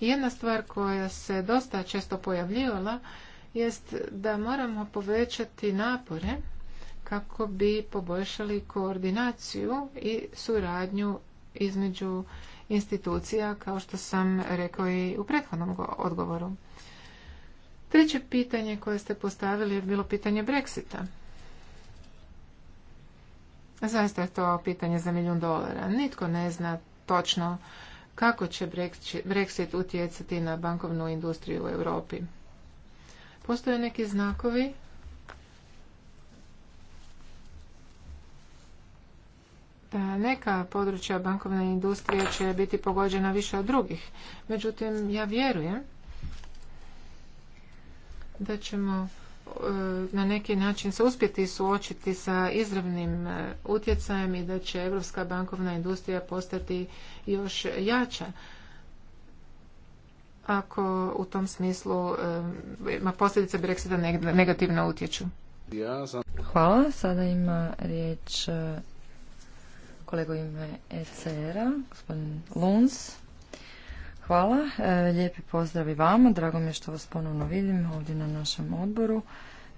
S3: Jedna stvar koja se dosta često pojavljivala jest da moramo povećati napore kako bi poboljšali koordinaciju i suradnju između institucija, kao što sam rekao i u prethodnom odgovoru. Treće pitanje koje ste postavili je bilo pitanje Brexita. Zaista je to pitanje za milijun dolara. Nitko ne zna točno kako će Brexit utjecati na bankovnu industriju u Europi. Postoje neki znakovi da neka područja bankovne industrije će biti pogođena više od drugih. Međutim, ja vjerujem da ćemo E, na neki način se uspjeti suočiti sa izravnim e, utjecajem i da će europska bankovna industrija postati još jača ako u tom smislu e, ma posljedice Brexita negativno utječu. Hvala. Sada ima riječ kolego ime ECR-a, gospodin
S4: Luns. Hvala, e, lijepi pozdrav i vama, drago mi je što vas ponovno vidim ovdje na našem odboru.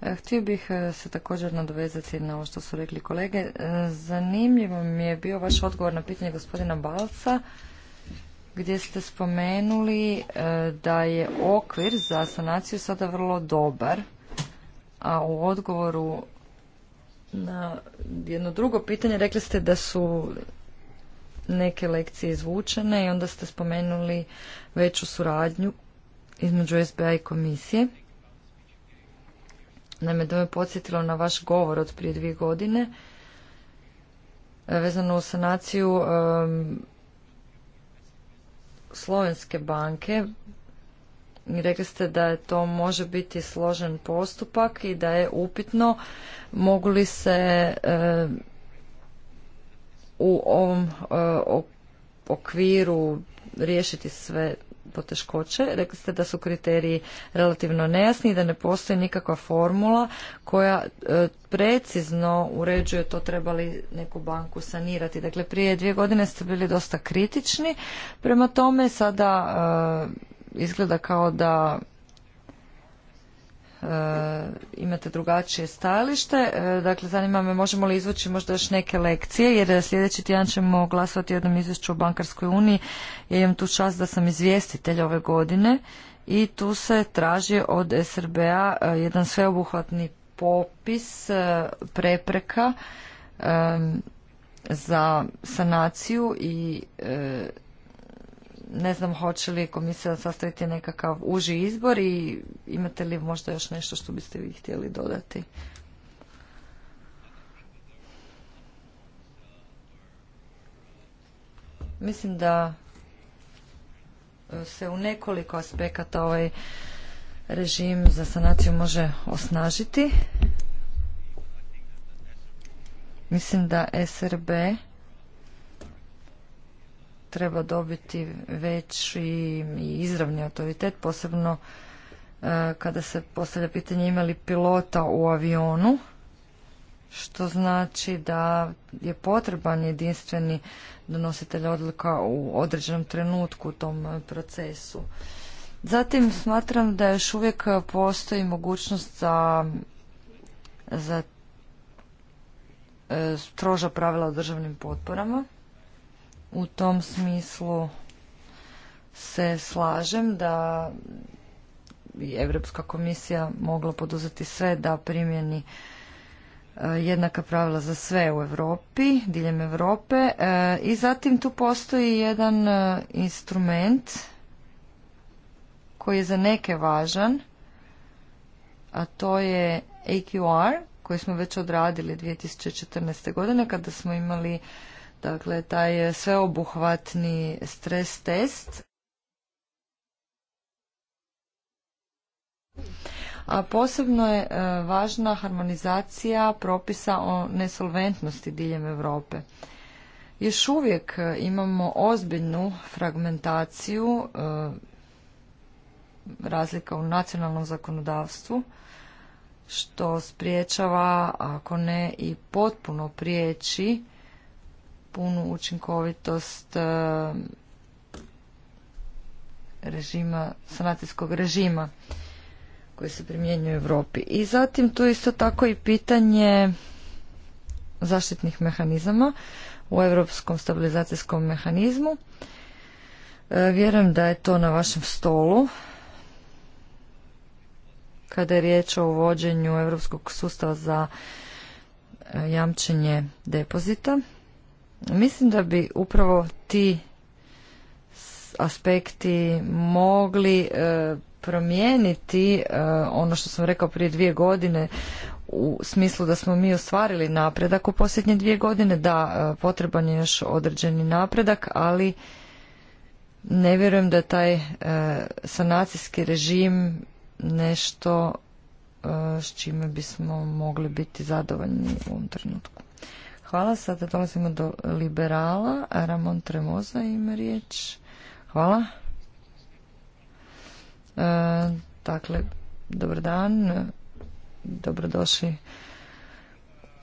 S4: E, htio bih e, se također nadovezati na ovo što su rekli kolege. Zanimljivo mi je bio vaš odgovor na pitanje gospodina Balca, gdje ste spomenuli da je okvir za sanaciju sada vrlo dobar, a u odgovoru na jedno drugo pitanje rekli ste da su neke lekcije izvučene i onda ste spomenuli veću suradnju između SBA i komisije. Naime, da me podsjetilo na vaš govor od prije dvije godine e, vezano u sanaciju slovenske banke. Rekli ste da je to može biti složen postupak i da je upitno mogu li se u ovom e, okviru riješiti sve poteškoće. Rekli ste da su kriteriji relativno nejasni i da ne postoji nikakva formula koja e, precizno uređuje to treba li neku banku sanirati. Dakle, prije dvije godine ste bili dosta kritični. Prema tome, sada e, izgleda kao da E, imate drugačije stajalište. E, dakle, zanima me možemo li izvući možda još neke lekcije, jer sljedeći tjedan ćemo glasovati o jednom izvješću o Bankarskoj uniji. Ja imam tu čast da sam izvjestitelj ove godine i tu se traži od SRB-a e, jedan sveobuhvatni popis prepreka za sanaciju i ne znam hoće li komisija sastaviti nekakav uži izbor i imate li možda još nešto što biste vi htjeli dodati? Mislim da e, se u nekoliko aspekata ovaj režim za sanaciju može osnažiti. Mislim da SRB treba dobiti veći i izravni autoritet, posebno e, kada se postavlja pitanje ima li pilota u avionu, što znači da je potreban jedinstveni donositelj odluka u određenom trenutku u tom procesu. Zatim smatram da još uvijek postoji mogućnost za, za e, stroža pravila o državnim potporama u tom smislu se slažem da bi Europska komisija mogla poduzeti sve da primjeni e, jednaka pravila za sve u Europi, diljem Europe. E, I zatim tu postoji jedan e, instrument koji je za neke važan, a to je AQR koji smo već odradili 2014. godine kada smo imali dakle taj sveobuhvatni stres test. A posebno je e, važna harmonizacija propisa o nesolventnosti diljem Europe. Još uvijek e, imamo ozbiljnu fragmentaciju e, razlika u nacionalnom zakonodavstvu što spriječava, ako ne i potpuno priječi punu učinkovitost e, režima, sanacijskog režima koji se primjenjuje u Europi. I zatim tu isto tako i pitanje zaštitnih mehanizama u europskom stabilizacijskom mehanizmu. E, vjerujem da je to na vašem stolu kada je riječ o uvođenju europskog sustava za e, jamčenje depozita. Mislim da bi upravo ti aspekti mogli e, promijeniti e, ono što sam rekao prije dvije godine u smislu da smo mi ostvarili napredak u posljednje dvije godine. Da, e, potreban je još određeni napredak, ali ne vjerujem da je taj sanacijski režim nešto s čime bismo mogli biti zadovoljni u ovom trenutku. Hvala. Sada dolazimo do liberala. Ramon Tremoza ima riječ. Hvala. E, dakle, dobar dan. Dobrodošli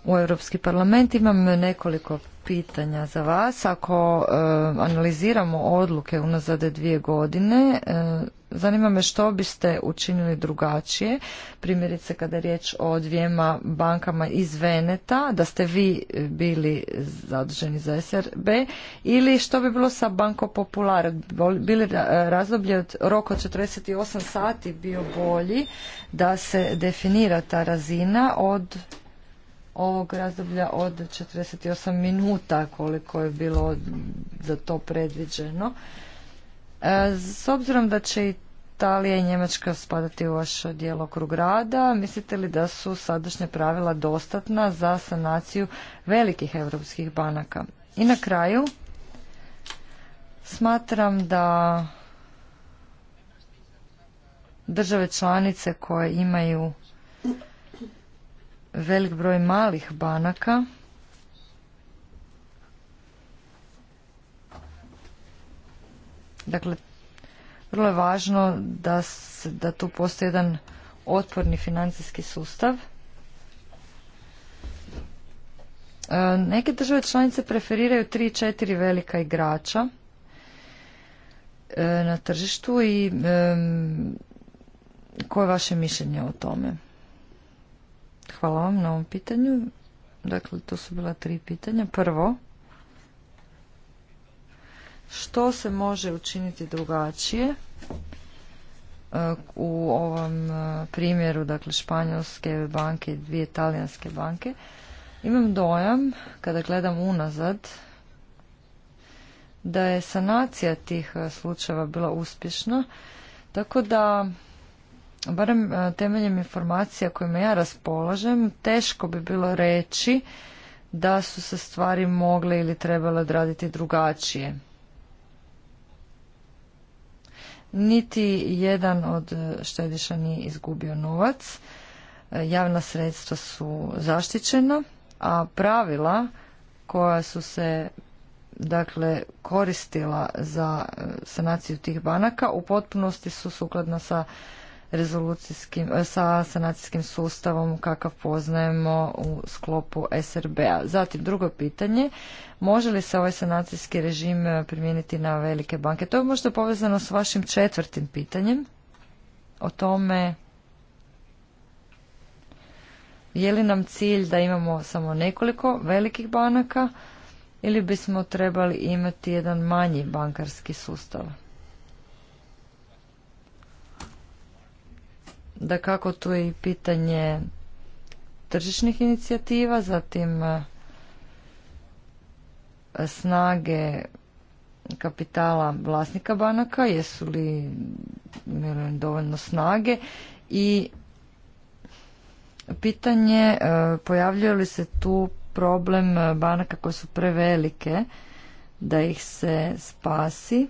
S4: u Europski parlament. Imam nekoliko pitanja za vas. Ako e, analiziramo odluke unazad dvije godine, e, zanima me što biste učinili drugačije, primjerice kada je riječ o dvijema bankama iz Veneta, da ste vi bili zaduženi za SRB, ili što bi bilo sa Banko Popular, bili razdoblje od roka od 48 sati bio bolji da se definira ta razina od ovog razdoblja od 48 minuta koliko je bilo za to predviđeno. E, s obzirom da će Italija i Njemačka spadati u vaš djelokrug rada, mislite li da su sadašnja pravila dostatna za sanaciju velikih europskih banaka? I na kraju, smatram da države članice koje imaju velik broj malih banaka dakle vrlo je važno da, da tu postoji jedan otporni financijski sustav e, Neke države članice preferiraju 3-4 velika igrača e, na tržištu i koje je vaše mišljenje o tome? Hvala vam na ovom pitanju. Dakle, to su bila tri pitanja. Prvo, što se može učiniti drugačije e, u ovom e, primjeru, dakle, španjolske banke i dvije talijanske banke? Imam dojam, kada gledam unazad, da je sanacija tih e, slučajeva bila uspješna, tako da barem e, temeljem informacija kojima ja raspolažem, teško bi bilo reći da su se stvari mogle ili trebale odraditi drugačije. Niti jedan od štediša nije izgubio novac, e, javna sredstva su zaštićena, a pravila koja su se dakle koristila za e, sanaciju tih banaka u potpunosti su sukladna sa rezolucijskim, e, sa sanacijskim sustavom kakav poznajemo u sklopu SRB-a. Zatim drugo pitanje, može li se ovaj sanacijski režim e, primijeniti na velike banke? To je možda povezano s vašim četvrtim pitanjem o tome je li nam cilj da imamo samo nekoliko velikih banaka ili bismo trebali imati jedan manji bankarski sustav? da kako tu je i pitanje tržišnih inicijativa, zatim e, snage kapitala vlasnika banaka, jesu li dovoljno snage i pitanje e, pojavljuje li se tu problem e, banaka koje su prevelike da ih se spasi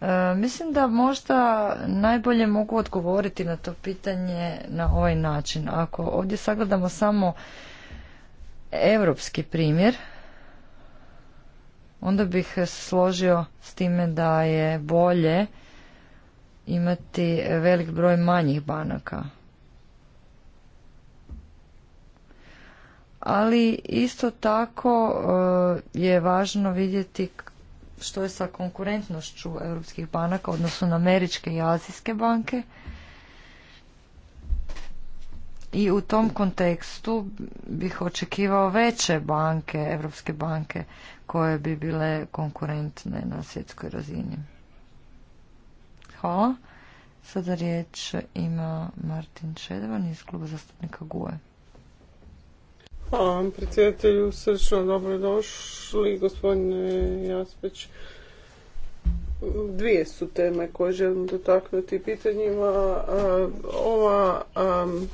S4: E, mislim da možda najbolje mogu odgovoriti na to pitanje na ovaj način. Ako ovdje sagledamo samo europski primjer, onda bih složio s time da je bolje imati velik broj manjih banaka. Ali isto tako e, je važno vidjeti što je sa konkurentnošću europskih banaka odnosno na američke i azijske banke i u tom kontekstu bih očekivao veće banke, Europske banke koje bi bile konkurentne na svjetskoj razini. Hvala. Sada riječ ima Martin Šedevan iz kluba zastupnika GUE.
S2: Hvala vam predsjedatelju, srčno dobrodošli gospodine Jaspeć. Dvije su teme koje želim dotaknuti pitanjima. Ova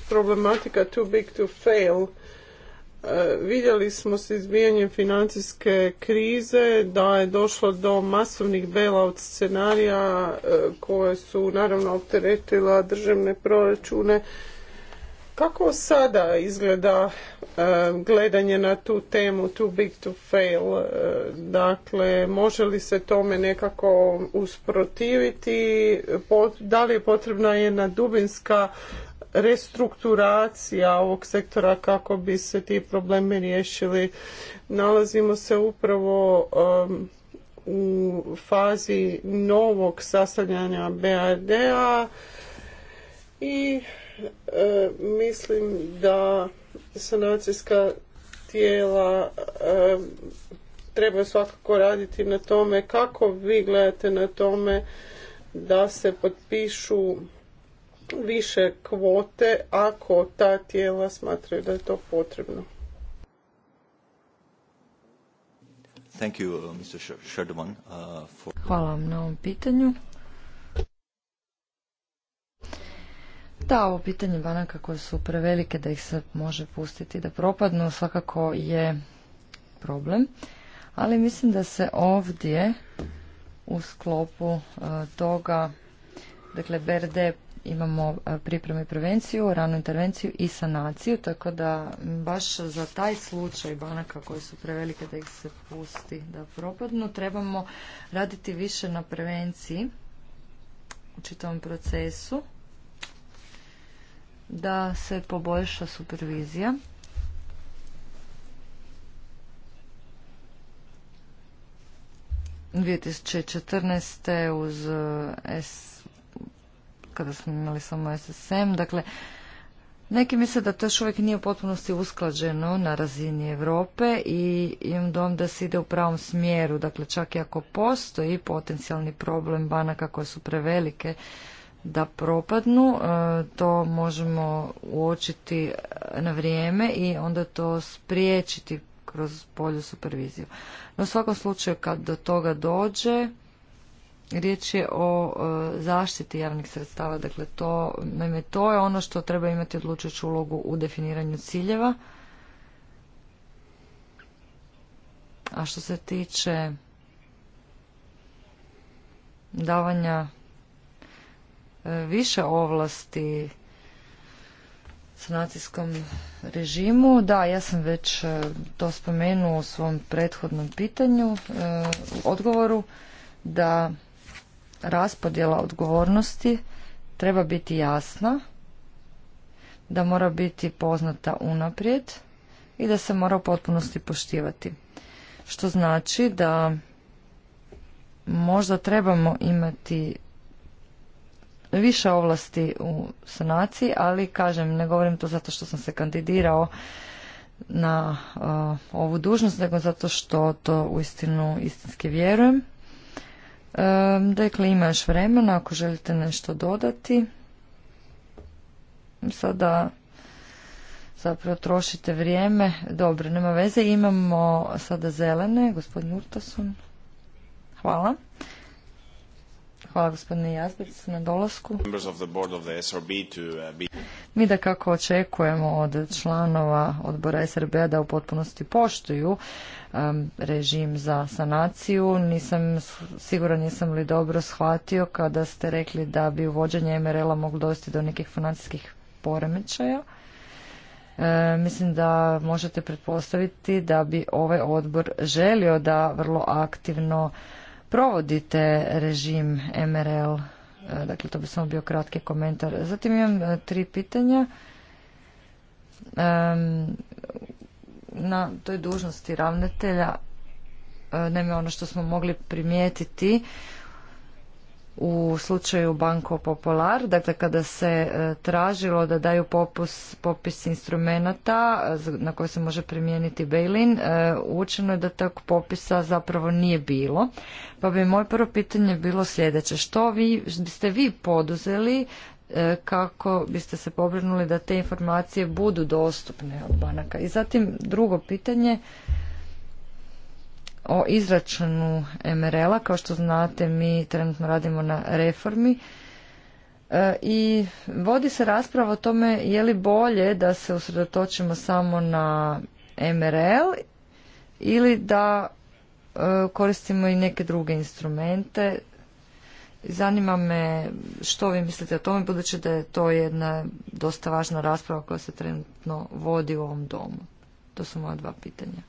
S2: problematika too big to fail vidjeli smo s izbijanjem financijske krize da je došlo do masovnih bailout scenarija koje su naravno opteretila državne proračune kako sada izgleda e, gledanje na tu temu too big to fail? E, dakle, može li se tome nekako usprotiviti? Da li je potrebna jedna dubinska restrukturacija ovog sektora kako bi se ti problemi riješili? Nalazimo se upravo u fazi novog sastavljanja BRD-a i E, mislim da sanacijska tijela e, treba svakako raditi na tome kako vi gledate na tome da se potpišu više kvote ako ta tijela smatraju da je to potrebno.
S1: Uh, uh, Hvala vam
S4: na ovom pitanju. Da, ovo pitanje banaka koje su prevelike da ih se može pustiti da propadnu svakako je problem, ali mislim da se ovdje u sklopu e, toga, dakle BRD imamo e, pripremu i prevenciju, ranu intervenciju i sanaciju, tako da baš za taj slučaj banaka koje su prevelike da ih se pusti da propadnu, trebamo raditi više na prevenciji u čitavom procesu da se poboljša supervizija. U 2014. uz eh, S, kada smo imali samo SSM, dakle, neki misle da to još uvijek nije u potpunosti usklađeno na razini Europe i imam dom da se ide u pravom smjeru. Dakle, čak i ako postoji potencijalni problem banaka koje su prevelike da propadnu, e, to možemo uočiti e, na vrijeme i onda to spriječiti kroz bolju superviziju. No u svakom slučaju kad do toga dođe, riječ je o e, zaštiti javnih sredstava, dakle to, naime, to je ono što treba imati odlučujuću ulogu u definiranju ciljeva. A što se tiče davanja više ovlasti sanacijskom režimu. Da, ja sam već e, to spomenuo u svom prethodnom pitanju, e, u odgovoru, da raspodjela odgovornosti treba biti jasna, da mora biti poznata unaprijed i da se mora u potpunosti poštivati. Što znači da možda trebamo imati više ovlasti u sanaciji, ali kažem, ne govorim to zato što sam se kandidirao na uh, ovu dužnost, nego zato što to uistinu istinski vjerujem. Um, dakle, ima još vremena ako želite nešto dodati. Sada zapravo trošite vrijeme. Dobro, nema veze. Imamo sada zelene, gospodin Urtasun. Hvala. Hvala gospodine na dolasku. Uh, Mi da kako očekujemo od članova odbora srb da u potpunosti poštuju um, režim za sanaciju. Nisam siguran nisam li dobro shvatio kada ste rekli da bi uvođenje MRL-a moglo dovesti do nekih financijskih poremećaja. E, mislim da možete pretpostaviti da bi ovaj odbor želio da vrlo aktivno provodite režim MRL? E, dakle, to bi samo bio kratki komentar. Zatim imam e, tri pitanja. Na toj dužnosti ravnatelja, e, nema ono što smo mogli primijetiti u slučaju Banko Popular, dakle kada se e, tražilo da daju popus, popis instrumenata e, na koje se može primijeniti bailin, e, učeno je da tog popisa zapravo nije bilo. Pa bi moje prvo pitanje bilo sljedeće. Što vi, biste vi poduzeli kako biste se pobrinuli da te informacije budu dostupne od banaka? I zatim drugo pitanje, o izračunu MRL-a. Kao što znate, mi trenutno radimo na reformi e, i vodi se rasprava o tome je li bolje da se usredotočimo samo na MRL ili da e, koristimo i neke druge instrumente. Zanima me što vi mislite o tome, budući da je to jedna dosta važna rasprava koja se trenutno vodi u ovom domu. To su moja dva pitanja.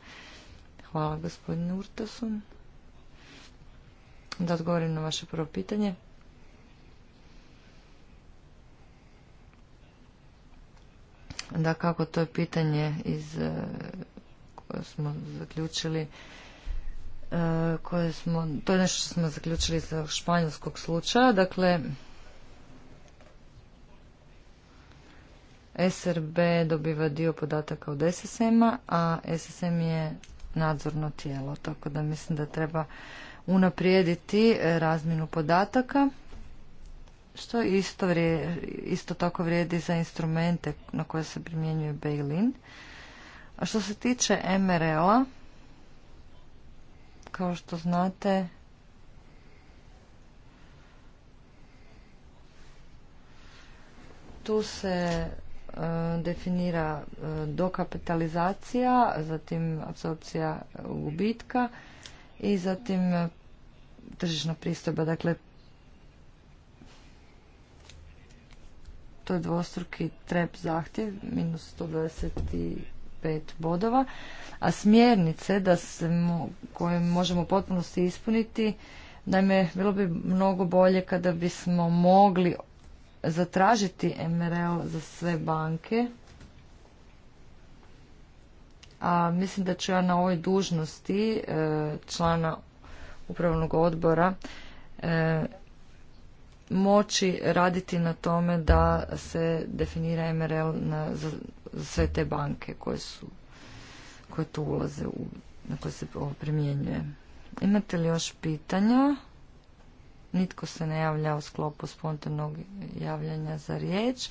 S4: Hvala gospodine Urtasun. Da odgovorim na vaše prvo pitanje. Da kako to je pitanje iz e, koje smo zaključili e, koje smo, to je nešto što smo zaključili iz španjolskog slučaja. Dakle, SRB dobiva dio podataka od SSM-a, a SSM je nadzorno tijelo. Tako da mislim da treba unaprijediti e, razminu podataka što isto, vrije, isto tako vrijedi za instrumente na koje se primjenjuje bail A što se tiče MRL-a, kao što znate, tu se E, definira e, dokapitalizacija, zatim apsorpcija gubitka i zatim e, tržišna pristojba. Dakle, to je dvostruki trep zahtjev, minus 125 bodova, a smjernice da se koje možemo potpunosti ispuniti, naime, bilo bi mnogo bolje kada bismo mogli zatražiti MRL za sve banke. A mislim da ću ja na ovoj dužnosti e, člana upravnog odbora e, moći raditi na tome da se definira MRL na, za, sve te banke koje su koje tu ulaze u, na koje se ovo primjenjuje. Imate li još pitanja? Nitko se ne javlja u sklopu spontanog javljanja za riječ.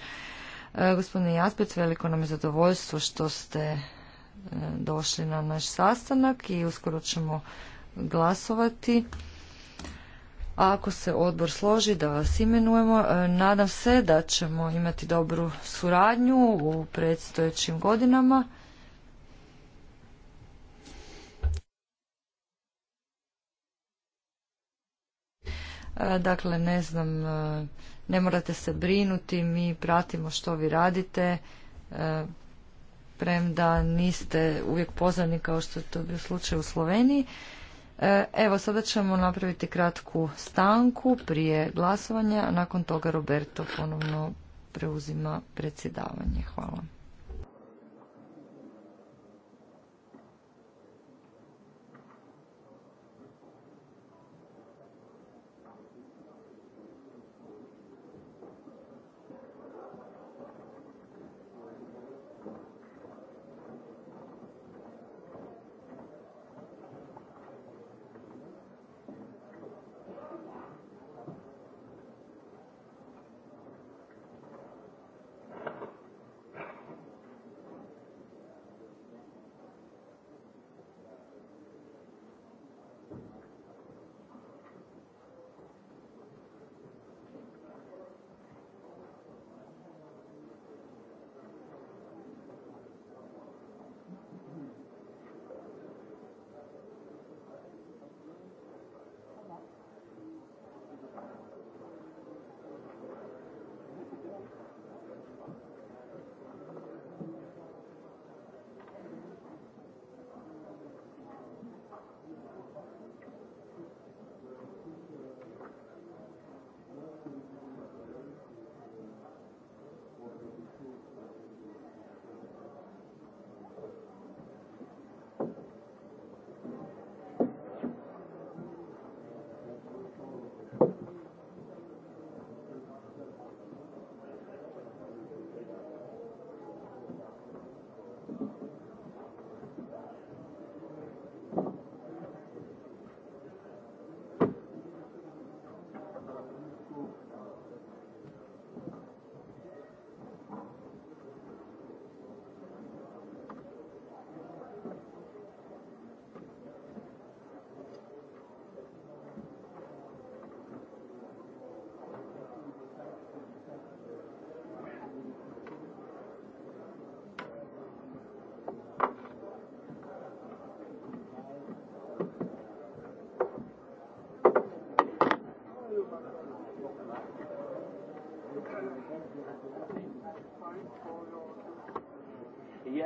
S4: E, gospodine Jaspec, veliko nam je zadovoljstvo što ste e, došli na naš sastanak i uskoro ćemo glasovati. ako se odbor složi da vas imenujemo, e, nadam se da ćemo imati dobru suradnju u predstojećim godinama. E, dakle, ne znam, e, ne morate se brinuti, mi pratimo što vi radite, e, premda niste uvijek pozvani kao što je to bio slučaj u Sloveniji. Evo, sada ćemo napraviti kratku stanku prije glasovanja, a nakon toga Roberto ponovno preuzima predsjedavanje. Hvala.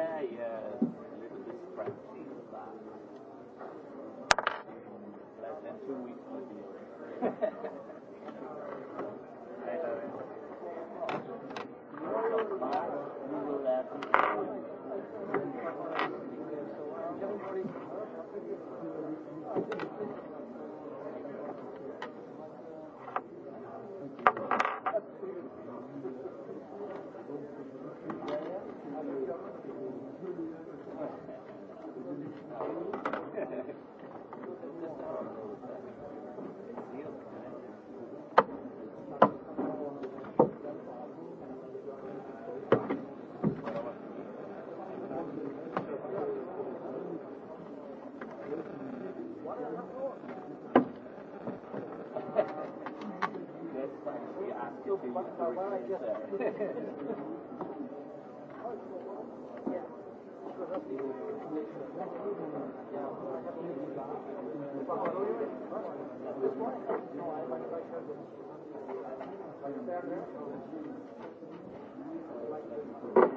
S5: Yeah, yeah, a little bit scratchy. Um, less than two weeks Hvala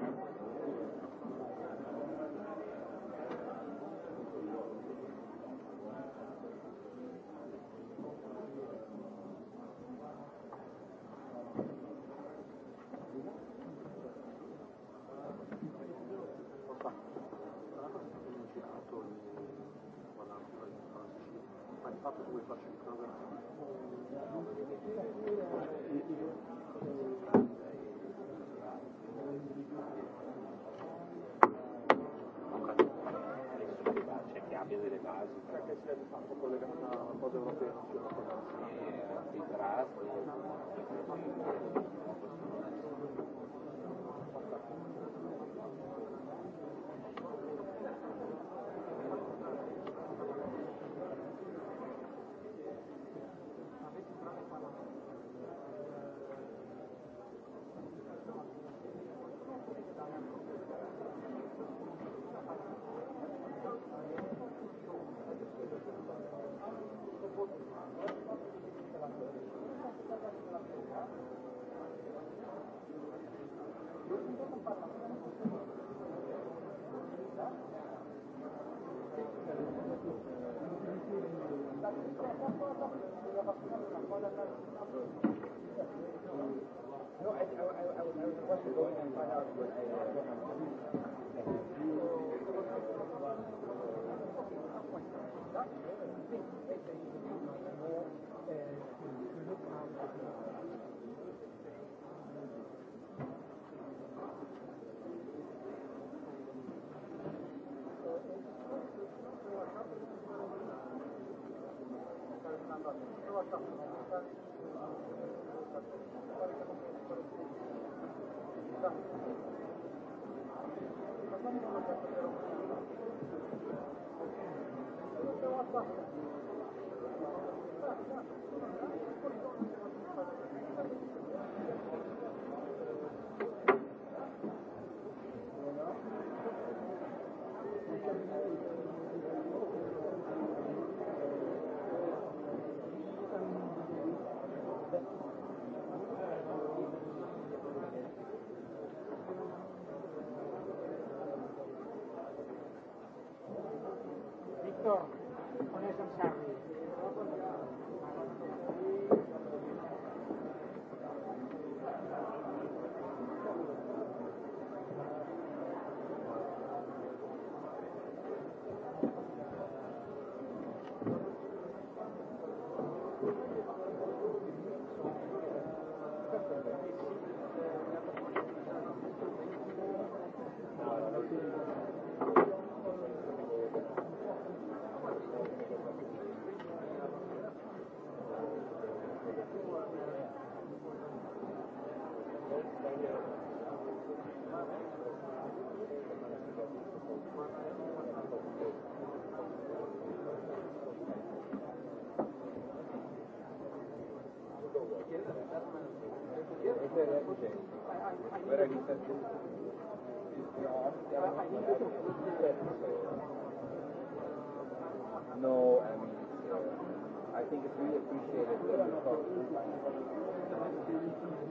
S5: Hvala No, I mean, it's, uh, I think it's really appreciated that you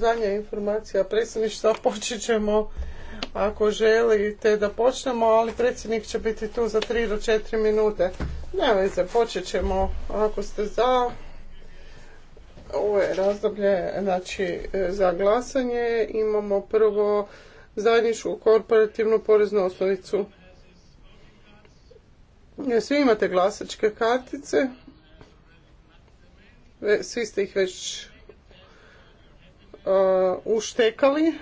S2: Zadnja informacija predsjedništva, počet ćemo ako želite da počnemo, ali predsjednik će biti tu za tri do četiri minute. Ne veze, počet ćemo ako ste za. Ovo je razdoblje znači, za glasanje. Imamo prvo zajedničku korporativnu poreznu osnovicu. Svi imate glasačke kartice. E, svi ste ih već e, uštekali. E,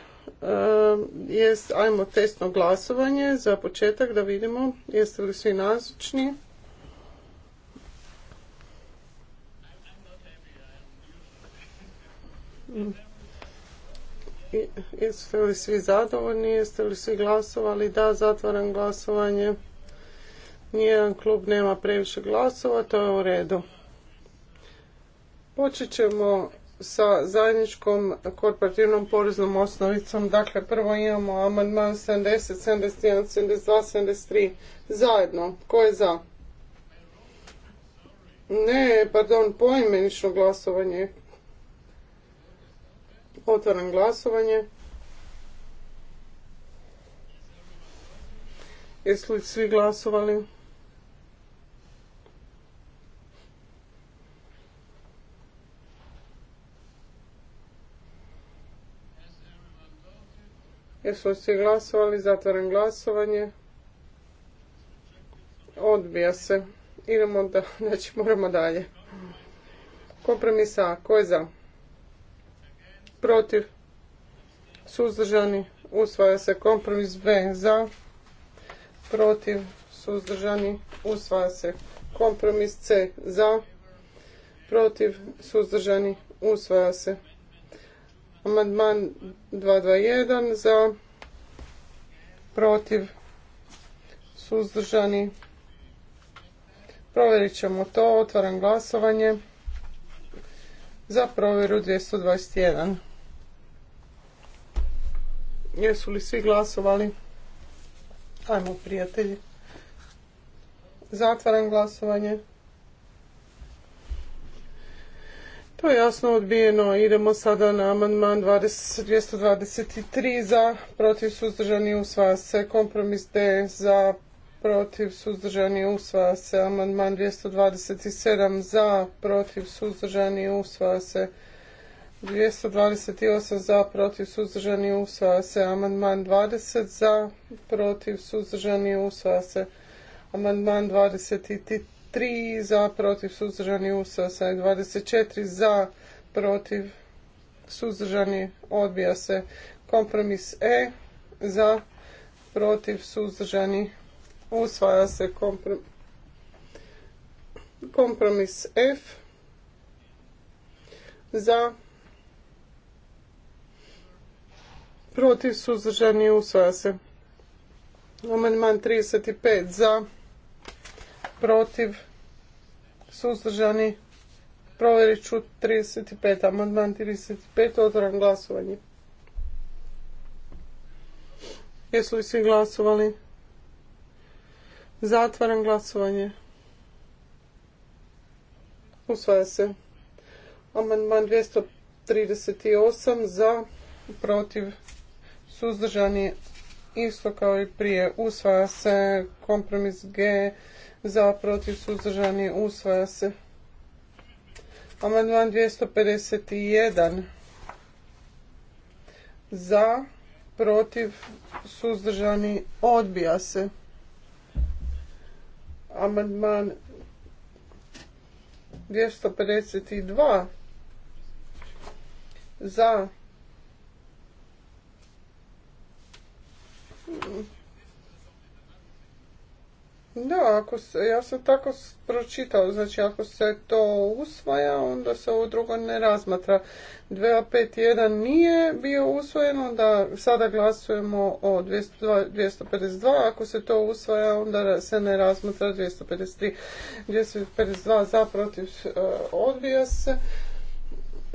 S2: jest, ajmo testno glasovanje za početak da vidimo jeste li svi nazočni. Jeste li svi zadovoljni? Jeste li svi glasovali? Da, zatvaram glasovanje. Nijedan klub nema previše glasova, to je u redu. Počet ćemo sa zajedničkom korporativnom poreznom osnovicom. Dakle, prvo imamo amandman 70, 71, 72, 73. Zajedno. Ko je za? Ne, pardon, poimenično glasovanje. Otvaram glasovanje. Jesu li svi glasovali? Jesu li svi glasovali? Zatvaram glasovanje. Odbija se. Idemo da, znači moramo dalje. Kompromis A, ko je za? Protiv? Suzdržani? Usvaja se kompromis B, za? Protiv? Suzdržani? Usvaja se kompromis C, za? Protiv? Suzdržani? Usvaja se Amandman 221 za protiv suzdržani. Provjerit ćemo to. Otvaram glasovanje za provjeru 221. Jesu li svi glasovali? Ajmo prijatelji. Zatvaram glasovanje. To je jasno odbijeno. Idemo sada na amandman 223 za, protiv suzdržani usvaja se. Kompromis D za, protiv suzdržani usvaja se. Amandman 227 za, protiv suzdržani usvaja se. 228 za, protiv suzdržani usvaja se. Amandman 20 za, protiv suzdržani usvaja se. Amandman 23 3 za, protiv, suzdržani, usvaja se. 24 za, protiv, suzdržani, odbija se. Kompromis E za, protiv, suzdržani, usvaja se. Kompromis F za, protiv, suzdržani, usvaja se. Amandman 35 za, protiv, suzdržani, provjerit ću 35, amandman 35, otvoram glasovanje. Jesu li svi glasovali? Zatvaram glasovanje. Usvaja se. Amandman 238 za, protiv, suzdržani, isto kao i prije. Usvaja se kompromis G za, protiv, suzdržani, usvaja se. Amandman 251 za, protiv, suzdržani, odbija se. Amandman 252 za, da, ako se, ja sam tako pročitao, znači ako se to usvaja, onda se ovo drugo ne razmatra. 251 nije bio usvojen, onda sada glasujemo o 252, ako se to usvaja, onda se ne razmatra 253. 252 za protiv e, odbija se.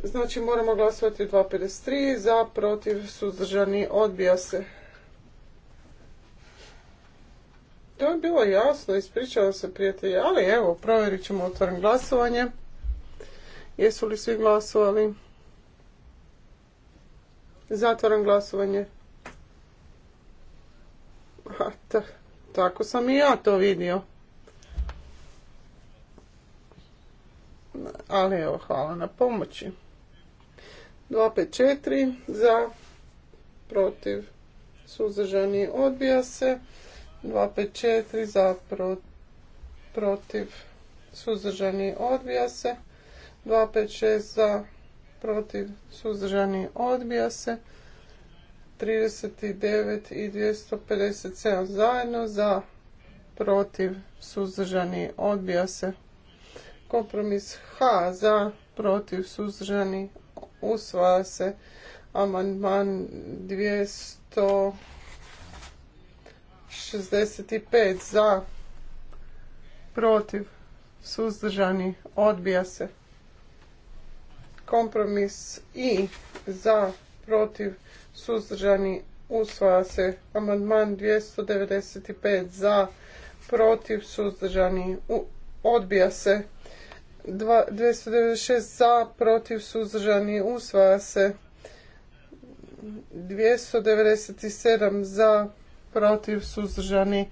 S2: Znači moramo glasovati 253, za protiv suzdržani odbija se. To je bilo jasno, ispričala se prijatelji, ali evo, provjerit ćemo otvoren glasovanje. Jesu li svi glasovali? Zatvoren glasovanje. tako sam i ja to vidio. Ali evo, hvala na pomoći. 254 za, protiv, suzdržani, odbija se. 254 za protiv suzdržani odbija se. 256 za protiv suzdržani odbija se. 39 i 257 zajedno za protiv suzdržani odbija se. Kompromis H za protiv suzdržani usvaja se. Amandman 200 65 za, protiv, suzdržani, odbija se. Kompromis i za, protiv, suzdržani, usvaja se. Amandman 295 za, protiv, suzdržani, odbija se. 296 za, protiv, suzdržani, usvaja se. 297 za, protiv, suzdržani,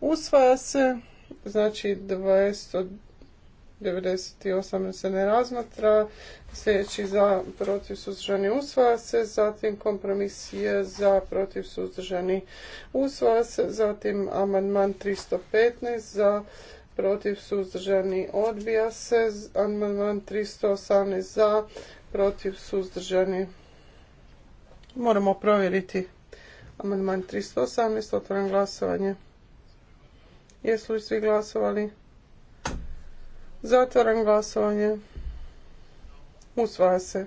S2: usvaja se. Znači 298 se ne razmatra. Sljedeći za, protiv, suzdržani, usvaja se. Zatim kompromis je za, protiv, suzdržani, usvaja se. Zatim amandman 315 za, protiv, suzdržani, odbija se. Amandman 318 za, protiv, suzdržani. Moramo provjeriti. Amandman 318, otvoram glasovanje. Jesu li svi glasovali? Zatvaram glasovanje. Usvaja se.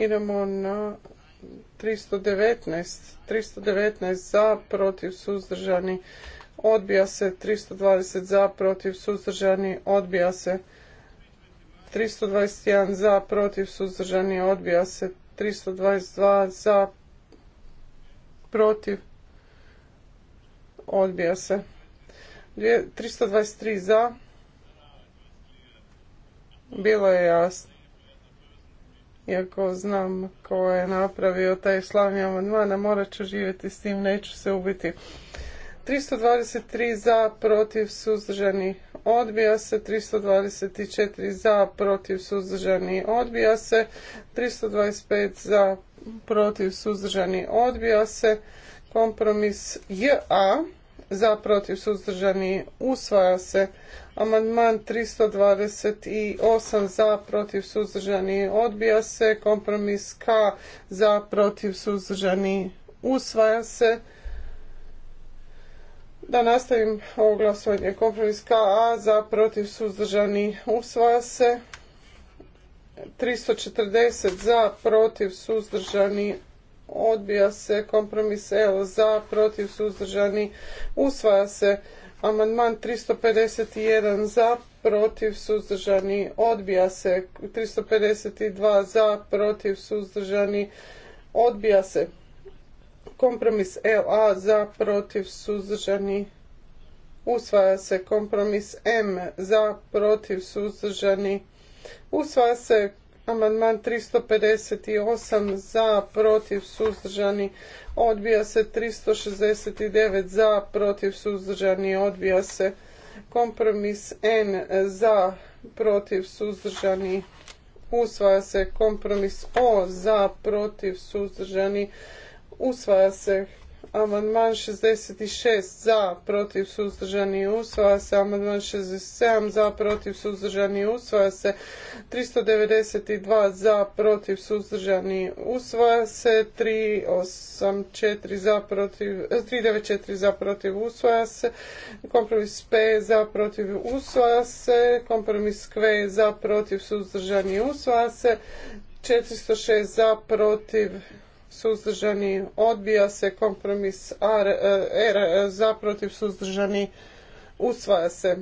S2: Idemo na 319. 319 za, protiv, suzdržani. Odbija se. 320 za, protiv, suzdržani. Odbija se. 321 za, protiv, suzdržani, odbija se. 322 za, protiv, odbija se. 323 za, bilo je jasno. Iako znam ko je napravio taj slavni amandman, a morat ću živjeti s tim, neću se ubiti. 323 za, protiv, suzdržani, odbija se 324 za, protiv suzdržani odbija se 325 za, protiv suzdržani odbija se kompromis JA za, protiv suzdržani usvaja se amandman 328 za, protiv suzdržani odbija se kompromis K za, protiv suzdržani usvaja se da nastavim ovo glasovanje. Kompromis KA za protiv suzdržani usvaja se. 340 za protiv suzdržani odbija se. Kompromis L za protiv suzdržani usvaja se. Amandman 351 za protiv suzdržani odbija se. 352 za protiv suzdržani odbija se. Kompromis LA za protiv suzdržani usvaja se. Kompromis M za protiv suzdržani usvaja se. Amandman 358 za protiv suzdržani odbija se. 369 za protiv suzdržani odbija se. Kompromis N za protiv suzdržani usvaja se. Kompromis O za protiv suzdržani Usvaja se amandman 66 za, protiv suzdržani usvaja se, amandman 67 za, protiv suzdržani usvaja se, 392 za, protiv suzdržani usvaja se, 384 za, protiv, 394 eh, za, protiv usvaja se, kompromis P za, protiv usvaja se, kompromis Q za, protiv suzdržani usvaja se, 406 za, protiv suzdržani, odbija se kompromis R, e, R za protiv suzdržani, usvaja se.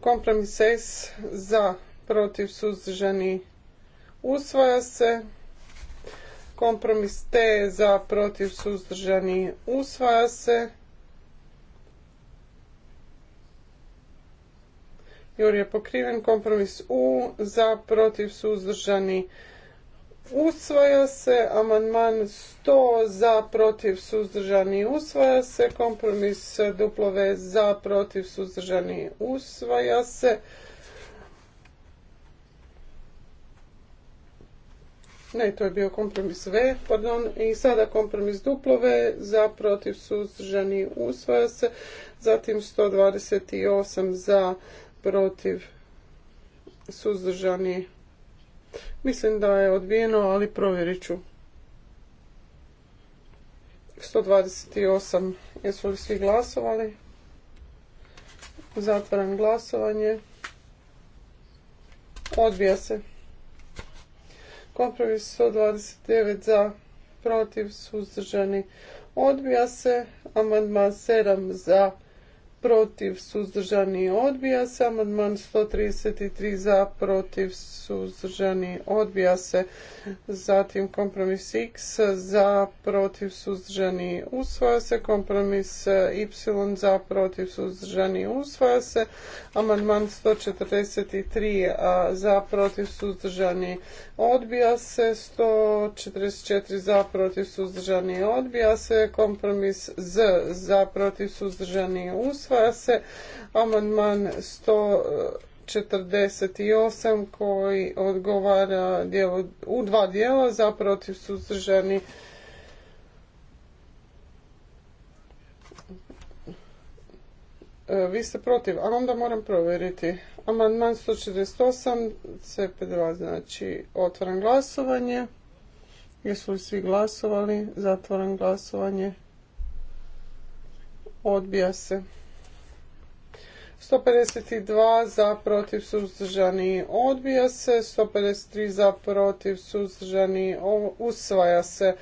S2: Kompromis S za protiv suzdržani, usvaja se. Kompromis T za protiv suzdržani, usvaja se. Jur je pokriven kompromis U za protiv suzdržani, usvaja se Usvaja se amandman 100 za protiv suzdržani usvaja se, kompromis duplo za protiv suzdržani usvaja se. Ne, to je bio kompromis V, pardon. I sada kompromis duplo za protiv suzdržani usvaja se, zatim 128 za protiv suzdržani Mislim da je odbijeno, ali provjerit ću. 128. Jesu li svi glasovali? Zatvaram glasovanje. Odbija se. Kompromis 129 za, protiv, suzdržani. Odbija se. Amandman 7 za, protiv suzdržani odbija se. Amandman 133 za protiv suzdržani odbija se. Zatim kompromis X za protiv suzdržani usvaja se. Kompromis Y za protiv suzdržani usvaja se. Amandman 143 za protiv suzdržani odbija se. 144 za protiv suzdržani odbija se. Kompromis Z za protiv suzdržani usvaja Usvaja se amandman 148 koji odgovara u dva dijela za protiv suzdržani e, vi ste protiv, a onda moram provjeriti. Amandman 148, CP2, znači otvoran glasovanje. Jesu li svi glasovali? zatvoran glasovanje. Odbija se. 152 za protiv suzdržani odbija se, 153 za protiv suzdržani usvaja se,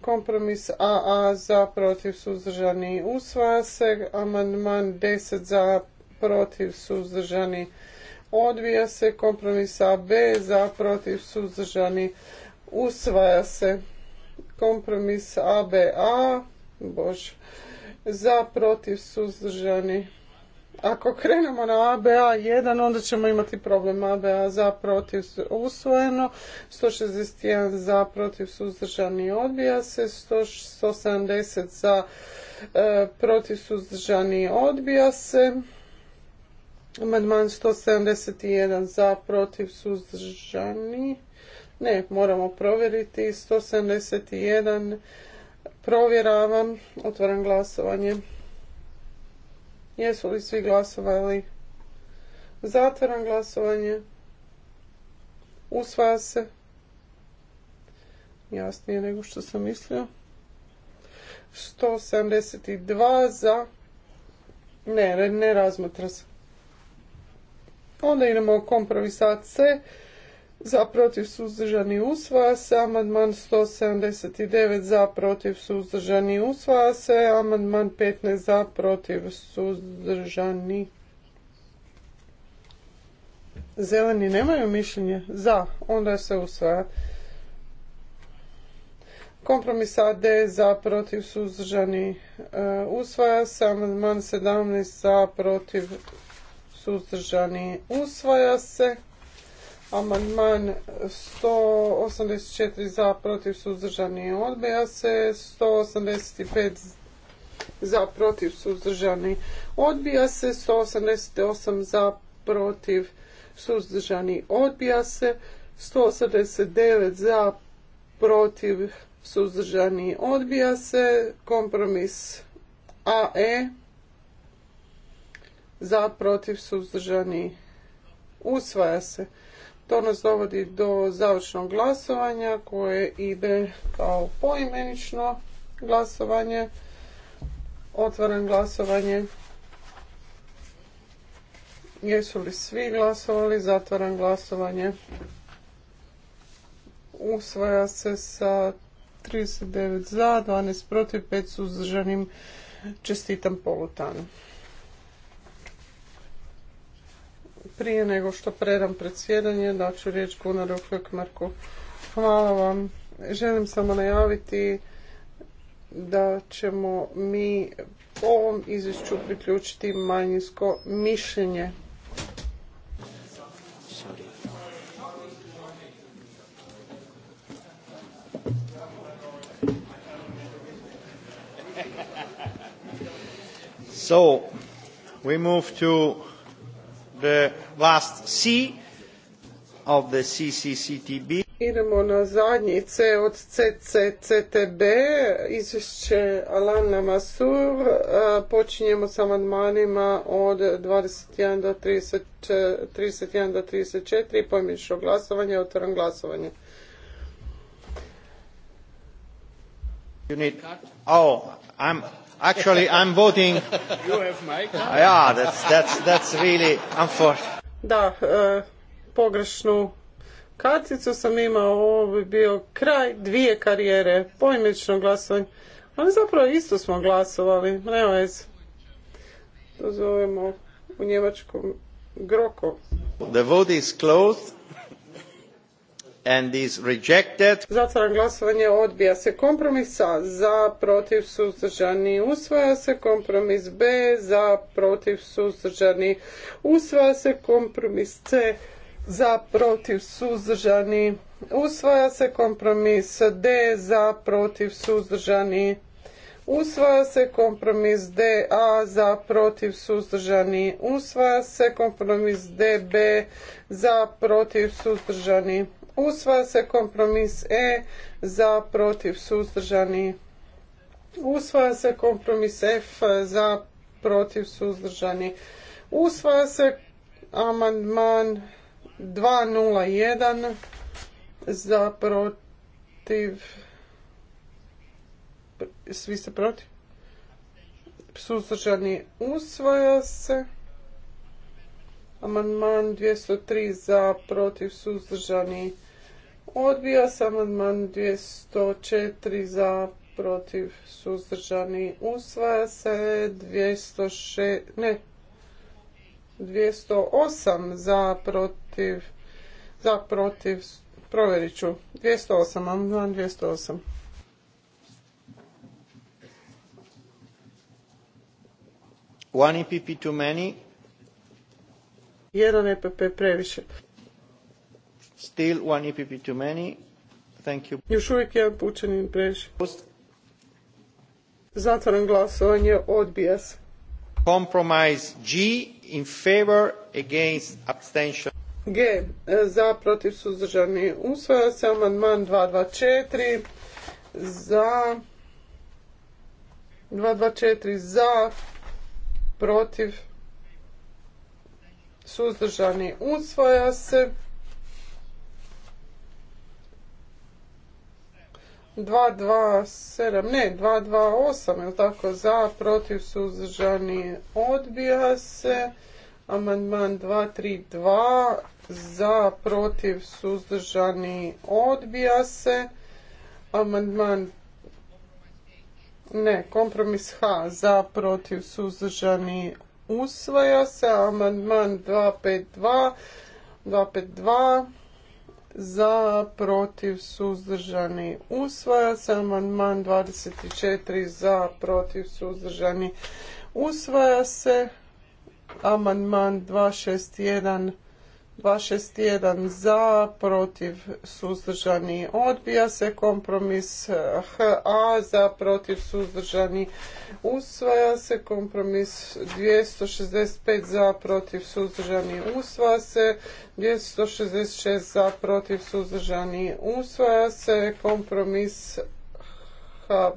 S2: kompromis AA za protiv suzdržani usvaja se, amandman 10 za protiv suzdržani odbija se, kompromis AB za protiv suzdržani usvaja se, kompromis ABA, bože, za protiv suzdržani ako krenemo na ABA1, onda ćemo imati problem ABA za protiv usvojeno, 161 za protiv suzdržani odbija se, 170 za e, protiv suzdržani odbija se, amandman 171 za protiv suzdržani, ne, moramo provjeriti, 171 provjeravam, otvaram glasovanje. Jesu li svi glasovali? Zatvaram glasovanje. Usvaja se. Jasnije nego što sam mislio. 172 za. Ne, ne razmatra se. Onda idemo kompromisat C za protiv suzdržani usvaja se, amandman 179 za protiv suzdržani usvaja se, amandman 15 za protiv suzdržani Zeleni nemaju mišljenje? Za. Onda se usvaja. Kompromis AD e, za protiv suzdržani usvaja se. Amandman 17 za protiv suzdržani usvaja se. Amandman 184 za, protiv, suzdržani, odbija se. 185 za, protiv, suzdržani, odbija se. 188 za, protiv, suzdržani, odbija se. 189 za, protiv, suzdržani, odbija se. Kompromis AE za, protiv, suzdržani, usvaja se. To nas dovodi do završnog glasovanja koje ide kao poimenično glasovanje. Otvaram glasovanje. Jesu li svi glasovali? Zatvaram glasovanje. Usvaja se sa 39 za, 12 protiv, 5 suzdržanim. Čestitam polutanu. Prije nego što predam predsjedanje, ću riječ Gunaru Flökmarku. Hvala vam. Želim samo najaviti da ćemo mi po ovom izvješću priključiti manjinsko mišljenje. So, we move to the last C of the CCCTB. Idemo na zadnji C od CCCTB, izvješće Alana Masur. Počinjemo sa amandmanima od 21 do 30, 31 do 34, pojmično glasovanje, otvoram glasovanje.
S1: You oh, I'm, Actually, I'm voting.
S2: You have my Yeah, that's,
S1: that's, that's really unfortunate.
S2: Da, e, pogrešnu karticu sam imao, ovo bi bio kraj dvije karijere, pojmično glasovanje. Ali zapravo isto smo glasovali, ne vez. To zovemo u njemačkom groko.
S1: The vote is closed and is
S2: Zatvaram glasovanje, odbija se kompromis A, za, protiv, suzdržani, usvaja se kompromis B, za, protiv, suzdržani, usvaja se kompromis C, za, protiv, suzdržani, usvaja se kompromis D, za, protiv, suzdržani, Usvaja se kompromis DA za protiv suzdržani. Usvaja se kompromis DB za protiv suzdržani. Usvaja se kompromis E za protiv suzdržani. Usvaja se kompromis F za protiv suzdržani. Usvaja se amandman 201 za protiv svi ste protiv suzdržani usvaja se amandman 203 za protiv suzdržani Odbija se amandman 204 za protiv suzdržani. Usvaja se 206, ne, 208 za protiv, za protiv, provjerit ću. 208, amandman 208.
S1: One EPP too many.
S2: Jedan EPP previše. Still one EPP too many. Thank you. Još uvijek je pučanin previše. Zatvaram glasovanje odbija se. Compromise G in favor against abstention. G e, za protiv suzdržani usvaja se amandman 224 za 224 za protiv suzdržani usvaja se 227, ne, 228, je tako, za, protiv, suzdržani, odbija se. Amandman 232, za, protiv, suzdržani, odbija se. Amandman, ne, kompromis H, za, protiv, suzdržani, usvaja se. Amandman 252, 252, za, protiv, suzdržani, usvaja se. Amandman 24 za, protiv, suzdržani, usvaja se. Amandman 261 261 za, protiv suzdržani odbija se, kompromis HA eh, za, protiv suzdržani usvaja se, kompromis 265 za, protiv suzdržani usvaja se, 266 za, protiv suzdržani usvaja se, kompromis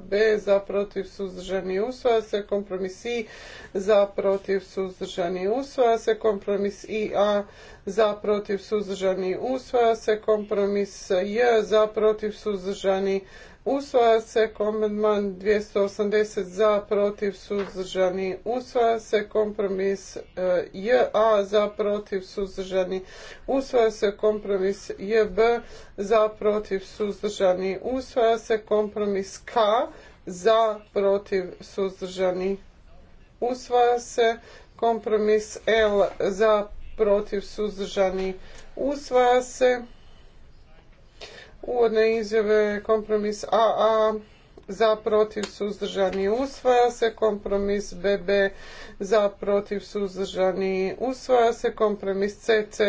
S2: B za protiv suzdržani usvaja se. Kompromis I za protiv suzdržani usvaja se. Kompromis I A za protiv suzdržani usvaja se. Kompromis J za protiv suzdržani Usvaja se komandman 280 za, protiv, suzdržani. Usvaja se kompromis eh, JA za, protiv, suzdržani. Usvaja se kompromis JB za, protiv, suzdržani. Usvaja se kompromis K za, protiv, suzdržani. Usvaja se kompromis L za, protiv, suzdržani. Usvaja se Uvodne izjave kompromis AA za protiv suzdržani usvaja se, kompromis BB za protiv suzdržani usvaja se, kompromis CC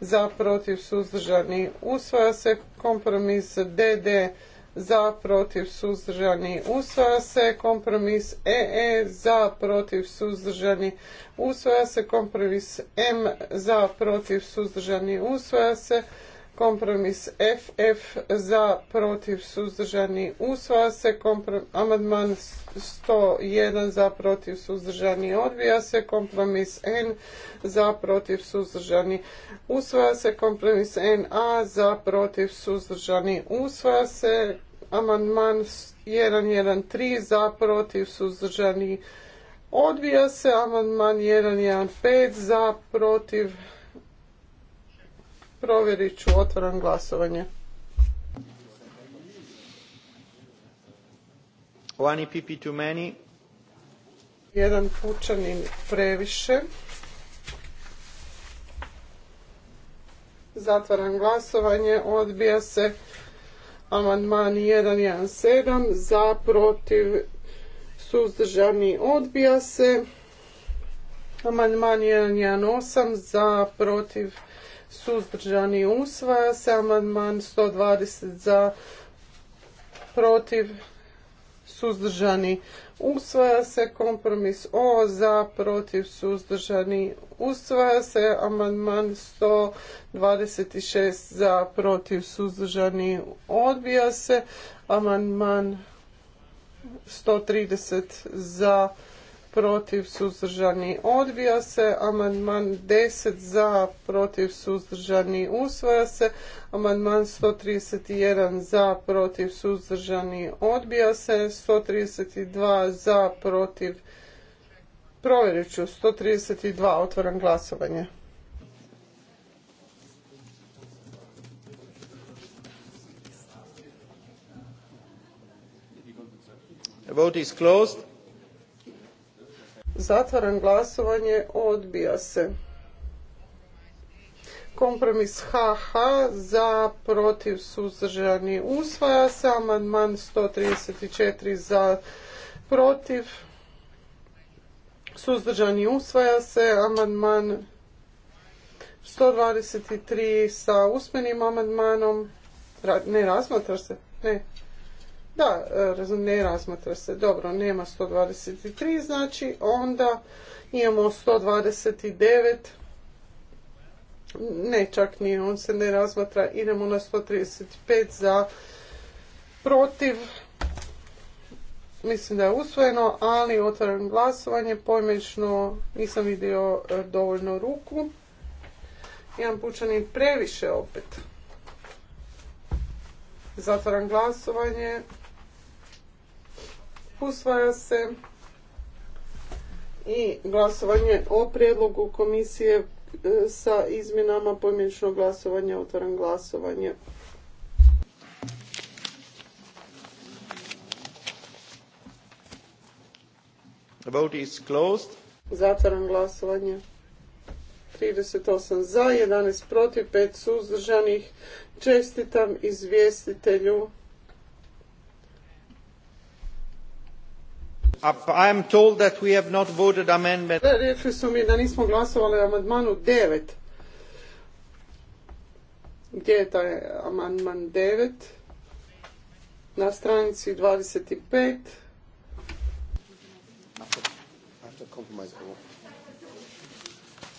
S2: za protiv suzdržani usvaja se, kompromis DD za protiv suzdržani usvaja se, kompromis EE e, za protiv suzdržani usvaja se, kompromis M za protiv suzdržani usvaja se, Kompromis FF za protiv suzdržani usvaja se. Amandman 101 za protiv suzdržani odbija se. Kompromis N za protiv suzdržani usvaja se. Kompromis NA za protiv suzdržani usvaja se. Amandman 113 za protiv suzdržani odbija se. Amandman 115 za protiv Provjerit ću, otvaram glasovanje.
S1: One EPP too many.
S2: Jedan pučanin previše. Zatvaram glasovanje, odbija se amandman 117, za, protiv, suzdržani, odbija se. Amandman 118, za, protiv, suzdržani usvaja se amandman 120 za protiv suzdržani usvaja se kompromis o za protiv suzdržani usvaja se amandman 126 za protiv suzdržani odbija se amandman 130 za protiv suzdržani odbija se, amandman 10 za protiv suzdržani usvaja se, amandman 131 za protiv suzdržani odbija se, 132 za protiv provjerit ću 132 otvaram glasovanje. The vote is closed. Zatvaram glasovanje, odbija se. Kompromis HH za protiv suzdržani usvaja se. Amandman 134 za protiv suzdržani usvaja se. Amandman 123 sa usmenim amandmanom. Ne razmatra se? Ne. Da, e, ne razmatra se. Dobro, nema 123, znači onda imamo 129. Ne, čak nije, on se ne razmatra. Idemo na 135 za protiv. Mislim da je usvojeno, ali otvaram glasovanje. Pojmečno nisam vidio e, dovoljno ruku. Imam pučani previše opet. Zatvaram glasovanje usvaja se i glasovanje o prijedlogu komisije e, sa izmjenama pojmeničnog glasovanja. otvaram glasovanje. Vote Zatvaram glasovanje. 38 za, 11 protiv, 5 suzdržanih. Čestitam izvjestitelju.
S1: I am told that we have not voted amendment.
S2: Rekli su mi da nismo glasovali o amandmanu 9. Gdje je taj amandman 9? Na stranici 25.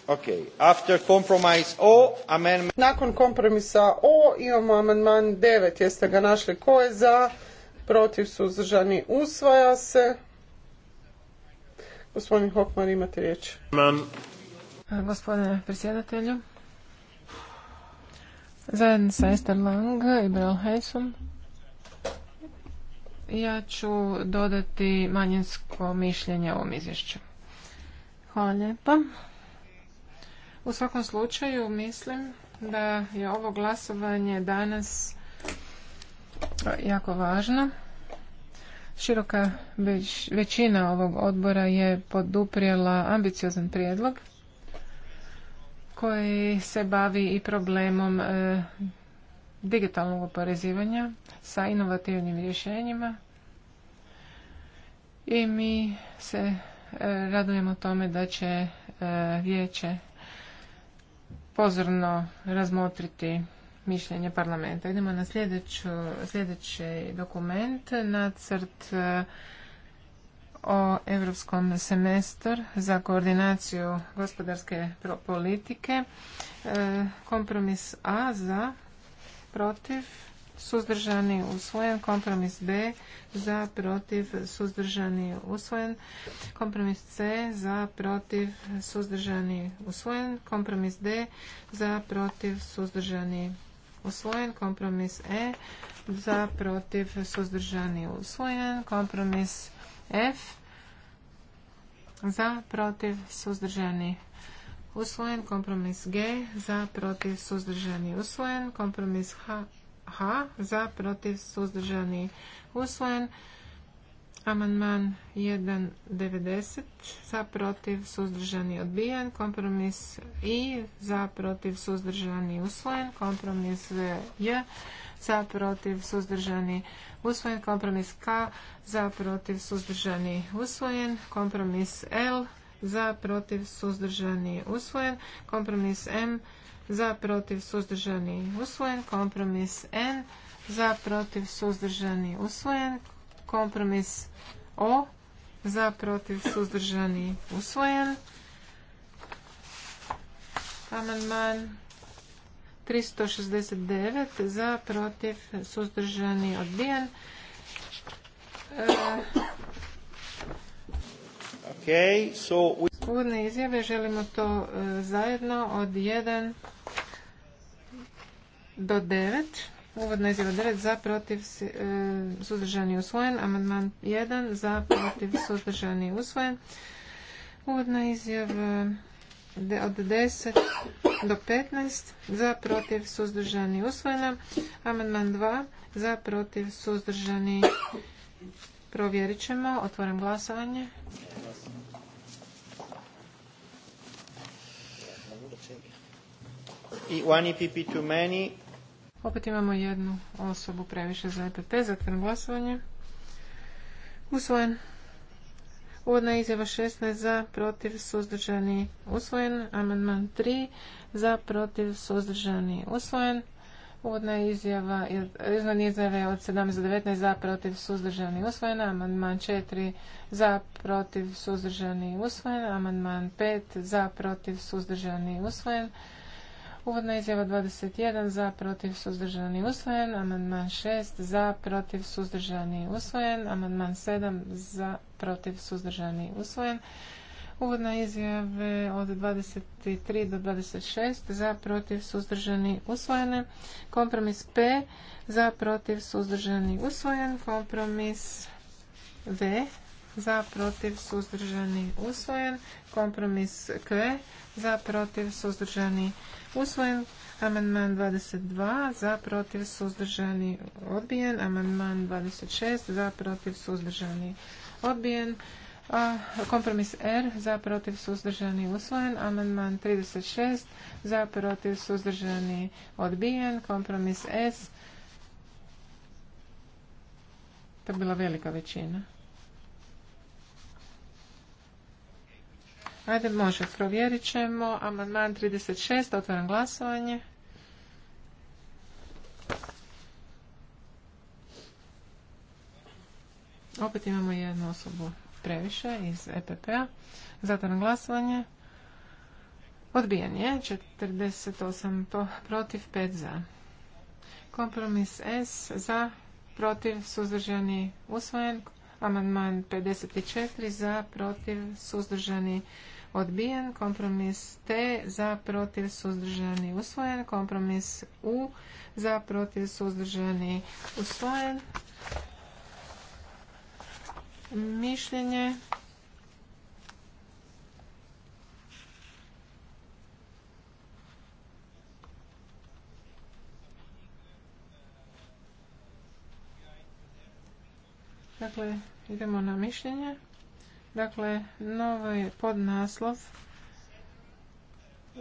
S2: Okay. After compromise o, amendment... Nakon kompromisa O imamo amandman 9. Jeste ga našli? Ko je za? Protiv su suzdržani usvaja se. Gospodin Hokmar, imate riječ.
S3: E, gospodine predsjedatelju, zajedno sa Esther Lang i Brel Heysom, ja ću dodati manjinsko mišljenje o ovom izvješću. Hvala lijepa. U svakom slučaju mislim da je ovo glasovanje danas jako važno Široka većina ovog odbora je poduprijela ambiciozan prijedlog koji se bavi i problemom e, digitalnog oporezivanja sa inovativnim rješenjima i mi se e, radujemo tome da će e, vijeće pozorno razmotriti mišljenje parlamenta. Idemo na sljedeći dokument, nacrt eh, o europskom semestru za koordinaciju gospodarske politike. Eh, kompromis A za, protiv, suzdržani, usvojen. Kompromis B za, protiv, suzdržani, usvojen. Kompromis C za, protiv, suzdržani, usvojen. Kompromis D za, protiv, suzdržani, usvojen. Kompromis E za protiv suzdržani usvojen. Kompromis F za protiv suzdržani usvojen. Kompromis G za protiv suzdržani usvojen. Kompromis H, za protiv suzdržani usvojen. Amandman 1.90 za protiv suzdržani odbijen, kompromis i za protiv suzdržani usvojen, kompromis J za protiv suzdržani usvojen, kompromis K za protiv suzdržani usvojen, kompromis L za protiv suzdržani usvojen, kompromis M za protiv suzdržani usvojen, kompromis N za protiv suzdržani usvojen, Kompromis O za protiv suzdržani usvojen. Amandman 369 za protiv suzdržani odbijen. E, Uvodne izjave želimo to e, zajedno od 1 do 9. Uvodna izjava 9 za protiv e, suzdržani usvojen. Amandman 1 za protiv suzdržani usvojen. Uvodna izjava od 10 do 15 za protiv suzdržani usvojena. Amandman 2 za protiv suzdržani provjerit ćemo. Otvorim glasovanje. I One EPP too many. Opet imamo jednu osobu previše za EPP. Zatvaram glasovanje. Usvojen. Uvodna izjava 16 za, protiv, suzdržani, usvojen. Amandman 3 za, protiv, suzdržani, usvojen. Uvodna izjava, izvan izjave od 17 za 19 za, protiv, suzdržani, usvojen, Amandman 4 za, protiv, suzdržani, usvojen. Amandman 5 za, protiv, suzdržani, usvojen. Uvodna izjava 21 za protiv suzdržani usvojen. Amandman 6 za protiv suzdržani usvojen. Amandman 7 za protiv suzdržani usvojen. Uvodna izjava od 23 do 26 za protiv suzdržani usvojene. Kompromis P za protiv suzdržani usvojen. Kompromis V za protiv suzdržani usvojen. Kompromis K za protiv suzdržani usvojen. Amandman 22 za protiv suzdržani odbijen. Amandman 26 za protiv suzdržani odbijen. kompromis R za protiv suzdržani usvojen. Amandman 36 za protiv suzdržani odbijen. Kompromis S. To je bila velika većina. Ajde, može, provjerit ćemo. Amandman 36, otvaram glasovanje. Opet imamo jednu osobu previše iz EPP-a. Zatvaram glasovanje. Odbijen je 48 protiv 5 za. Kompromis S za protiv suzdržani usvojen. Amandman 54 za protiv suzdržani usvojen odbijen, kompromis T za protiv suzdržani usvojen, kompromis U za protiv suzdržani usvojen. Mišljenje Dakle, idemo na mišljenje. Dakle, novi podnaslov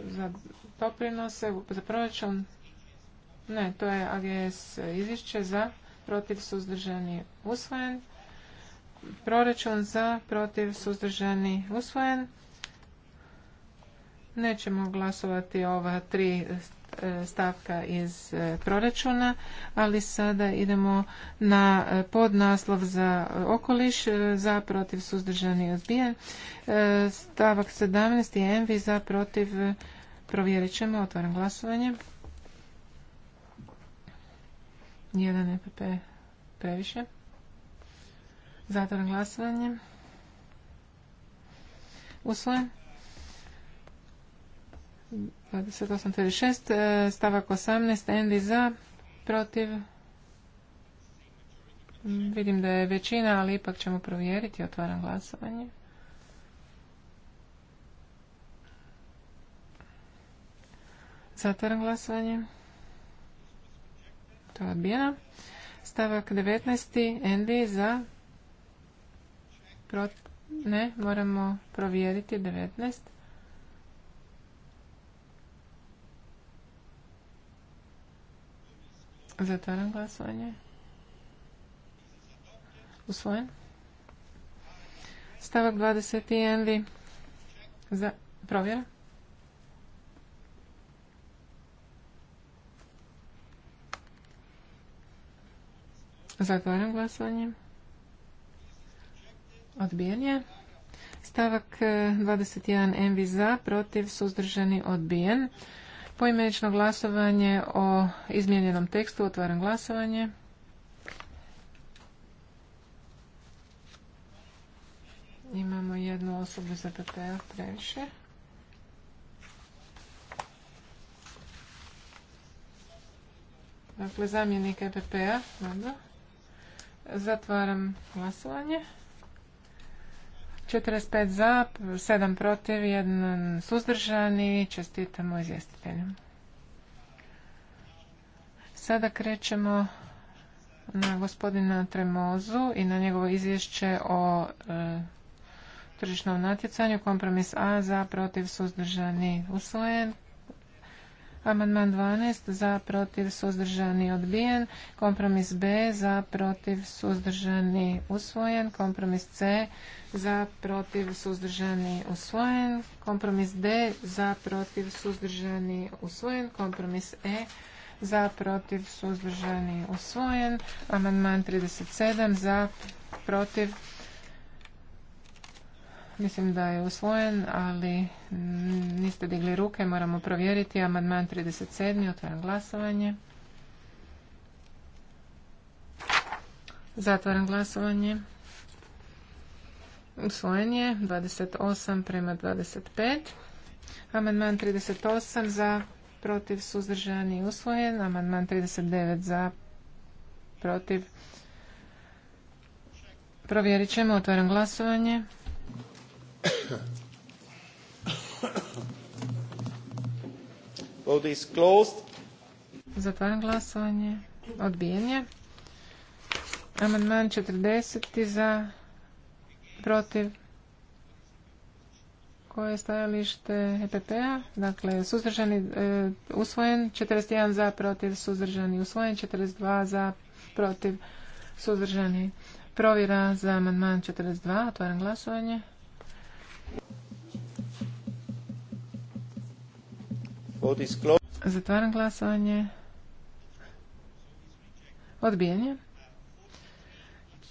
S3: za doprinose, za proračun, ne, to je AGS izvješće za protiv suzdržani usvojen. Proračun za protiv suzdržani usvojen. Nećemo glasovati ova tri E, stavka iz e, proračuna, ali sada idemo na e, podnaslov za okoliš, za protiv suzdržani odbijen. Stavak 17 je Envi za protiv, provjerit ćemo, otvaram glasovanje. Jedan EPP previše. Zatvaram glasovanje. Usvojen. 28.36, e, stavak 18, Endi za, protiv. Vidim da je većina, ali ipak ćemo provjeriti. Otvaram glasovanje. Zatvaram glasovanje. To je odbijeno. Stavak 19. Endi za. Ne, moramo provjeriti 19. Zatvaram glasovanje. Usvojen. Stavak 20. Envi. Za provjera. Zatvaram glasovanje. Odbijen je. Stavak 21. Eh, Envi za, protiv, suzdržani, odbijen. Poimenično glasovanje o izmijenjenom tekstu. Otvaram glasovanje. Imamo jednu osobu za PPA previše. Dakle, zamjenik EPP-a. Zatvaram glasovanje. 45 za, 7 protiv, 1 suzdržani. Čestitamo izvjestitelju. Sada krećemo na gospodina Tremozu i na njegovo izvješće o e, tržišnom natjecanju. Kompromis A za, protiv, suzdržani, usvojen. Amandman 12 za protiv suzdržani odbijen. Kompromis B za protiv suzdržani usvojen. Kompromis C za protiv suzdržani usvojen. Kompromis D za protiv suzdržani usvojen. Kompromis E za protiv suzdržani usvojen. Amandman 37 za protiv Mislim da je usvojen, ali niste digli ruke, moramo provjeriti. Amandman 37. Otvaram glasovanje. Zatvaram glasovanje. Usvojen je 28 prema 25. Amandman 38 za protiv suzdržani usvojen. Amandman 39 za protiv. Provjerit ćemo. Otvaram glasovanje. Vote is Zatvaram glasovanje. Odbijen je. Amandman 40. za protiv koje je stajalište EPP-a, dakle suzdržani e, usvojen, 41 za protiv suzdržani usvojen, 42 za protiv suzdržani provjera za amandman 42, otvaram glasovanje. Zatvaram glasovanje. Odbijanje.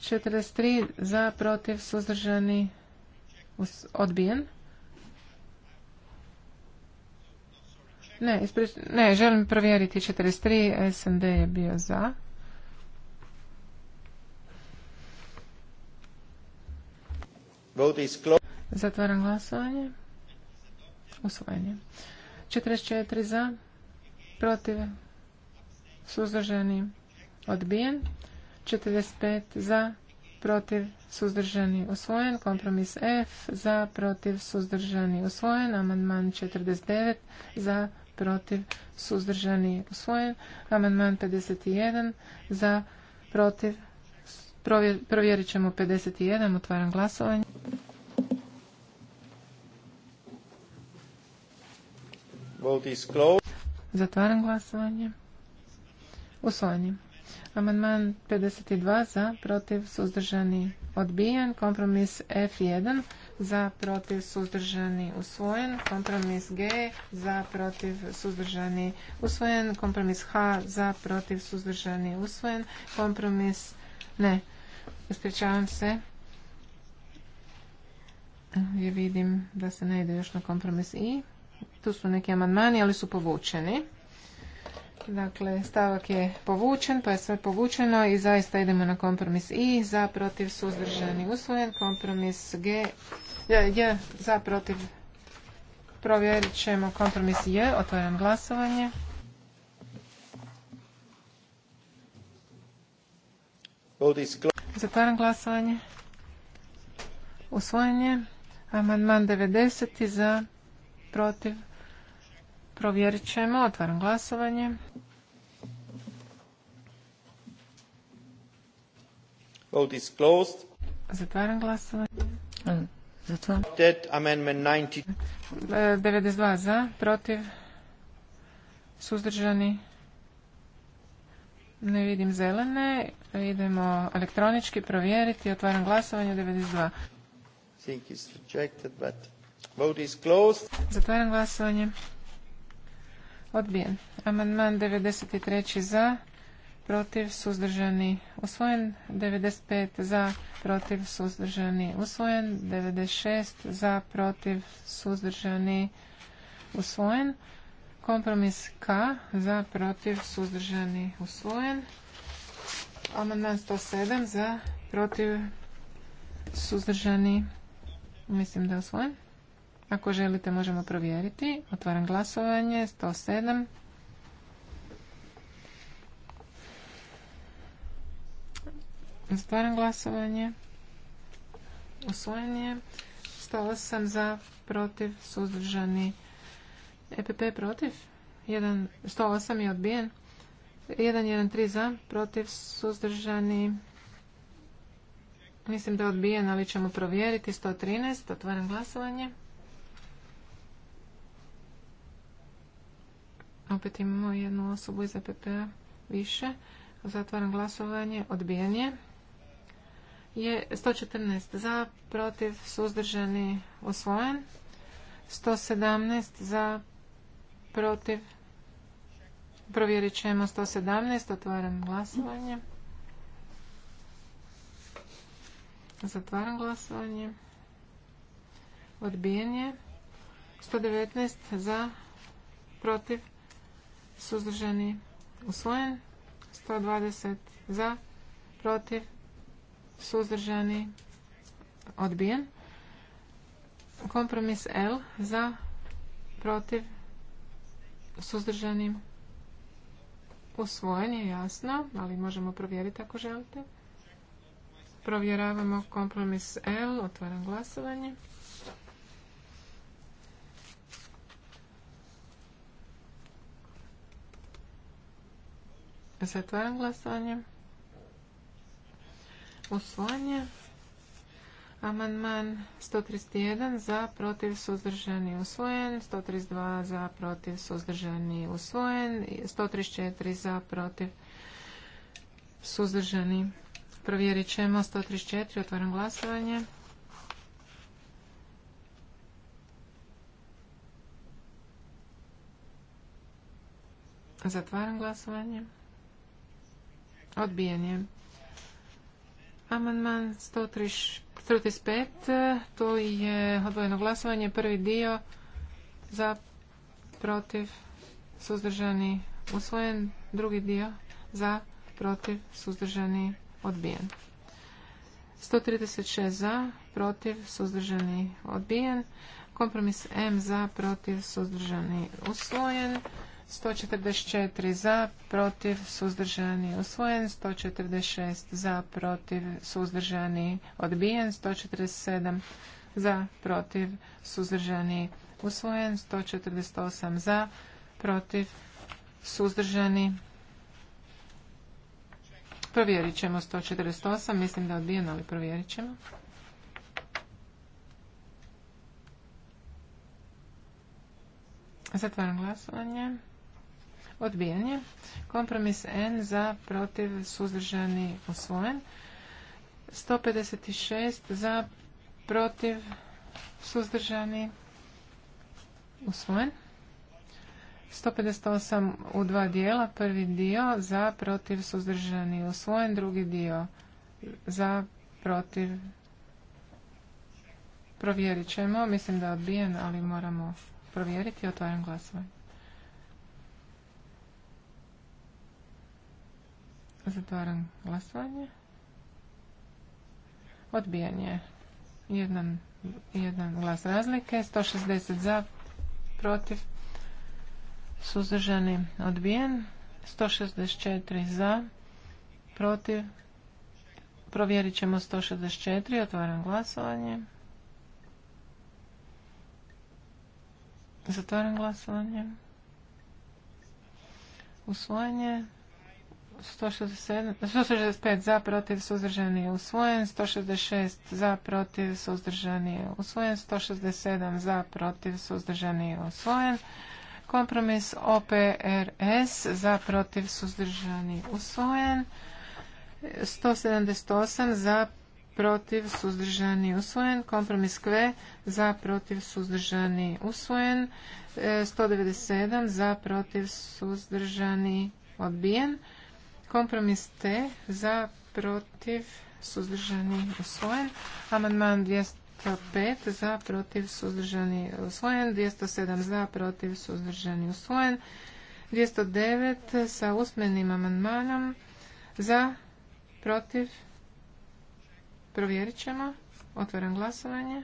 S3: 43 za, protiv, suzdržani, odbijen. Ne, ispri... ne, želim provjeriti 43, SND je bio za. Vote is Zatvaram glasovanje. Usvojenje. 44 za, protiv, suzdržani, odbijen. 45 za, protiv, suzdržani, usvojen. Kompromis F, za, protiv, suzdržani, usvojen. Amandman 49, za, protiv, suzdržani, usvojen. Amandman 51, za, protiv, provjerit ćemo 51, otvaram glasovanje. Zatvaram glasovanje. Usvojenje. Amandman 52 za, protiv, suzdržani, odbijen. Kompromis F1 za, protiv, suzdržani, usvojen. Kompromis G za, protiv, suzdržani, usvojen. Kompromis H za, protiv, suzdržani, usvojen. Kompromis, ne, ispričavam se. Ja vidim da se ne ide još na kompromis I. Tu su neki amandmani, ali su povučeni. Dakle, stavak je povučen, pa je sve povučeno i zaista idemo na kompromis I, za, protiv, suzdržani, usvojen, kompromis G, je za, protiv, provjerit ćemo kompromis J, otvaram glasovanje. Zatvaram glasovanje. Usvojen je amandman 90 za, protiv, Provjerit ćemo. Otvaram glasovanje.
S1: Vote is closed.
S3: Zatvaram glasovanje. Zatvaram.
S1: Amendment 90.
S3: 92 e, za, protiv, suzdržani. Ne vidim zelene. Idemo elektronički provjeriti. Otvaram glasovanje 92.
S1: Think is rejected, but
S3: Zatvaram glasovanje. Odbijen. Amandman 93. za, protiv, suzdržani, usvojen. 95. za, protiv, suzdržani, usvojen. 96. za, protiv, suzdržani, usvojen. Kompromis K za, protiv, suzdržani, usvojen. Amandman 107 za, protiv, suzdržani, mislim da usvojen. Ako želite možemo provjeriti. Otvaram glasovanje. 107. Otvaram glasovanje. Usvojen je. 108 za, protiv, suzdržani. EPP protiv. 108 je odbijen. 113 za, protiv, suzdržani. Mislim da je odbijen, ali ćemo provjeriti. 113. Otvaram glasovanje. Opet imamo jednu osobu iz EPP-a više. Zatvaram glasovanje. Odbijanje je 114 za, protiv, suzdržani, osvojen. 117 za, protiv, provjerit ćemo 117, otvaram glasovanje. Zatvaram glasovanje. Odbijen je. 119 za, protiv, suzdržani, usvojen. 120 za, protiv, suzdržani, odbijen. Kompromis L za, protiv, suzdržani, usvojen je jasno, ali možemo provjeriti ako želite. Provjeravamo kompromis L, otvaram glasovanje. Zatvaram glasovanje. Usvojanje. Amandman 131 za, protiv, suzdržani, usvojen. 132 za, protiv, suzdržani, usvojen. 134 za, protiv, suzdržani. Provjerit ćemo 134, otvaram glasovanje. Zatvaram glasovanje. Odbijen je. Amandman 135. To je odvojeno glasovanje. Prvi dio za, protiv, suzdržani, usvojen. Drugi dio za, protiv, suzdržani, odbijen. 136 za, protiv, suzdržani, odbijen. Kompromis M za, protiv, suzdržani, usvojen. 144 za, protiv, suzdržani, usvojen. 146 za, protiv, suzdržani, odbijen. 147 za, protiv, suzdržani, usvojen. 148 za, protiv, suzdržani. Provjerit ćemo 148, mislim da je odbijen, ali provjerit ćemo. Zatvaram glasovanje je Kompromis N za, protiv, suzdržani, usvojen. 156 za, protiv, suzdržani, usvojen. 158 u dva dijela, prvi dio za, protiv, suzdržani, usvojen, drugi dio za, protiv, provjerit ćemo, mislim da je odbijen, ali moramo provjeriti, otvaram glasovanje. Zatvaram glasovanje. Odbijan je jedan, glas razlike. 160 za, protiv, suzdržani, odbijen. 164 za, protiv, provjerit ćemo 164, otvaram glasovanje. Zatvaram glasovanje. Usvojenje. 165 za, protiv, suzdržani je usvojen, 166 za, protiv, suzdržani je usvojen, 167 za, protiv, suzdržani je usvojen, kompromis OPRS za, protiv, suzdržani usvojen, 178 za, protiv, suzdržani usvojen, kompromis Q za, protiv, suzdržani usvojen, 197 za, protiv, suzdržani odbijen, Kompromis T za protiv suzdržani usvojen. Amandman 205 za protiv suzdržani usvojen. 207 za protiv suzdržani usvojen. 209 sa usmenim amandmanom za protiv provjerit ćemo. Otvaram glasovanje.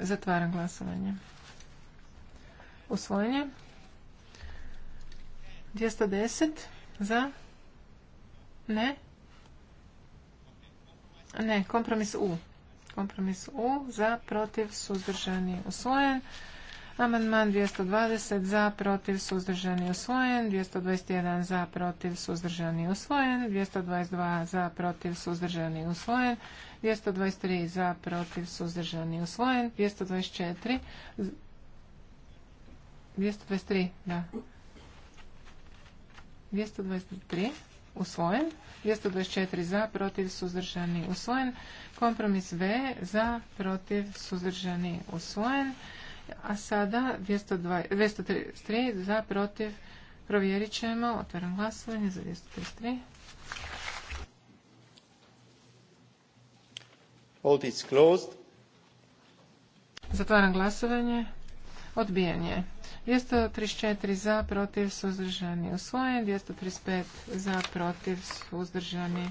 S3: Zatvaram glasovanje. Usvojenje. 210 za. Ne. Ne, kompromis U. Kompromis U za, protiv, suzdržani, usvojen. Amandman 220 za, protiv, suzdržani, usvojen. 221 za, protiv, suzdržani, usvojen. 222 za, protiv, suzdržani, usvojen. 223 za, protiv, suzdržani, usvojen. 224, 223, da. 223, usvojen. 224 za, protiv, suzdržani, usvojen. Kompromis V za, protiv, suzdržani, usvojen. A sada 223 za, protiv, provjerit ćemo. Otvaram glasovanje za 233.
S1: Vote is closed.
S3: Zatvaram glasovanje. Odbijanje. je. 234 za, protiv, suzdržani, usvojen. 235 za, protiv, suzdržani.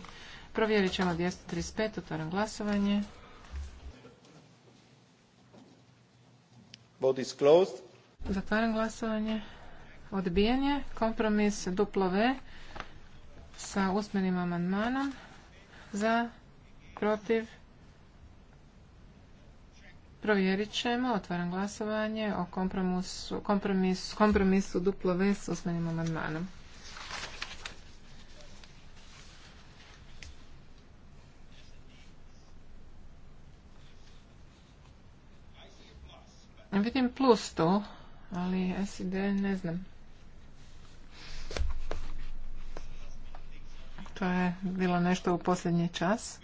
S3: Provjerit ćemo 235. Otvaram glasovanje.
S1: Vote is closed.
S3: Zatvaram glasovanje. Odbijanje. Kompromis duplo sa usmenim amandmanom za, protiv, Provjerit ćemo, otvaram glasovanje o kompromisu, kompromisu duplo V s osnovnim amandmanom. Vidim plus tu, ali SID ne znam. To je bilo nešto u posljednji čas.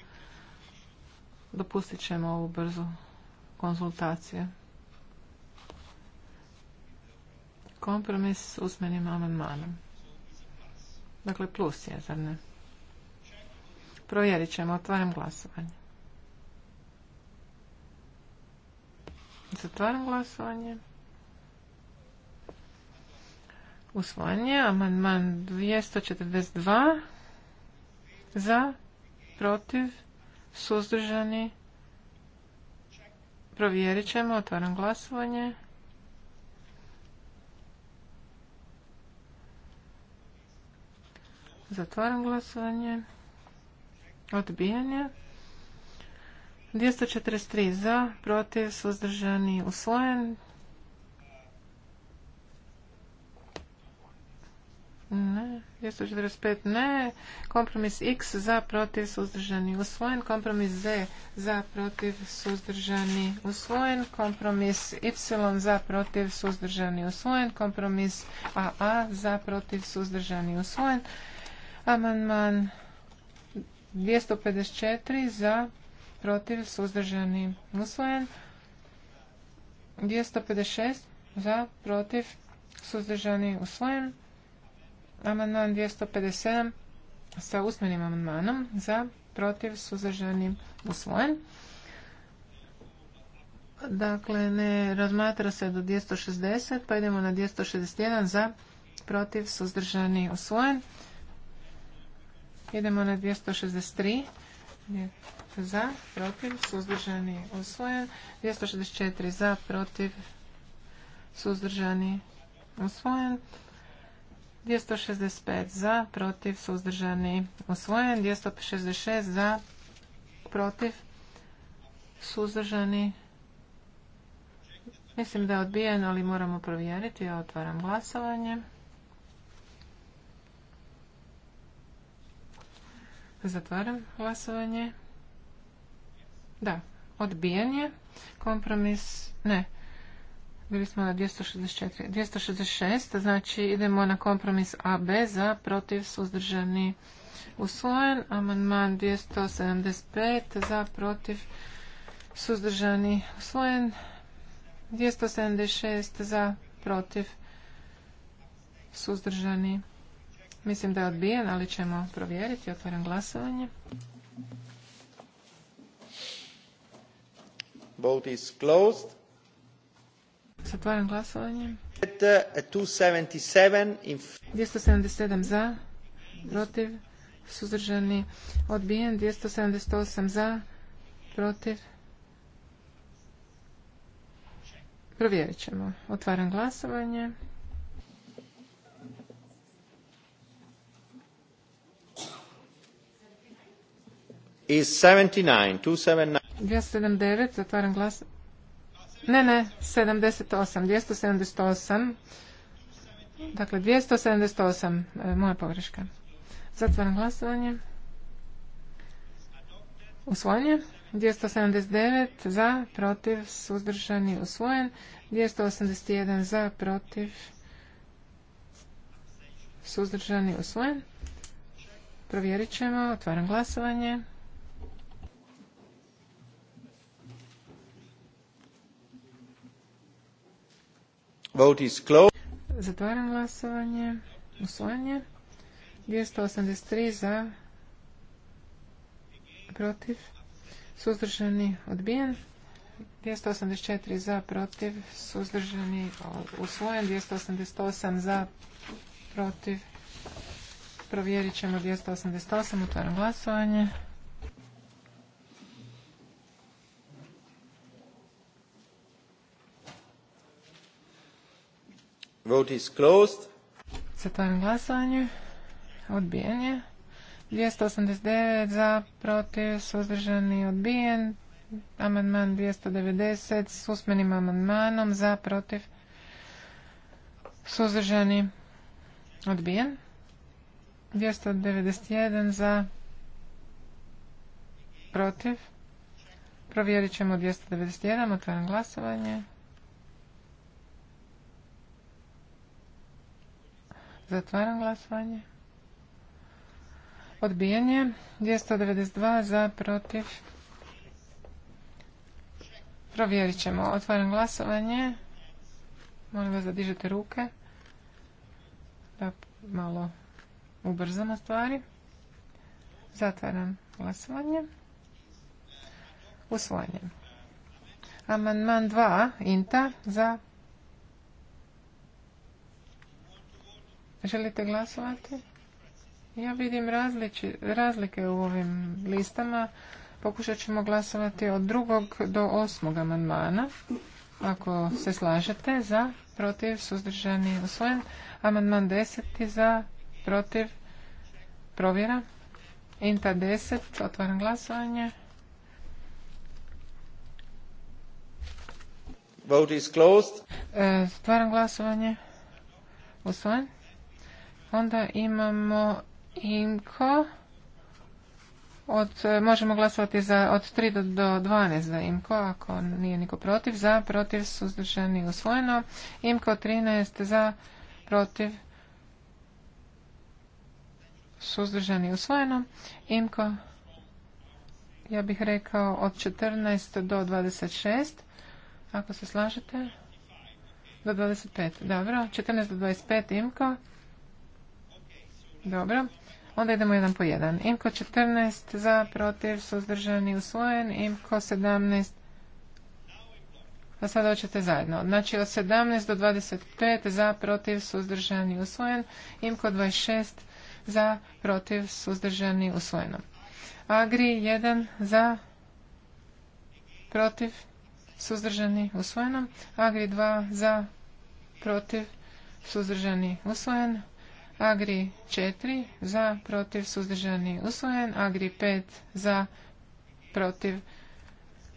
S3: Dopustit ćemo ovu brzu konzultacije. Kompromis s usmenim amandmanom. Dakle, plus je, zar ne? Provjerit ćemo, otvaram glasovanje. Zatvaram glasovanje. Usvojenje, amandman 242 za, protiv, suzdržani, Provjerit ćemo, otvaram glasovanje. Zatvaram glasovanje. Odbijanje. 243 za, protiv, suzdržani, usvojen. Ne. 245 ne. Kompromis X za protiv suzdržani usvojen. Kompromis Z za protiv suzdržani usvojen. Kompromis Y za protiv suzdržani usvojen. Kompromis AA za protiv suzdržani usvojen. Amandman 254 za protiv suzdržani usvojen. 256 za protiv suzdržani usvojen. Amandman 257 sa usmenim amandmanom za protiv suzdržanim usvojen. Dakle, ne razmatra se do 260, pa idemo na 261 za protiv suzdržani usvojen. Idemo na 263 za protiv suzdržani usvojen. 264 za protiv suzdržani usvojen. 265 za, protiv, suzdržani, usvojen. 266 za, protiv, suzdržani. Mislim da je odbijen, ali moramo provjeriti. Ja otvaram glasovanje. Zatvaram glasovanje. Da, odbijen je. Kompromis, ne, bili smo na 264. 266, znači idemo na kompromis AB za protiv suzdržani usvojen. Amandman 275 za protiv suzdržani usvojen. 276 za protiv suzdržani. Mislim da je odbijen, ali ćemo provjeriti. Otvaram glasovanje.
S1: Vote is closed.
S3: Zatvaram glasovanje.
S1: 277
S3: za, protiv, suzdržani, odbijen. 278 za, protiv. Provjerit ćemo. Otvaram glasovanje.
S1: Is 79, 279.
S3: 279, zatvaram glasovanje. Ne, ne, 78, 278. Dakle, 278, e, moja pogreška. Zatvaram glasovanje. Usvojenje. 279 za, protiv, suzdržani, usvojen. 281 za, protiv, suzdržani, usvojen. Provjerit ćemo. Otvaram glasovanje.
S1: Vote is closed.
S3: Zatvaram glasovanje. Usvajanje. 283 za. Protiv. Suzdržani odbijen. 284 za. Protiv. Suzdržani usvojen. 288 za. Protiv. Provjerit ćemo 288. Otvaram glasovanje.
S1: Vote is closed.
S3: Zatvaram glasovanje. Odbijen je. 289 za, protiv, suzdržani, odbijen. Amandman 290 s usmenim amandmanom za, protiv, suzdržani, odbijen. 291 za, protiv. Provjerit ćemo 291, otvaram glasovanje. Zatvaram glasovanje. Odbijanje 292 za, protiv. Provjerit ćemo. Otvaram glasovanje. Molim vas da dižete ruke. Da malo ubrzamo stvari. Zatvaram glasovanje. Usvojenje. Amandman 2, INTA, za, Želite glasovati? Ja vidim razlike u ovim listama. Pokušat ćemo glasovati od drugog do osmog amandmana. Ako se slažete, za, protiv, suzdržani, usvojen. Amandman deseti, za, protiv, provjera. Inta deset, otvaram glasovanje.
S1: Vote is closed.
S3: E, otvaram glasovanje. Usvojen. Onda imamo Imko, Od, možemo glasovati za od 3 do, do 12 za Imko, ako nije niko protiv. Za, protiv, suzdržani, usvojeno. Imko, 13 za, protiv, suzdržani, usvojeno. Imko, ja bih rekao, od 14 do 26, ako se slažete. Do 25, dobro. 14 do 25 Imko. Dobro. Onda idemo jedan po jedan. Imko 14 za, protiv, suzdržani, usvojen. Imko 17. A sada hoćete zajedno. Znači od 17 do 25 za, protiv, suzdržani, usvojen. Imko 26 za, protiv, suzdržani, usvojeno. Agri 1 za, protiv, suzdržani, usvojenom. Agri 2 za, protiv, suzdržani, usvojen. Agri 4 za, protiv, suzdržani, usvojen. Agri 5 za, protiv,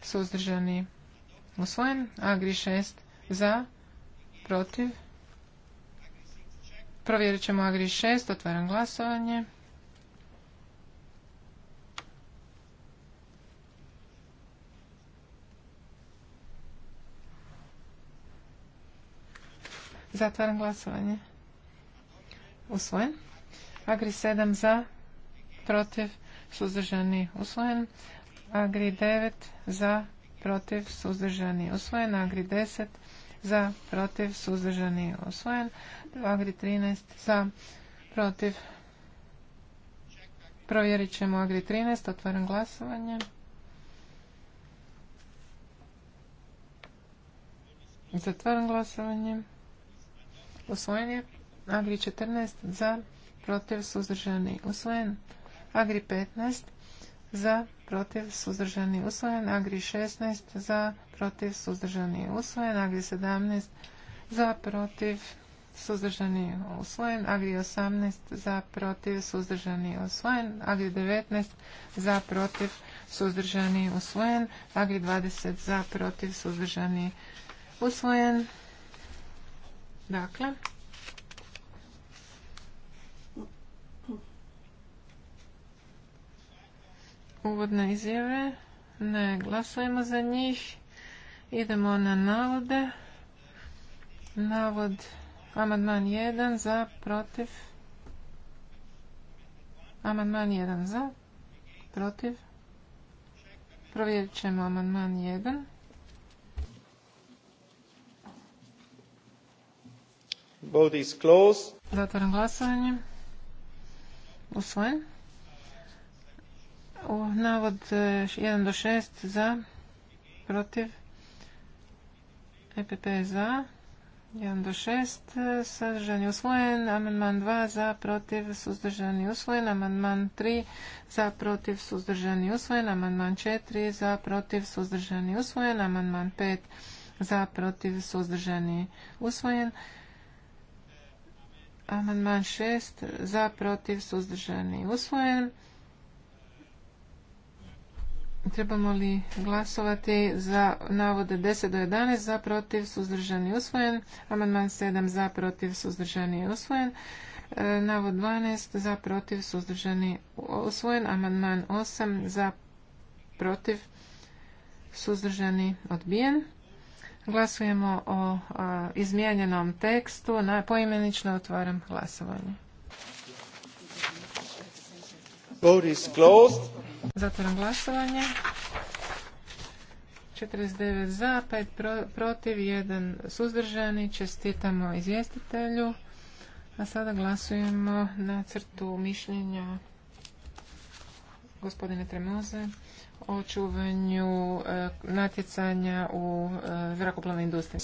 S3: suzdržani, usvojen. Agri 6 za, protiv. Provjerit ćemo Agri 6, otvaram glasovanje. Zatvaram glasovanje usvojen. Agri 7 za, protiv, suzdržani, usvojen. Agri 9 za, protiv, suzdržani, usvojen. Agri 10 za, protiv, suzdržani, usvojen. Agri 13 za, protiv. Provjerit ćemo Agri 13, otvoram glasovanje. Zatvaram glasovanje. Usvojen je. Agri 14 za, protiv, suzdržani, usvojen. Agri 15 za, protiv, suzdržani, usvojen. Agri 16 za, protiv, suzdržani, usvojen. Agri 17 za, protiv, suzdržani, usvojen. Agri 18 za, protiv, suzdržani, usvojen. Agri 19 za, protiv, suzdržani, usvojen. Agri 20 za, protiv, suzdržani, usvojen. Dakle, uvodne izjave. Ne glasujemo za njih. Idemo na navode. Navod amandman 1 za protiv. Amandman 1 za protiv. Provjerit ćemo amandman 1. Vote glasovanje. Usvojen. U navod 1 e, do 6 za, protiv, EPP za, 1 do 6, e, sadržan je usvojen, amandman 2 za, protiv, suzdržan je usvojen, amandman 3 za, protiv, suzdržan je usvojen, amandman 4 za, protiv, suzdržan je usvojen, amandman 5 za, protiv, suzdržan je usvojen, amandman 6 za, protiv, suzdržan je usvojen, Trebamo li glasovati za navode 10 do 11 za protiv suzdržani usvojen, amandman 7 za protiv suzdržani usvojen, e, navod 12 za protiv suzdržani usvojen, amandman 8 za protiv suzdržani odbijen. Glasujemo o izmijenjenom tekstu. Na, poimenično otvaram glasovanje.
S1: closed.
S3: Zatvaram glasovanje. 49 za, 5 protiv, 1 suzdržani. Čestitamo izvjestitelju. A sada glasujemo na crtu mišljenja gospodine Tremoze o čuvanju e, natjecanja u e, zrakoplovnoj industriji.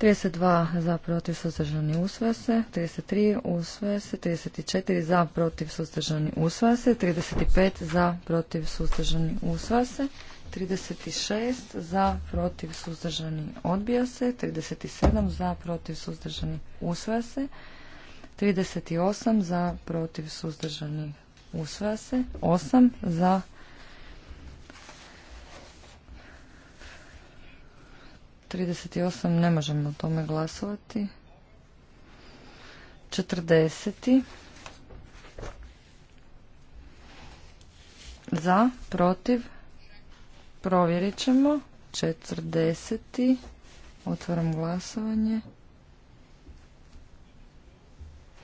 S4: 32 za protiv suzdržani usvaja se, 33 usvaja se, 34 za protiv suzdržani usvaja se, 35 za protiv suzdržani usvaja se, 36 za protiv suzdržani odbija se, 37 za protiv suzdržani usvaja se, 38 za protiv suzdržani usvaja se, 8 za protiv 38 ne možemo o tome glasovati. 40. Za, protiv. Provjerit ćemo. 40. Otvaram glasovanje.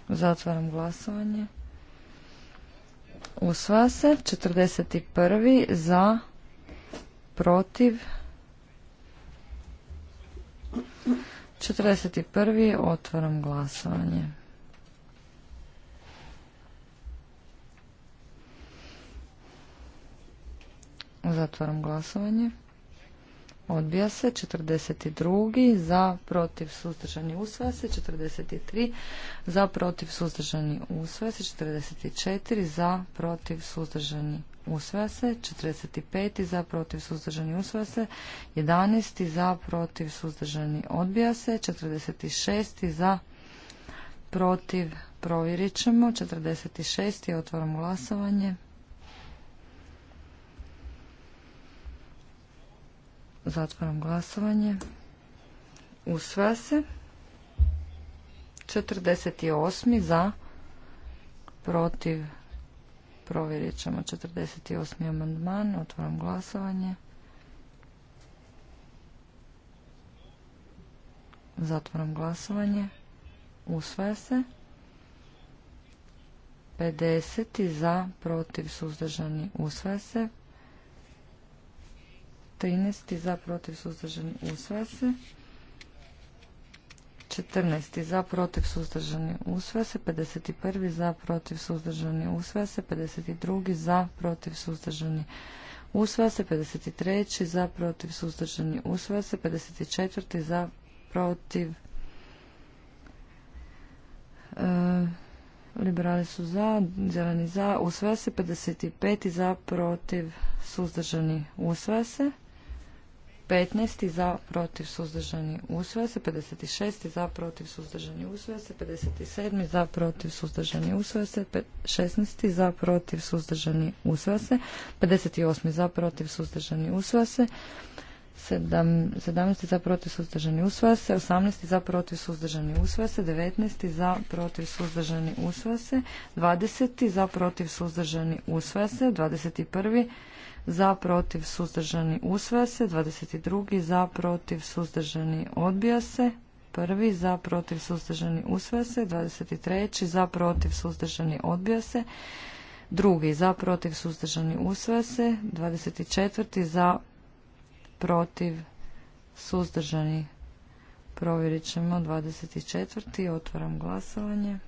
S4: Zatvaram glasovanje. Usva se. 41. Za, protiv. Protiv. 41. Otvaram glasovanje. Zatvaram glasovanje. Odbija se. 42. Za, protiv, suzdržani, usvaja se. 43. Za, protiv, suzdržani, usvaja se. 44. Za, protiv, suzdržani, usvaja se, 45. za protiv suzdržani usvaja se, 11. za protiv suzdržani odbija se, 46. za protiv provjerit ćemo, 46. otvaram glasovanje. Zatvaram glasovanje. Usvaja se. 48. za protiv Provjerit ćemo 48. amandman. Otvaram glasovanje. Zatvaram glasovanje. Usvaja se. 50. za, protiv, suzdržani. Usvaja se. 13. za, protiv, suzdržani. Usvaja se. 14. za protiv suzdržani usve se, 51. za protiv suzdržani usve se, 52. za protiv suzdržani usve se, 53. za protiv suzdržani usve se, 54. za protiv e, liberali su za, zeleni za, usve se, 55. za protiv suzdržani usve se. 15. za protiv suzdržani usvaja se, 56. za protiv suzdržani usvaja se, 57. za protiv suzdržani usvaja se, 16. za protiv suzdržani usvaja se, 58. za protiv suzdržani usvaja se, 17. za protiv suzdržani usvaja se, 18. za protiv suzdržani usvaja se, 19. za protiv suzdržani usvaja se, 20. za protiv suzdržani usvaja se, 21 za protiv suzdržani usvaja se, 22. za protiv suzdržani odbija se, prvi za protiv suzdržani usvaja se, 23. za protiv suzdržani odbija se, drugi za protiv suzdržani usvaja se, 24. za protiv suzdržani provjerit ćemo 24. otvaram glasovanje.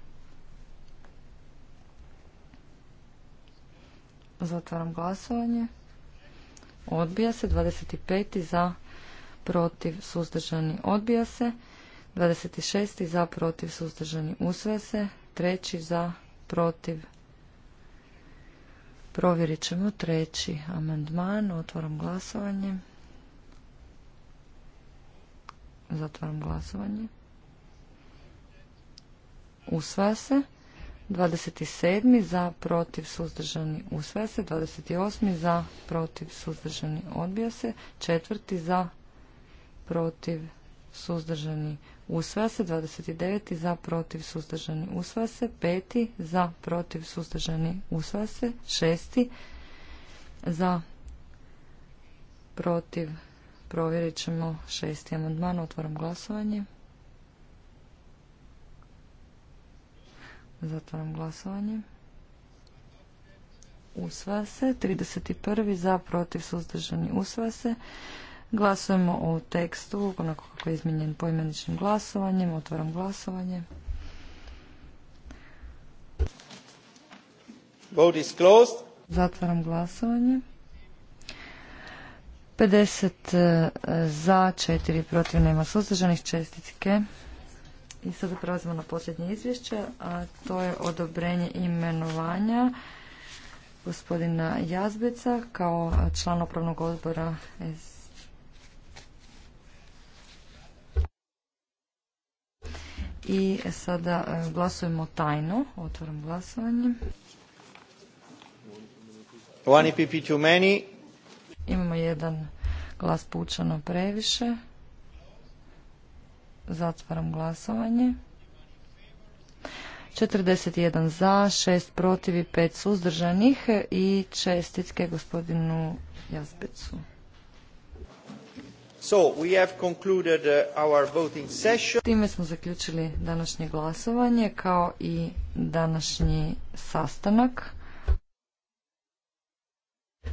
S4: Zatvaram glasovanje odbija se. 25. za, protiv, suzdržani, odbija se. 26. za, protiv, suzdržani, usvaja se. 3. za, protiv, provjerit ćemo. 3. amandman, otvaram glasovanje. Zatvaram glasovanje. Usvaja se. 27. za protiv suzdržani usvaja se. 28. za protiv suzdržani odbija se. 4. za protiv suzdržani usvaja se. 29. za protiv suzdržani usvaja se. 5. za protiv suzdržani usvaja se. 6. za protiv provjerit ćemo šesti amandman. Otvaram glasovanje. Zatvaram glasovanje. Usvaja se. 31. za, protiv, suzdržani. Usvaja se. Glasujemo o tekstu, onako kako je izmijenjen poimeničnim glasovanjem. Otvaram glasovanje.
S1: Vote is closed.
S4: Zatvaram glasovanje. 50 eh, za, 4 protiv, nema suzdržanih čestitke. I sada prelazimo na posljednje izvješće, a to je odobrenje imenovanja gospodina Jazbica kao član upravnog odbora S. I sada e, glasujemo tajno, otvaram glasovanje. Imamo jedan glas pučano previše. Zatvaram glasovanje. 41 za, 6 protiv i 5 suzdržanih i čestitke gospodinu Jazbecu.
S1: So, we have concluded uh, our voting session.
S4: Time smo zaključili današnje glasovanje kao i današnji sastanak.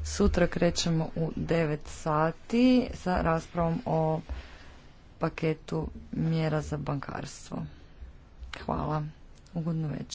S4: Sutra krećemo u 9 sati sa raspravom o
S5: paketu mjera za bankarstvo. Hvala. Ugodnu večer.